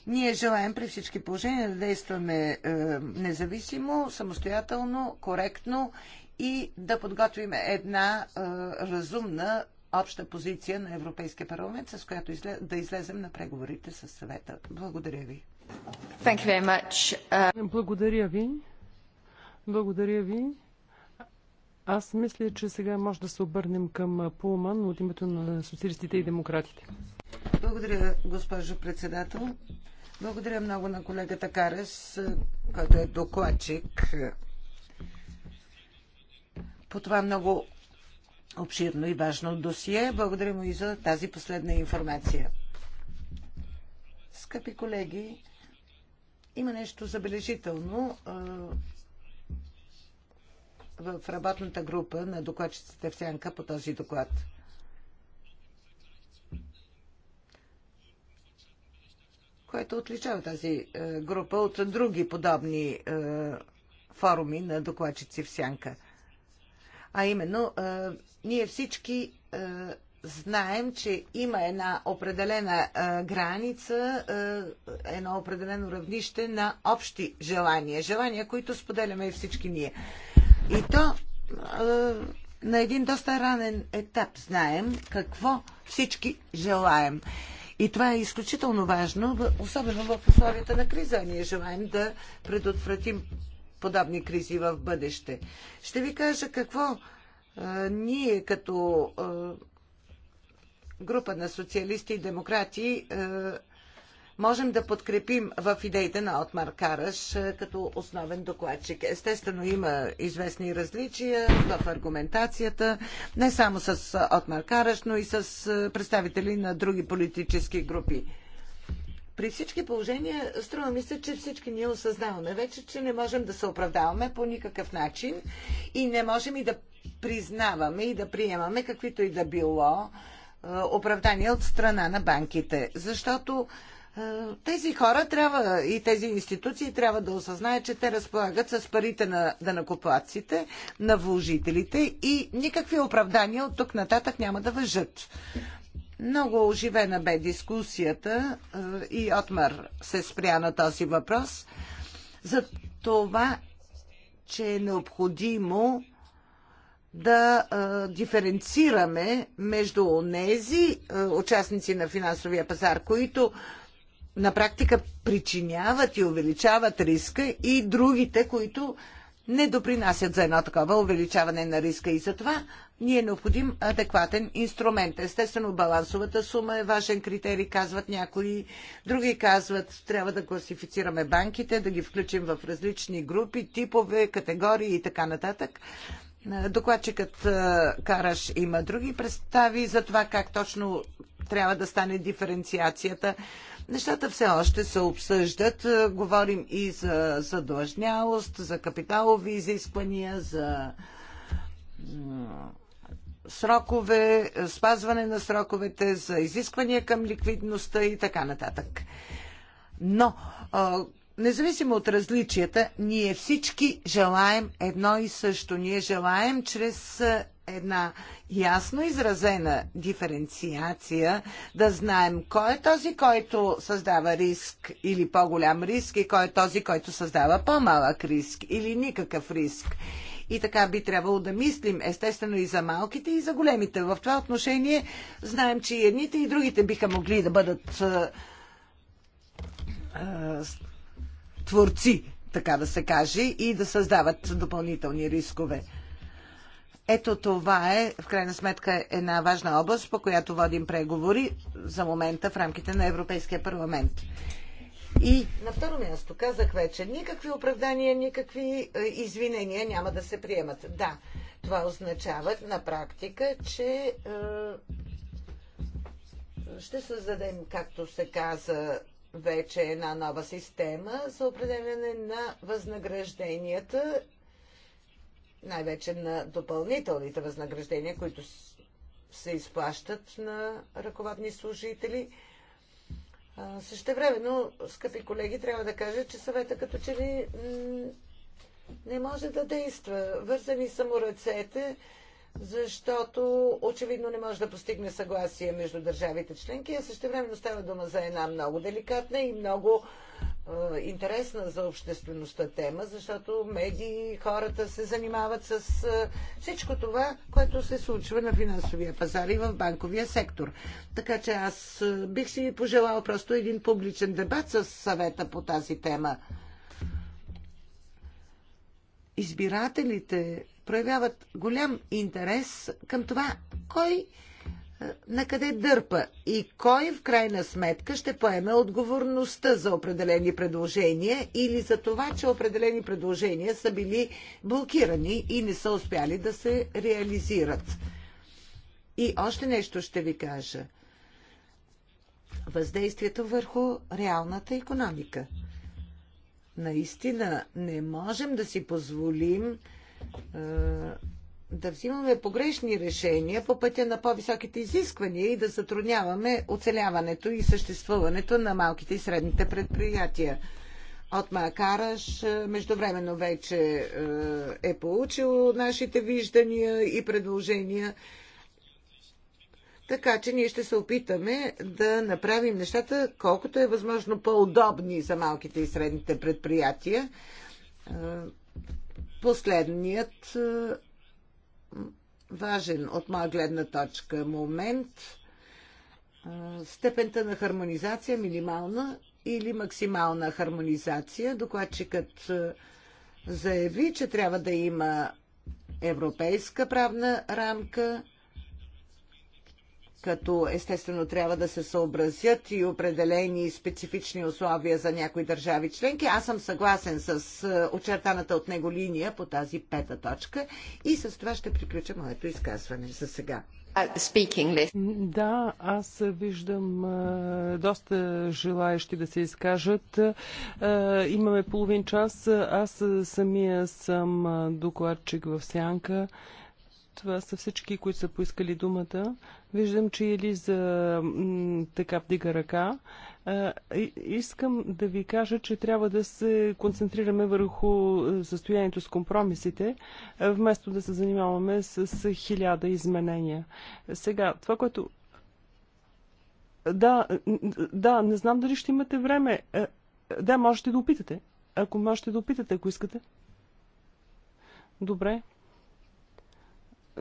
Ние желаем при всички положения да действаме е, независимо, самостоятелно, коректно и да подготвим една разумна обща позиция на Европейския парламент, с която да излезем на преговорите с съвета. Благодаря ви. Uh... Благодаря ви. Благодаря ви. Аз мисля, че сега може да се обърнем към Пулман от името на социалистите и демократите. Благодаря, госпожо председател. Благодаря много на колегата Карес, който е докладчик по това много обширно и важно досие. Благодаря му и за тази последна информация. Скъпи колеги, има нещо забележително в работната група на докладчиците в Сянка по този доклад. което отличава тази група от други подобни форуми на докладчици в Сянка – а именно, ние всички знаем, че има една определена граница, едно определено равнище на общи желания. Желания, които споделяме и всички ние. И то на един доста ранен етап знаем какво всички желаем. И това е изключително важно, особено в условията на криза. Ние желаем да предотвратим подобни кризи в бъдеще. Ще ви кажа какво ние като група на социалисти и демократи можем да подкрепим в идеите на Отмар Караш като основен докладчик. Естествено има известни различия в аргументацията, не само с Отмар Караш, но и с представители на други политически групи. При всички положения, струва ми се, че всички ние осъзнаваме вече, че не можем да се оправдаваме по никакъв начин и не можем и да признаваме и да приемаме каквито и да било е, оправдания от страна на банките. Защото е, тези хора трябва и тези институции трябва да осъзнаят, че те разполагат с парите на данакоплаците, на вложителите и никакви оправдания от тук нататък няма да въжат. Много оживена бе дискусията е, и Отмар се спря на този въпрос за това, че е необходимо да е, диференцираме между тези е, участници на финансовия пазар, които на практика причиняват и увеличават риска и другите, които не допринасят за едно такова увеличаване на риска. И затова ни е необходим адекватен инструмент. Естествено, балансовата сума е важен критерий, казват някои. Други казват, трябва да класифицираме банките, да ги включим в различни групи, типове, категории и така нататък. Докладчикът Караш има други представи за това как точно трябва да стане диференциацията. Нещата все още се обсъждат. Говорим и за задлъжнялост, за капиталови изисквания, за срокове, спазване на сроковете, за изисквания към ликвидността и така нататък. Но, независимо от различията, ние всички желаем едно и също. Ние желаем чрез една ясно изразена диференциация, да знаем кой е този, който създава риск или по-голям риск и кой е този, който създава по-малък риск или никакъв риск. И така би трябвало да мислим естествено и за малките, и за големите. В това отношение знаем, че и едните, и другите биха могли да бъдат а, а, творци, така да се каже, и да създават допълнителни рискове. Ето това е, в крайна сметка, една важна област, по която водим преговори за момента в рамките на Европейския парламент. И на второ място казах вече, никакви оправдания, никакви е, извинения няма да се приемат. Да, това означава на практика, че е, ще създадем, както се каза, вече една нова система за определене на възнагражденията, най-вече на допълнителните възнаграждения, които се изплащат на ръководни служители но, скъпи колеги, трябва да кажа, че съвета като че ли не може да действа. Вързани са му ръцете, защото очевидно не може да постигне съгласие между държавите членки, а същевременно става дума за една много деликатна и много е, интересна за обществеността тема, защото медии, хората се занимават с е, всичко това, което се случва на финансовия пазар и в банковия сектор. Така че аз е, бих си пожелал просто един публичен дебат с съвета по тази тема. Избирателите проявяват голям интерес към това, кой на къде дърпа и кой в крайна сметка ще поеме отговорността за определени предложения или за това, че определени предложения са били блокирани и не са успяли да се реализират. И още нещо ще ви кажа. Въздействието върху реалната економика. Наистина не можем да си позволим е, да взимаме погрешни решения по пътя на по-високите изисквания и да затрудняваме оцеляването и съществуването на малките и средните предприятия. От Макараш е, междувременно вече е, е получил нашите виждания и предложения. Така че ние ще се опитаме да направим нещата колкото е възможно по-удобни за малките и средните предприятия. Е, последният важен от моя гледна точка момент. Степента на хармонизация минимална или максимална хармонизация. Докладчикът заяви, че трябва да има европейска правна рамка като естествено трябва да се съобразят и определени специфични условия за някои държави членки. Аз съм съгласен с е, очертаната от него линия по тази пета точка и с това ще приключа моето изказване за сега. Uh, да, аз виждам е, доста желаящи да се изкажат. Е, имаме половин час. Аз самия съм докладчик в Сянка. Това са всички, които са поискали думата. Виждам, че Елиза така вдига ръка. Искам да ви кажа, че трябва да се концентрираме върху състоянието с компромисите, вместо да се занимаваме с хиляда изменения. Сега, това, което. Да, да, не знам дали ще имате време. Да, можете да опитате. Ако можете да опитате, ако искате. Добре.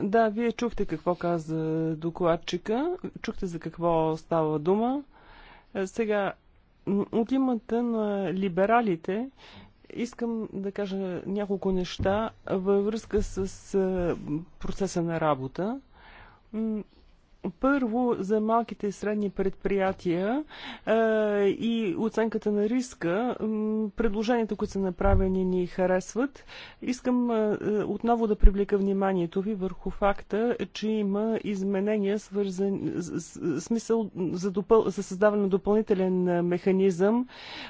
Да, вие чухте какво каза докладчика, чухте за какво става дума. Е, сега, от имата на либералите, искам да кажа няколко неща във връзка с е, процеса на работа. Първо, за малките и средни предприятия е, и оценката на риска, предложенията, които са направени, ни харесват. Искам е, отново да привлека вниманието ви върху факта, че има изменения, свързани с, с, смисъл за, допъл, за създаване на допълнителен механизъм,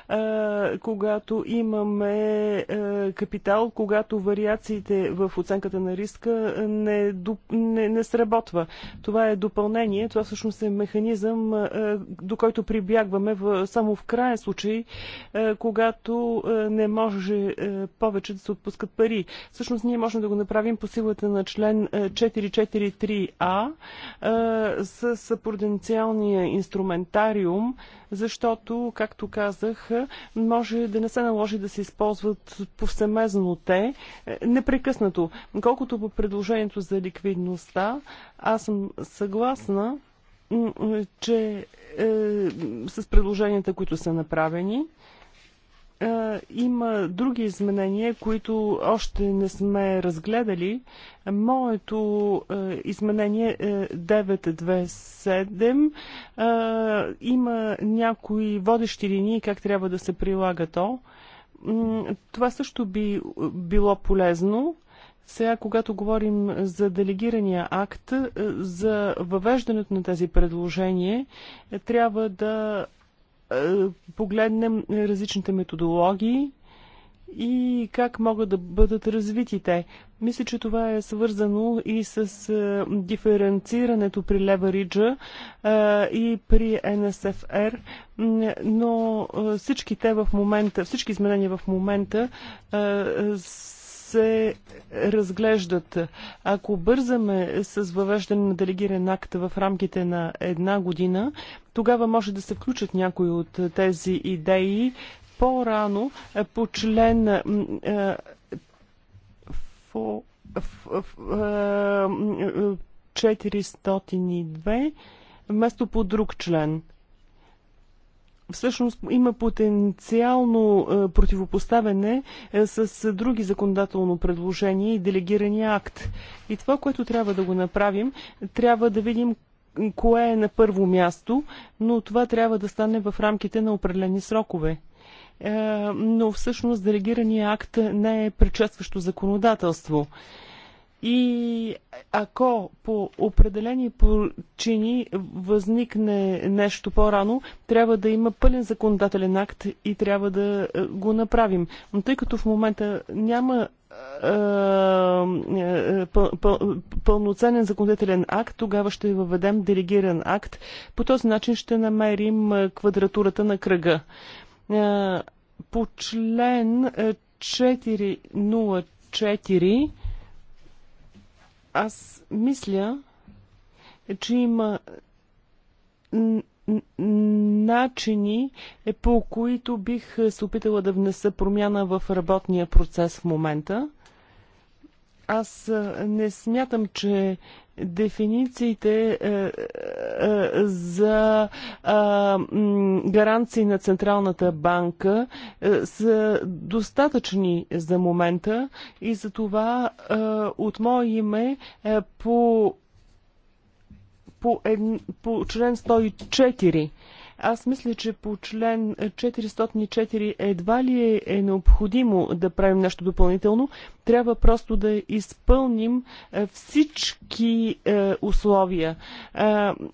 е, когато имаме е, капитал, когато вариациите в оценката на риска не, не, не сработва. Това е допълнителен изпълнение. Това всъщност е механизъм, е, до който прибягваме в, само в крайен случай, е, когато е, не може повече да се отпускат пари. Всъщност ние можем да го направим по силата на член 443А с пруденциалния инструментариум, защото, както казах, може да не се наложи да се използват повсемезно те, непрекъснато. Колкото по предложението за ликвидността, аз съм съгласна, че е, с предложенията, които са направени, е, има други изменения, които още не сме разгледали. Моето е, изменение е 927 е, има някои водещи линии, как трябва да се прилага то това също би било полезно. Сега, когато говорим за делегирания акт, е, за въвеждането на тези предложения, е, трябва да е, погледнем различните методологии и как могат да бъдат развити те. Мисля, че това е свързано и с диференцирането при левериджа и при НСФР, но всички те в момента, всички изменения в момента са се разглеждат. Ако бързаме с въвеждане на делегиран акт в рамките на една година, тогава може да се включат някои от тези идеи по-рано по член по е, 402 е, е, вместо по друг член всъщност има потенциално е, противопоставяне е, с е, други законодателно предложения и делегирания акт. И това, което трябва да го направим, трябва да видим кое е на първо място, но това трябва да стане в рамките на определени срокове но всъщност делегирания акт не е предшестващо законодателство. И ако по определени причини възникне нещо по-рано, трябва да има пълен законодателен акт и трябва да е, го направим. Но тъй като в момента няма е, е, пълноценен законодателен акт, тогава ще въведем делегиран акт. По този начин ще намерим квадратурата на кръга. По член 404 аз мисля, че има начини, е, по които бих се опитала да внеса промяна в работния процес в момента – аз не смятам, че дефинициите е, е, е, за гаранции на Централната банка са достатъчни за момента и за това от мое име по, по, по член 104 аз мисля, че по член 404 едва ли е, е необходимо да правим нещо допълнително. Трябва просто да изпълним е, всички е, условия.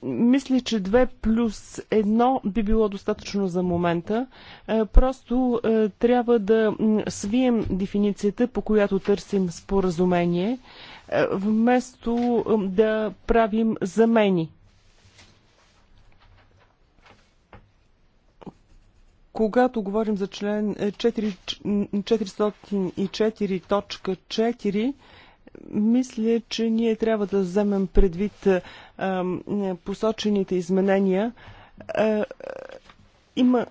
мисля, че 2 плюс 1 би било достатъчно за момента. просто трябва да свием дефиницията, по която търсим споразумение, вместо да правим замени. Когато говорим за член 404.4, е, мисля, че ние трябва да вземем предвид е, е, посочените изменения. Има.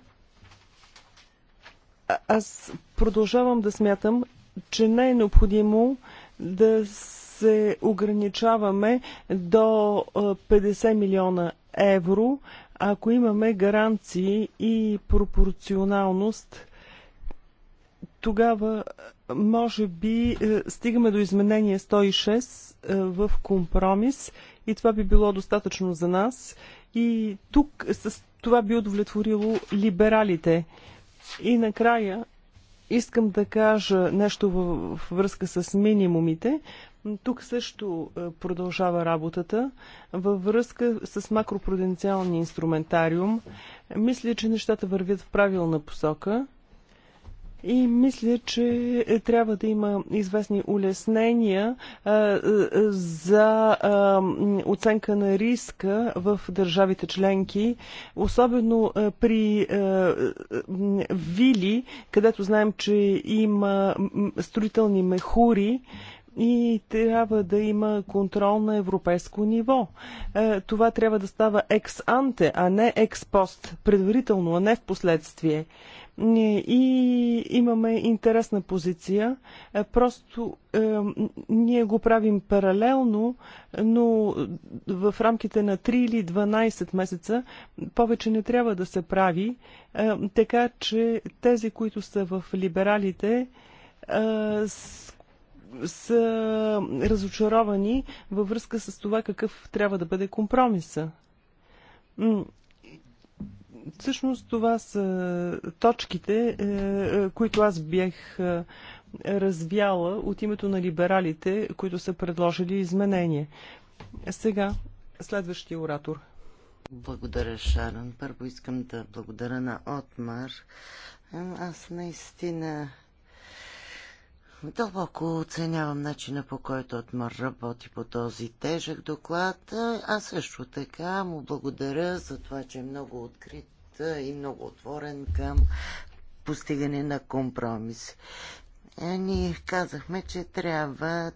Аз продължавам да смятам, че не е необходимо да се ограничаваме до 50 милиона евро, ако имаме гаранции и пропорционалност, тогава е, може би е, стигаме до изменение 106 е, в компромис и това би било достатъчно за нас. И тук с това би удовлетворило либералите. И накрая искам да кажа нещо във връзка с минимумите. Тук също е, продължава работата във връзка с макропруденциалния инструментариум. Мисля, че нещата вървят в правилна посока. И мисля, че е, трябва да има известни улеснения е, за оценка на риска в държавите членки, особено при вили, където знаем, че има строителни мехури и трябва да има контрол на европейско ниво. Е, това трябва да става екс-анте, а не екс-пост, предварително, а не в последствие. Е, и имаме интересна позиция. Е, просто ние го правим паралелно, но в рамките на 3 или 12 месеца повече не трябва да се прави, така че тези, които са в либералите, са разочаровани във връзка с това какъв трябва да бъде компромиса. Всъщност това са точките, е, е, които аз бях е, развяла от името на либералите, които са предложили изменение. Сега следващия оратор. Благодаря, Шаран. Първо искам да благодаря на Отмар. Аз наистина Дълбоко оценявам начина по който Отмар работи по този тежък доклад. А също така му благодаря за това, че е много открит и много отворен към постигане на компромис. Ние казахме, че трябва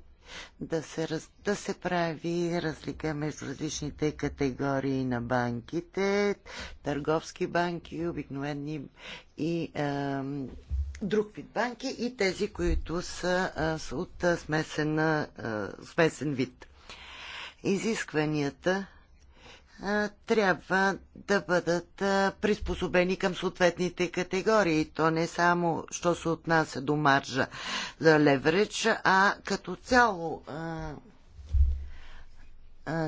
да се, раз, да се прави разлика между различните категории на банките, търговски банки, обикновени и друг вид банки и тези, които са, са от смесена, смесен вид. Изискванията трябва да бъдат приспособени към съответните категории. То не само, що се отнася до маржа за леверидж, а като цяло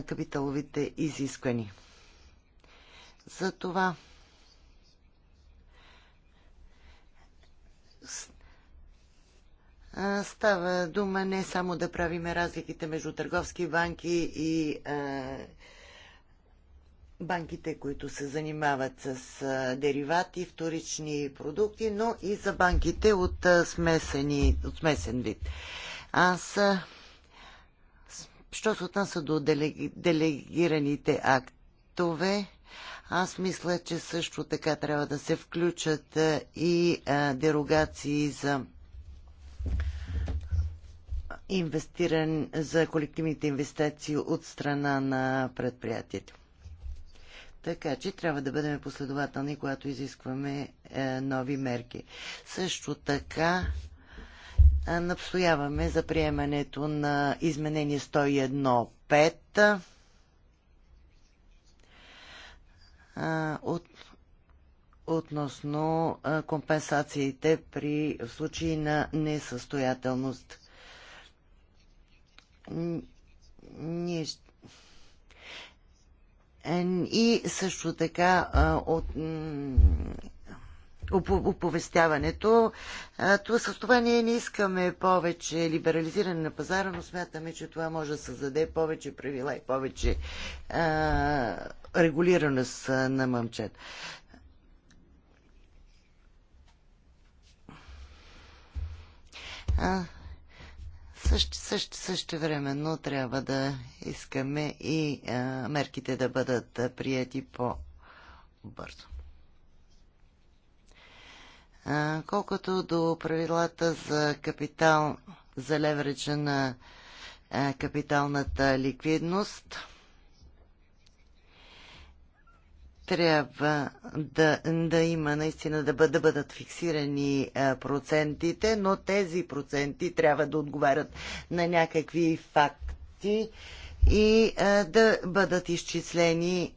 капиталовите изисквания. За това Става дума не само да правиме разликите между търговски банки и банките, които се занимават с деривати, вторични продукти, но и за банките от, смесени, от смесен вид. Аз, що се отнася до делегираните актове, аз мисля, че също така трябва да се включат и дерогации за инвестиран за колективните инвестиции от страна на предприятието. Така че трябва да бъдем последователни, когато изискваме е, нови мерки. Също така е, настояваме за приемането на изменение 101.5 от, относно компенсациите при случаи на несъстоятелност. Ние и също така от оповестяването. с това ние не искаме повече либерализиране на пазара, но смятаме, че това може да създаде повече правила и повече регулираност на мъмчета. Също, също, също, време, но трябва да искаме и а, мерките да бъдат прияти по-бързо. Колкото до правилата за капитал, за левреча на капиталната ликвидност, трябва да, да има наистина да, бъд, да бъдат фиксирани а, процентите, но тези проценти трябва да отговарят на някакви факти и а, да бъдат изчислени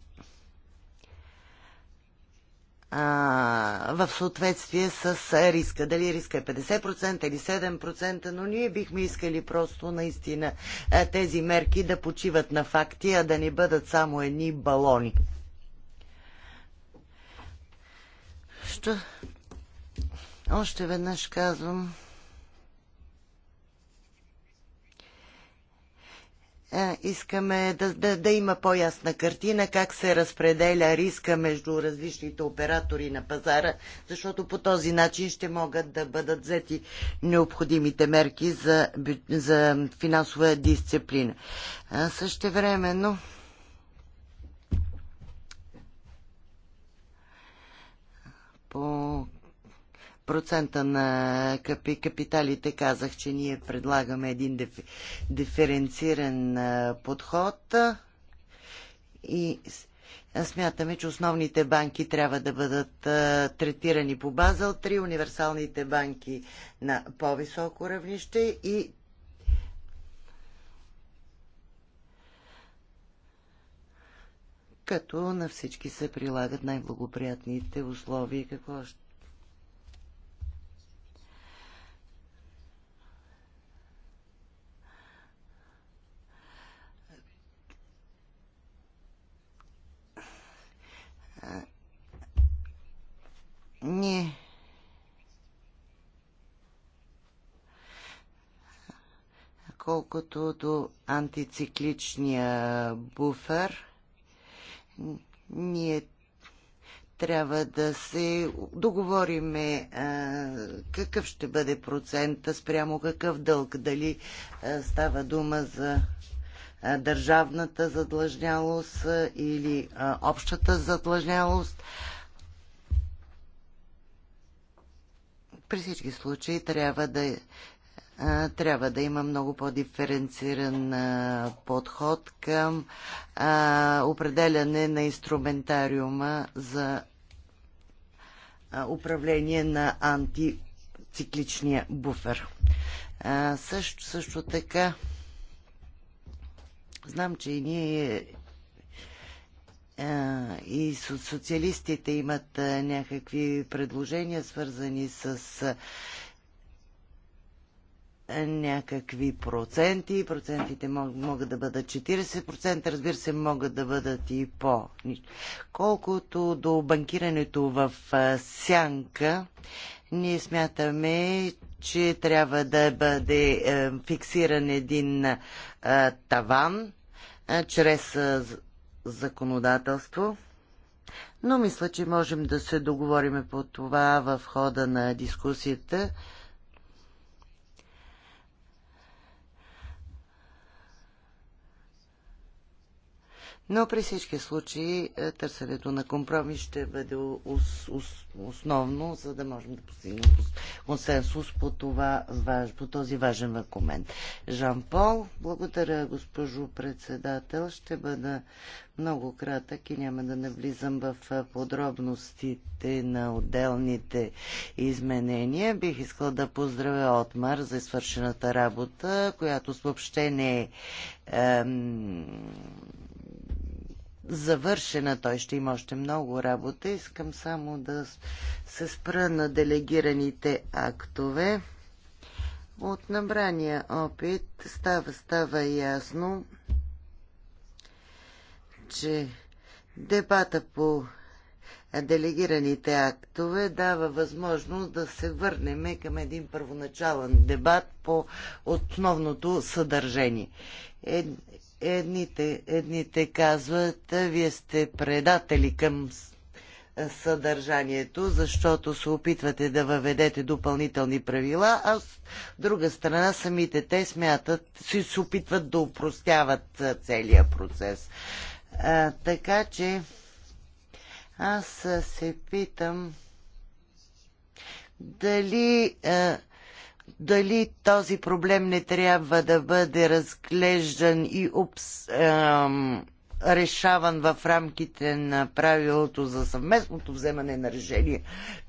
а, в съответствие с риска. Дали риска е 50% или 7%, но ние бихме искали просто наистина тези мерки да почиват на факти, а да не бъдат само едни балони. Що? Още веднъж казвам, Е, искаме да, да, да има по-ясна картина как се разпределя риска между различните оператори на пазара, защото по този начин ще могат да бъдат взети необходимите мерки за, за финансова дисциплина. А същевременно по процента на капиталите казах, че ние предлагаме един диференциран подход и смятаме, че основните банки трябва да бъдат третирани по Базел 3, универсалните банки на по-високо равнище и като на всички се прилагат най-благоприятните условия. Какво ще ние колкото до антицикличния буфер, ние трябва да се договориме а, какъв ще бъде процента спрямо какъв дълг, дали а, става дума за държавната задлъжнялост или общата задлъжнялост. При всички случаи трябва да, трябва да има много по-диференциран подход към определяне на инструментариума за управление на антицикличния буфер. Също, също така Знам, че и ние и социалистите имат някакви предложения, свързани с някакви проценти. Процентите могат да бъдат 40%, разбира се, могат да бъдат и по. Колкото до банкирането в сянка, ние смятаме, че трябва да бъде е, фиксиран един таван чрез законодателство. Но мисля, че можем да се договориме по това в хода на дискусията. Но при всички случаи е, търсенето на компромис ще бъде основно, за да можем да постигнем консенсус по, това, по този важен документ. Жан Пол, благодаря госпожо председател. Ще бъда много кратък и няма да навлизам в е, подробностите на отделните изменения. Бих искал да поздравя Отмар за извършената работа, която въобще не е завършена. Той ще има още много работа. Искам само да се спра на делегираните актове. От набрания опит става, става ясно, че дебата по делегираните актове дава възможност да се върнем към един първоначален дебат по основното съдържание. Едните, едните казват, вие сте предатели към съдържанието, защото се опитвате да въведете допълнителни правила, а с друга страна самите те смятат, си се опитват да упростяват целият процес. А, така че аз се питам дали а, дали този проблем не трябва да бъде разглеждан и ем, решаван в рамките на правилото за съвместното вземане на решение,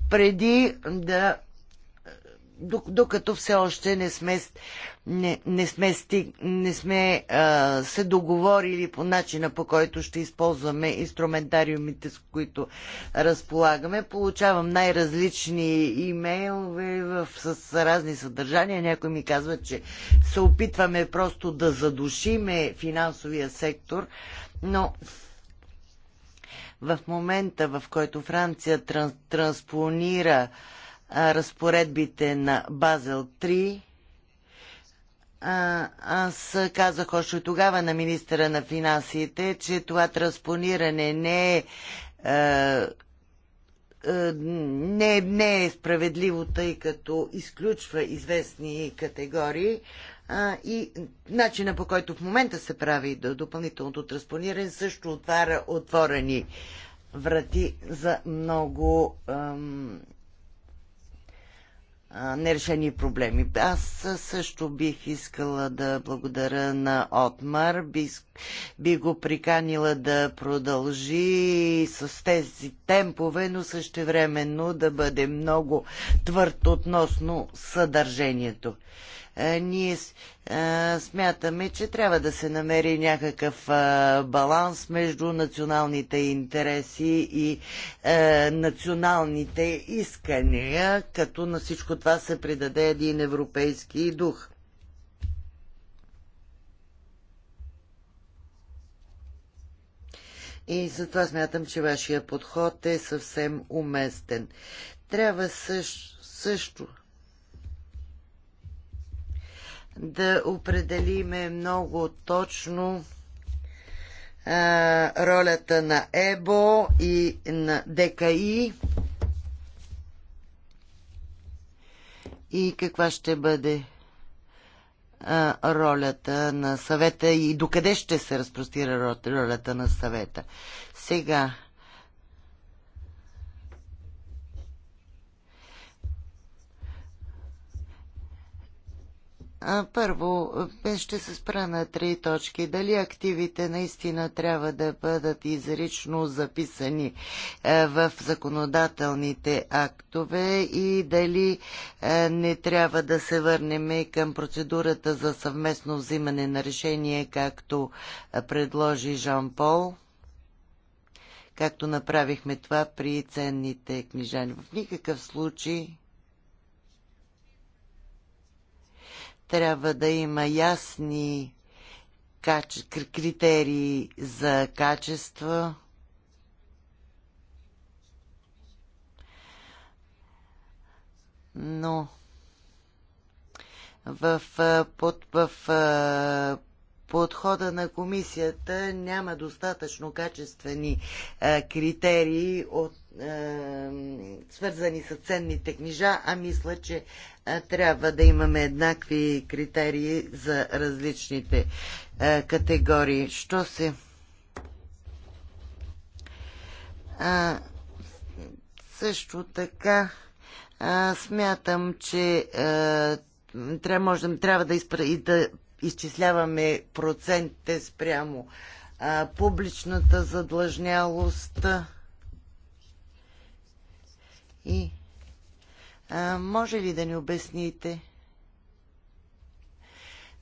преди да докато все още не сме, не, не сме, стиг, не сме а, се договорили по начина по който ще използваме инструментариумите, с които разполагаме. Получавам най-различни имейлове в, с разни съдържания. Някой ми казва, че се опитваме просто да задушиме финансовия сектор, но в момента, в който Франция транспонира разпоредбите на Базел 3, аз казах още тогава на министра на финансите, че това транспониране не е, а, не, не е справедливо, тъй като изключва известни категории а, и начина по който в момента се прави допълнителното транспониране също отваря отворени врати за много ам, нерешени проблеми. Аз също бих искала да благодаря на Отмар. Би, би го приканила да продължи с тези темпове, но същевременно да бъде много твърд относно съдържанието. Е, ние е, смятаме, че трябва да се намери някакъв е, баланс между националните интереси и националните искания, като на всичко това се придаде един европейски дух. И затова смятам, че вашия подход е съвсем уместен. Трябва също, също да определиме много точно а, ролята на ЕБО и на ДКИ и каква ще бъде а, ролята на съвета и докъде ще се разпростира ролята на съвета. Сега Първо, е, ще се спра на три точки. Дали активите наистина трябва да бъдат изрично записани е, в законодателните актове и дали е, не трябва да се върнем към процедурата за съвместно взимане на решение, както предложи Жан Пол както направихме това при ценните книжани. В никакъв случай Трябва да има ясни критерии за качество. Но в, под, в подхода на комисията няма достатъчно качествени е, критерии от, е, свързани с ценните книжа, а мисля, че е, трябва да имаме еднакви критерии за различните категории. Що се... А, също така а, смятам, че а, трябва, можем, трябва да, изпра, да изчисляваме процентите спрямо а, публичната задлъжнялост и а, може ли да ни обясните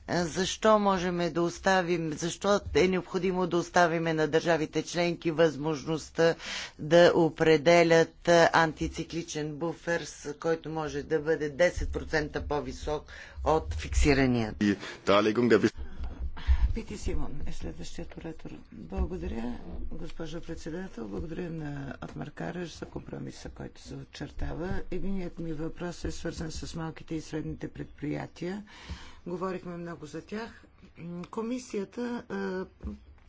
защо можем да оставим, защо е необходимо да оставим на държавите членки възможността да определят антицикличен буфер, с който може да бъде 10% по-висок от фиксирания. Пити Симон е следващият оратор. Благодаря, госпожо председател. Благодаря на Отмар Караш за компромиса, който се очертава. Единият ми въпрос е свързан с малките и средните предприятия. Говорихме много за тях. Комисията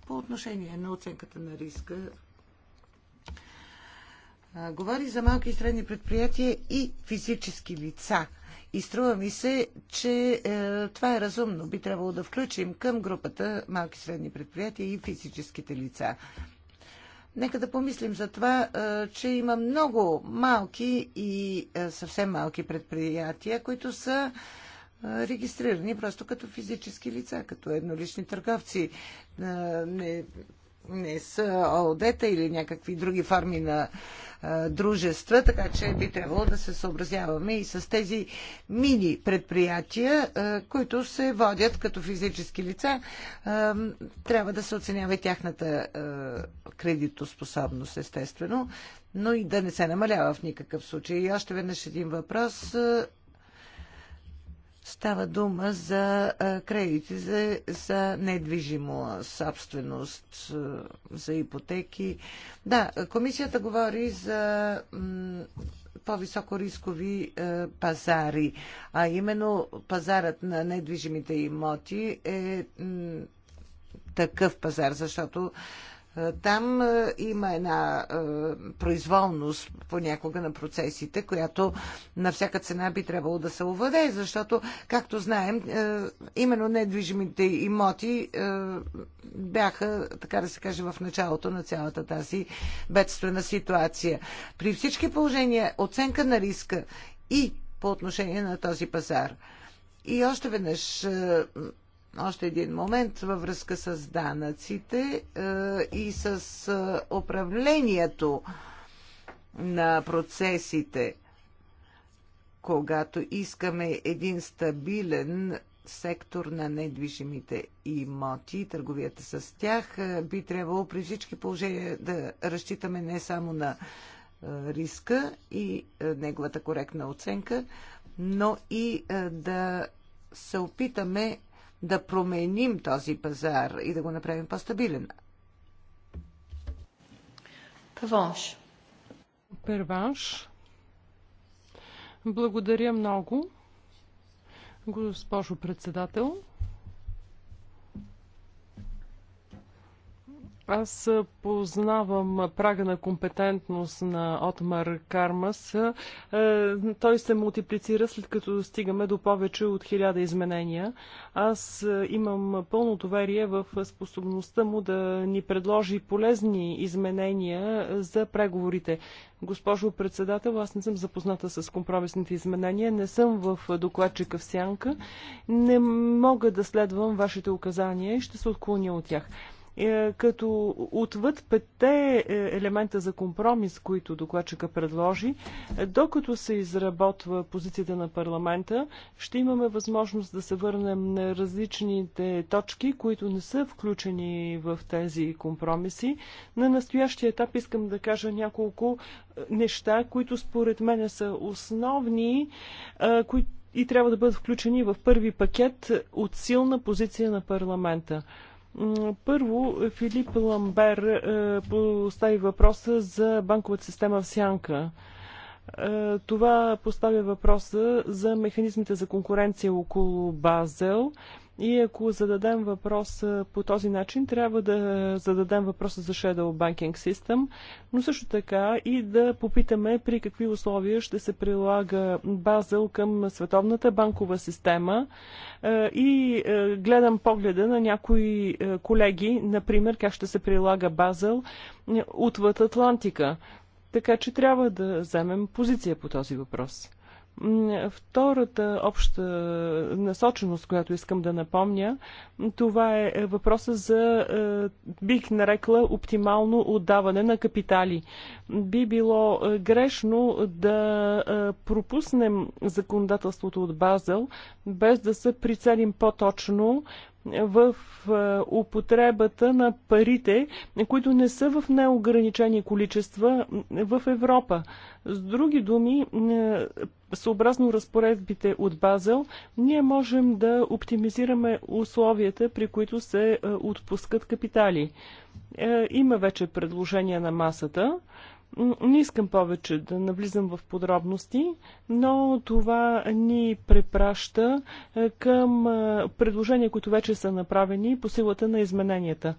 по отношение на оценката на риска говори за малки и средни предприятия и физически лица – и струва ми се, че е, това е разумно. Би трябвало да включим към групата малки и средни предприятия и физическите лица. Нека да помислим за това, е, че има много малки и е, съвсем малки предприятия, които са е, регистрирани просто като физически лица, като еднолични търговци. Е, не не са ООД-та или някакви други форми на дружества, така че би трябвало да се съобразяваме и с тези мини предприятия, които се водят като физически лица. Трябва да се оценява и тяхната кредитоспособност, естествено, но и да не се намалява в никакъв случай. И още веднъж един въпрос Става дума за кредити за, за недвижимо собственост, за ипотеки. Да, комисията говори за по-високо рискови пазари, а именно пазарът на недвижимите имоти е такъв пазар, защото е, там е, има една е, произволност понякога на процесите, която на всяка цена би трябвало да се овладее, защото, както знаем, именно недвижимите имоти бяха, така да се каже, в началото на цялата тази бедствена ситуация. При всички положения, оценка на риска и по отношение на този пазар. И още веднъж още един момент във връзка с данъците е, и с е, управлението на процесите. Когато искаме един стабилен сектор на недвижимите имоти, търговията с тях, е, би трябвало при всички положения да разчитаме не само на риска и неговата коректна оценка, но и да се опитаме да променим този пазар и да го направим по-стабилен. Паванш. Перванш. Благодаря много, госпожо председател. Аз познавам прага на компетентност на Отмар Кармас. Е, той се мултиплицира след като стигаме до повече от хиляда изменения. Аз имам пълно доверие в способността му да ни предложи полезни изменения за преговорите. Госпожо председател, аз не съм запозната с компромисните изменения, не съм в докладчика в сянка, не мога да следвам вашите указания и ще се отклоня от тях. Е, като отвъд петте е, елемента за компромис, които докладчика предложи, е, докато се изработва позицията на парламента, ще имаме възможност да се върнем на различните точки, които не са включени в тези компромиси. На настоящия етап искам да кажа няколко неща, които според мен са основни, които и трябва да бъдат включени в първи пакет от силна позиция на парламента. Първо, Филип Ламбер е, постави въпроса за банковата система в Сянка. Е, това поставя въпроса за механизмите за конкуренция около Базел и ако зададем въпрос по този начин, трябва да зададем въпроса за Shadow Banking System, но също така и да попитаме при какви условия ще се прилага Базел към Световната банкова система. Е, и е, гледам погледа на някои е, колеги, например, как ще се прилага Базел отвъд Атлантика. Така че трябва да вземем позиция по този въпрос. Втората обща насоченост, която искам да напомня, това е въпроса за, е, бих нарекла, оптимално отдаване на капитали. Би било е, грешно да е, пропуснем законодателството от Базел, без да се прицелим по-точно в е, употребата на парите, които не са в неограничени количества в Европа. С други думи, е, съобразно разпоредбите от Базел, ние можем да оптимизираме условията, при които се е, отпускат капитали. Има вече предложения на масата. Не искам повече да навлизам в подробности, но това ни препраща е, към е, предложения, които вече са направени по силата на измененията.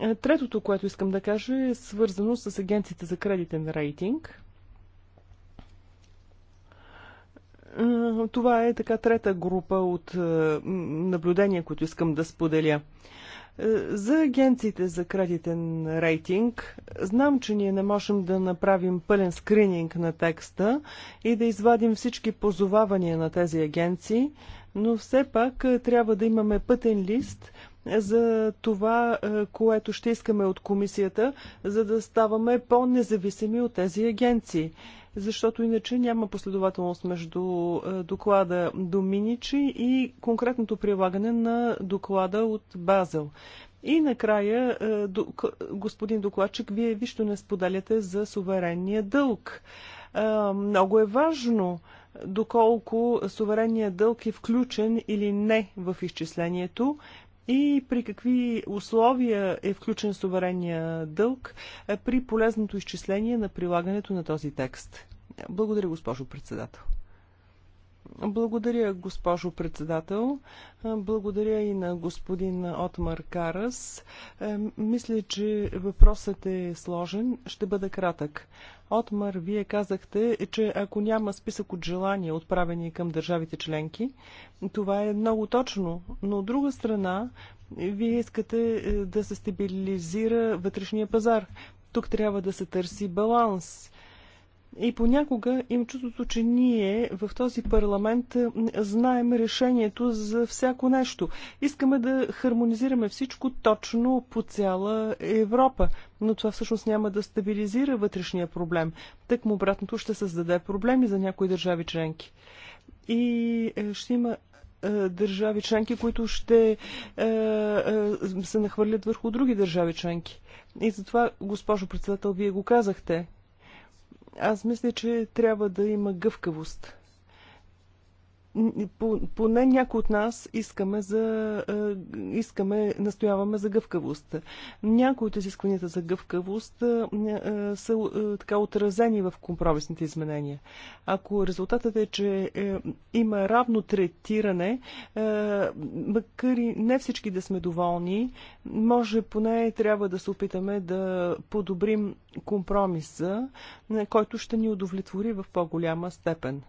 Е, третото, което искам да кажа, е свързано с агенцията за кредитен рейтинг. Това е така трета група от наблюдения, които искам да споделя. За агенциите за кредитен рейтинг, знам, че ние не можем да направим пълен скрининг на текста и да извадим всички позовавания на тези агенции, но все пак е, трябва да имаме пътен лист за това, е, което ще искаме от комисията, за да ставаме по-независими от тези агенции защото иначе няма последователност между е, доклада Доминичи и конкретното прилагане на доклада от Базел. И накрая, е, господин докладчик, вие вищо не споделяте за суверенния дълг. Е, много е важно доколко суверенният дълг е включен или не в изчислението и при какви условия е включен суверенния дълг е, при полезното изчисление на прилагането на този текст. Благодаря, госпожо председател. Благодаря, госпожо председател. Е, благодаря и на господин Отмар Карас. Е, мисля, че въпросът е сложен. Ще бъда кратък. Отмар, вие казахте, че ако няма списък от желания, отправени към държавите членки, това е много точно. Но от друга страна, вие искате е, да се стабилизира вътрешния пазар. Тук трябва да се търси баланс. И понякога им чувството, че ние в този парламент знаем решението за всяко нещо. Искаме да хармонизираме всичко точно по цяла Европа, но това всъщност няма да стабилизира вътрешния проблем. Тък му обратното ще създаде проблеми за някои държави членки. И е, ще има е, държави членки, които ще е, се нахвърлят върху други държави членки. И затова, госпожо председател, вие го казахте. Аз мисля, че трябва да има гъвкавост поне някои от нас искаме, за, е, искаме, настояваме за гъвкавост. Някои от изискванията за гъвкавост е, е, са така отразени в компромисните изменения. Ако резултатът е, че има равно третиране, макар и не всички да сме доволни, може поне трябва да се опитаме да подобрим компромиса, който ще ни удовлетвори в по-голяма степен.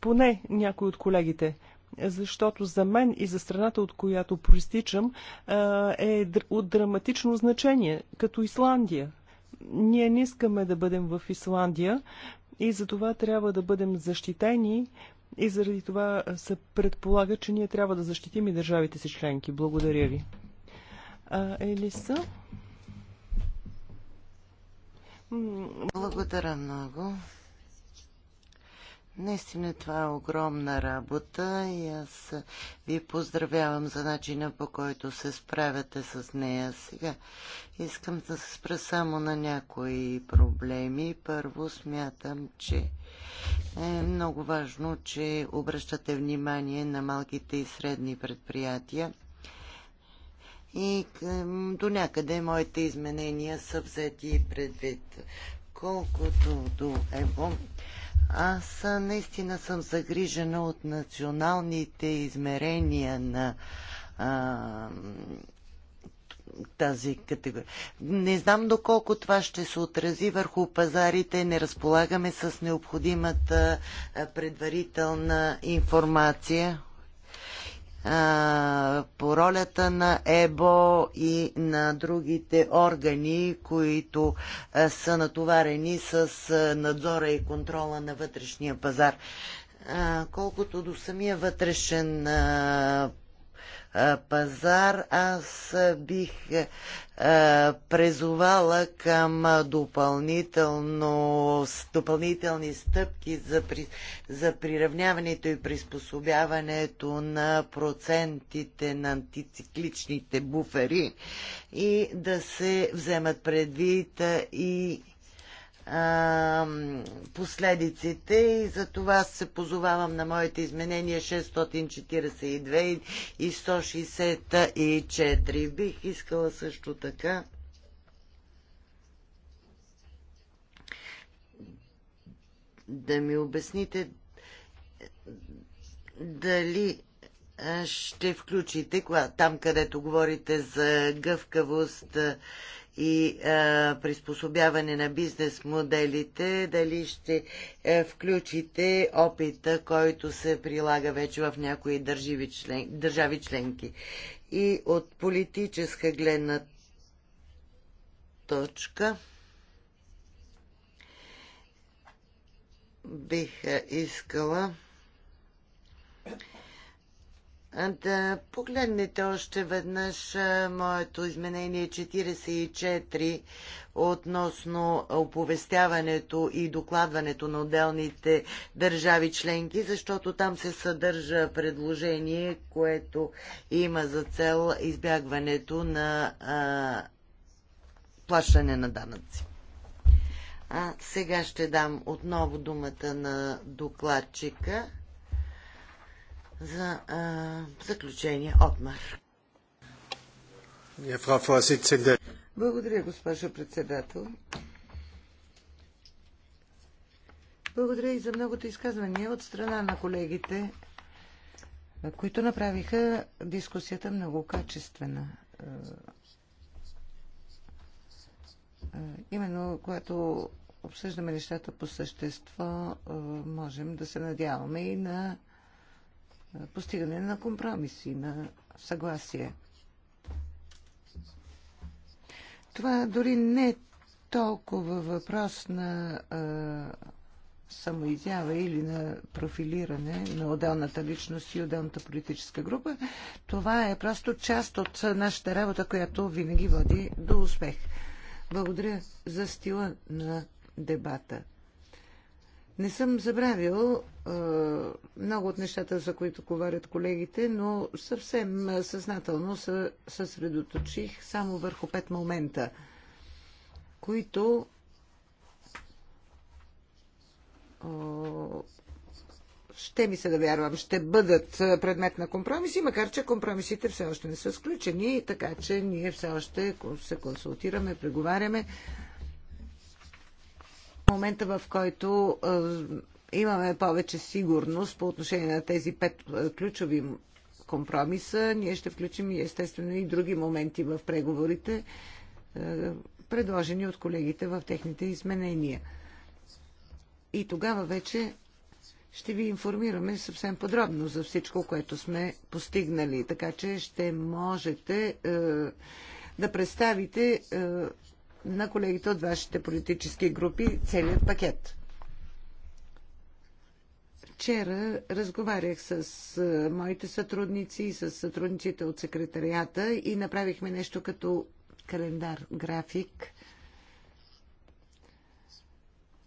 Поне някои от колеги колегите защото за мен и за страната, от която проистичам, е от драматично значение, като Исландия. Ние не искаме да бъдем в Исландия и за това трябва да бъдем защитени и заради това се предполага, че ние трябва да защитим и държавите си членки. Благодаря ви. Елиса? Благодаря много. Наистина това е огромна работа и аз ви поздравявам за начина по който се справяте с нея сега. Искам да се спра само на някои проблеми. Първо смятам, че е много важно, че обръщате внимание на малките и средни предприятия. И до някъде моите изменения са взети предвид. Колкото до Евон, аз наистина съм загрижена от националните измерения на а, тази категория. Не знам доколко това ще се отрази върху пазарите. Не разполагаме с необходимата предварителна информация по ролята на ЕБО и на другите органи, които са натоварени с надзора и контрола на вътрешния пазар. Колкото до самия вътрешен пазар, аз бих презувала към допълнително, допълнителни стъпки за, при, за приравняването и приспособяването на процентите на антицикличните буфери и да се вземат предвид и а, последиците и за това се позовавам на моите изменения 642 и 164. Бих искала също така да ми обясните дали ще включите, там където говорите за гъвкавост и а, приспособяване на бизнес моделите, дали ще а, е, включите опита, който се прилага вече в някои държави, член, държави членки. И от политическа гледна точка бих е, искала да погледнете още веднъж моето изменение 44 относно оповестяването и докладването на отделните държави членки, защото там се съдържа предложение, което има за цел избягването на а, плащане на данъци. А сега ще дам отново думата на докладчика за а, заключение от Мар. Благодаря, госпожо председател. Благодаря и за многото изказвания от страна на колегите, които направиха дискусията много качествена. Именно когато обсъждаме нещата по същество, можем да се надяваме и на постигане на компромиси, на съгласие. Това дори не е толкова въпрос на самоизява или на профилиране на отделната личност и отделната политическа група. Това е просто част от нашата работа, която винаги води до успех. Благодаря за стила на дебата. Не съм забравил е, много от нещата, за които говорят колегите, но съвсем съзнателно се съсредоточих само върху пет момента, които е, ще ми се да вярвам, ще бъдат предмет на компромиси, макар че компромисите все още не са сключени, така че ние все още се консултираме, преговаряме момента, в който имаме повече сигурност по отношение на тези пет ключови компромиса, ние ще включим естествено и други моменти в преговорите, предложени от колегите в техните изменения. И тогава вече ще ви информираме съвсем подробно за всичко, което сме постигнали. Така че ще можете е, да представите на колегите от вашите политически групи целият пакет. Вчера разговарях с моите сътрудници и с сътрудниците от секретарията и направихме нещо като календар, график,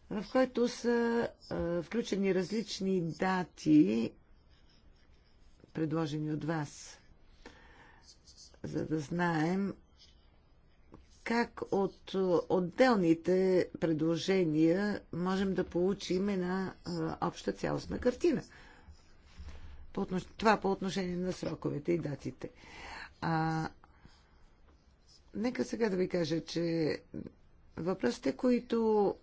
в който са включени различни дати, предложени от вас, за да знаем как от отделните предложения можем да получим една обща цялостна картина. По това по отношение на сроковете и датите. А, нека сега да ви кажа, че въпросите, които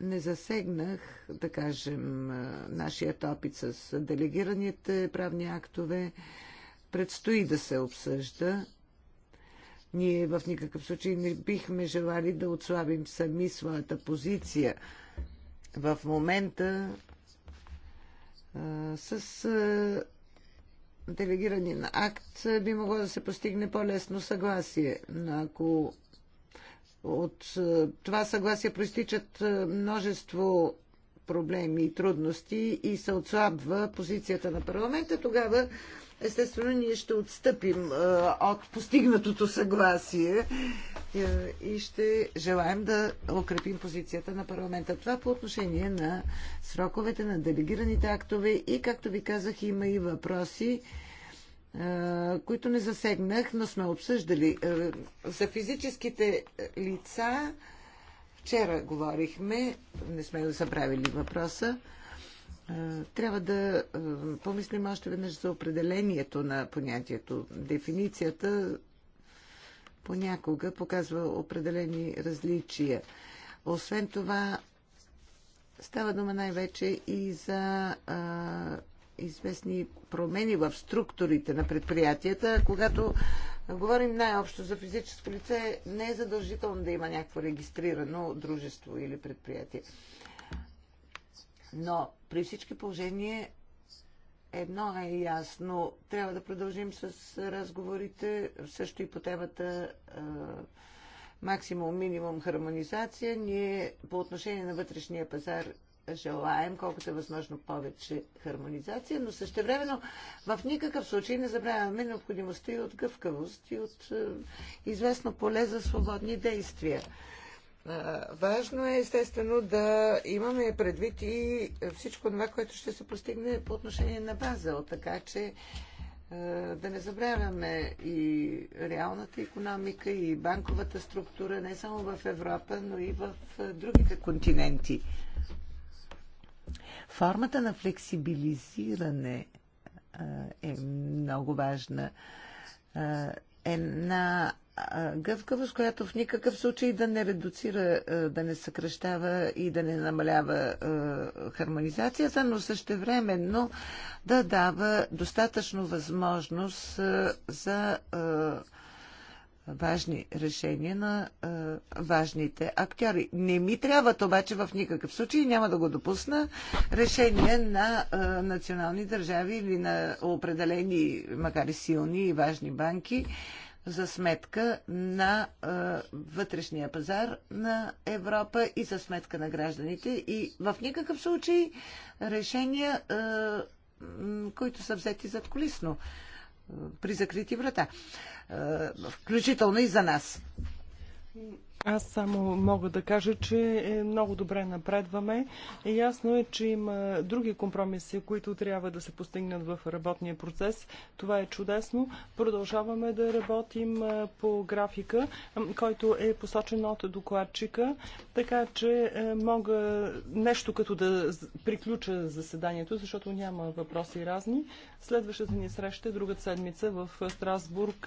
не засегнах, да кажем, нашият опит с делегираните правни актове, предстои да се обсъжда ние в никакъв случай не бихме желали да отслабим сами своята позиция. В момента а, с а, на акт би могло да се постигне по-лесно съгласие. Но ако от това съгласие проистичат множество проблеми и трудности и се отслабва позицията на парламента, тогава Естествено, ние ще отстъпим от постигнатото съгласие и ще желаем да укрепим позицията на парламента. Това по отношение на сроковете на делегираните актове и, както ви казах, има и въпроси, които не засегнах, но сме обсъждали. За физическите лица вчера говорихме, не сме забравили въпроса. Е, трябва да е, помислим още веднъж за определението на понятието. Дефиницията понякога показва определени различия. Освен това, става дума най-вече и за а, е, известни промени в структурите на предприятията. Когато говорим най-общо за физическо лице, не е задължително да има някакво регистрирано дружество или предприятие. Но при всички положения едно е ясно. Трябва да продължим с разговорите, също и по темата максимум-минимум хармонизация. Ние по отношение на вътрешния пазар желаем колкото е възможно повече хармонизация, но същевременно в никакъв случай не забравяме необходимостта и от гъвкавост и от известно поле за свободни действия. Важно е, естествено, да имаме предвид и всичко това, което ще се постигне по отношение на Базел, така че да не забравяме и реалната економика, и банковата структура, не само в Европа, но и в другите континенти. Формата на флексибилизиране е много важна. Една гъвкавост, която в никакъв случай да не редуцира, да не съкръщава и да не намалява хармонизацията, но същевременно да дава достатъчно възможност за важни решения на важните актьори. Не ми трябва, обаче в никакъв случай, няма да го допусна, решение на национални държави или на определени, макар и силни и важни банки, за сметка на е, вътрешния пазар на Европа и за сметка на гражданите. И в никакъв случай решения, е, които са взети зад колисно при закрити врата, е, включително и за нас. Аз само мога да кажа, че е, много добре напредваме. Ясно е, че има други компромиси, които трябва да се постигнат в работния процес. Това е чудесно. Продължаваме да работим е, по графика, който е посочен от докладчика, така че е, мога нещо като да приключа заседанието, защото няма въпроси разни. Следващата ни среща е другата седмица в Страсбург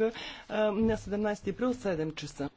на 17 април 7 часа.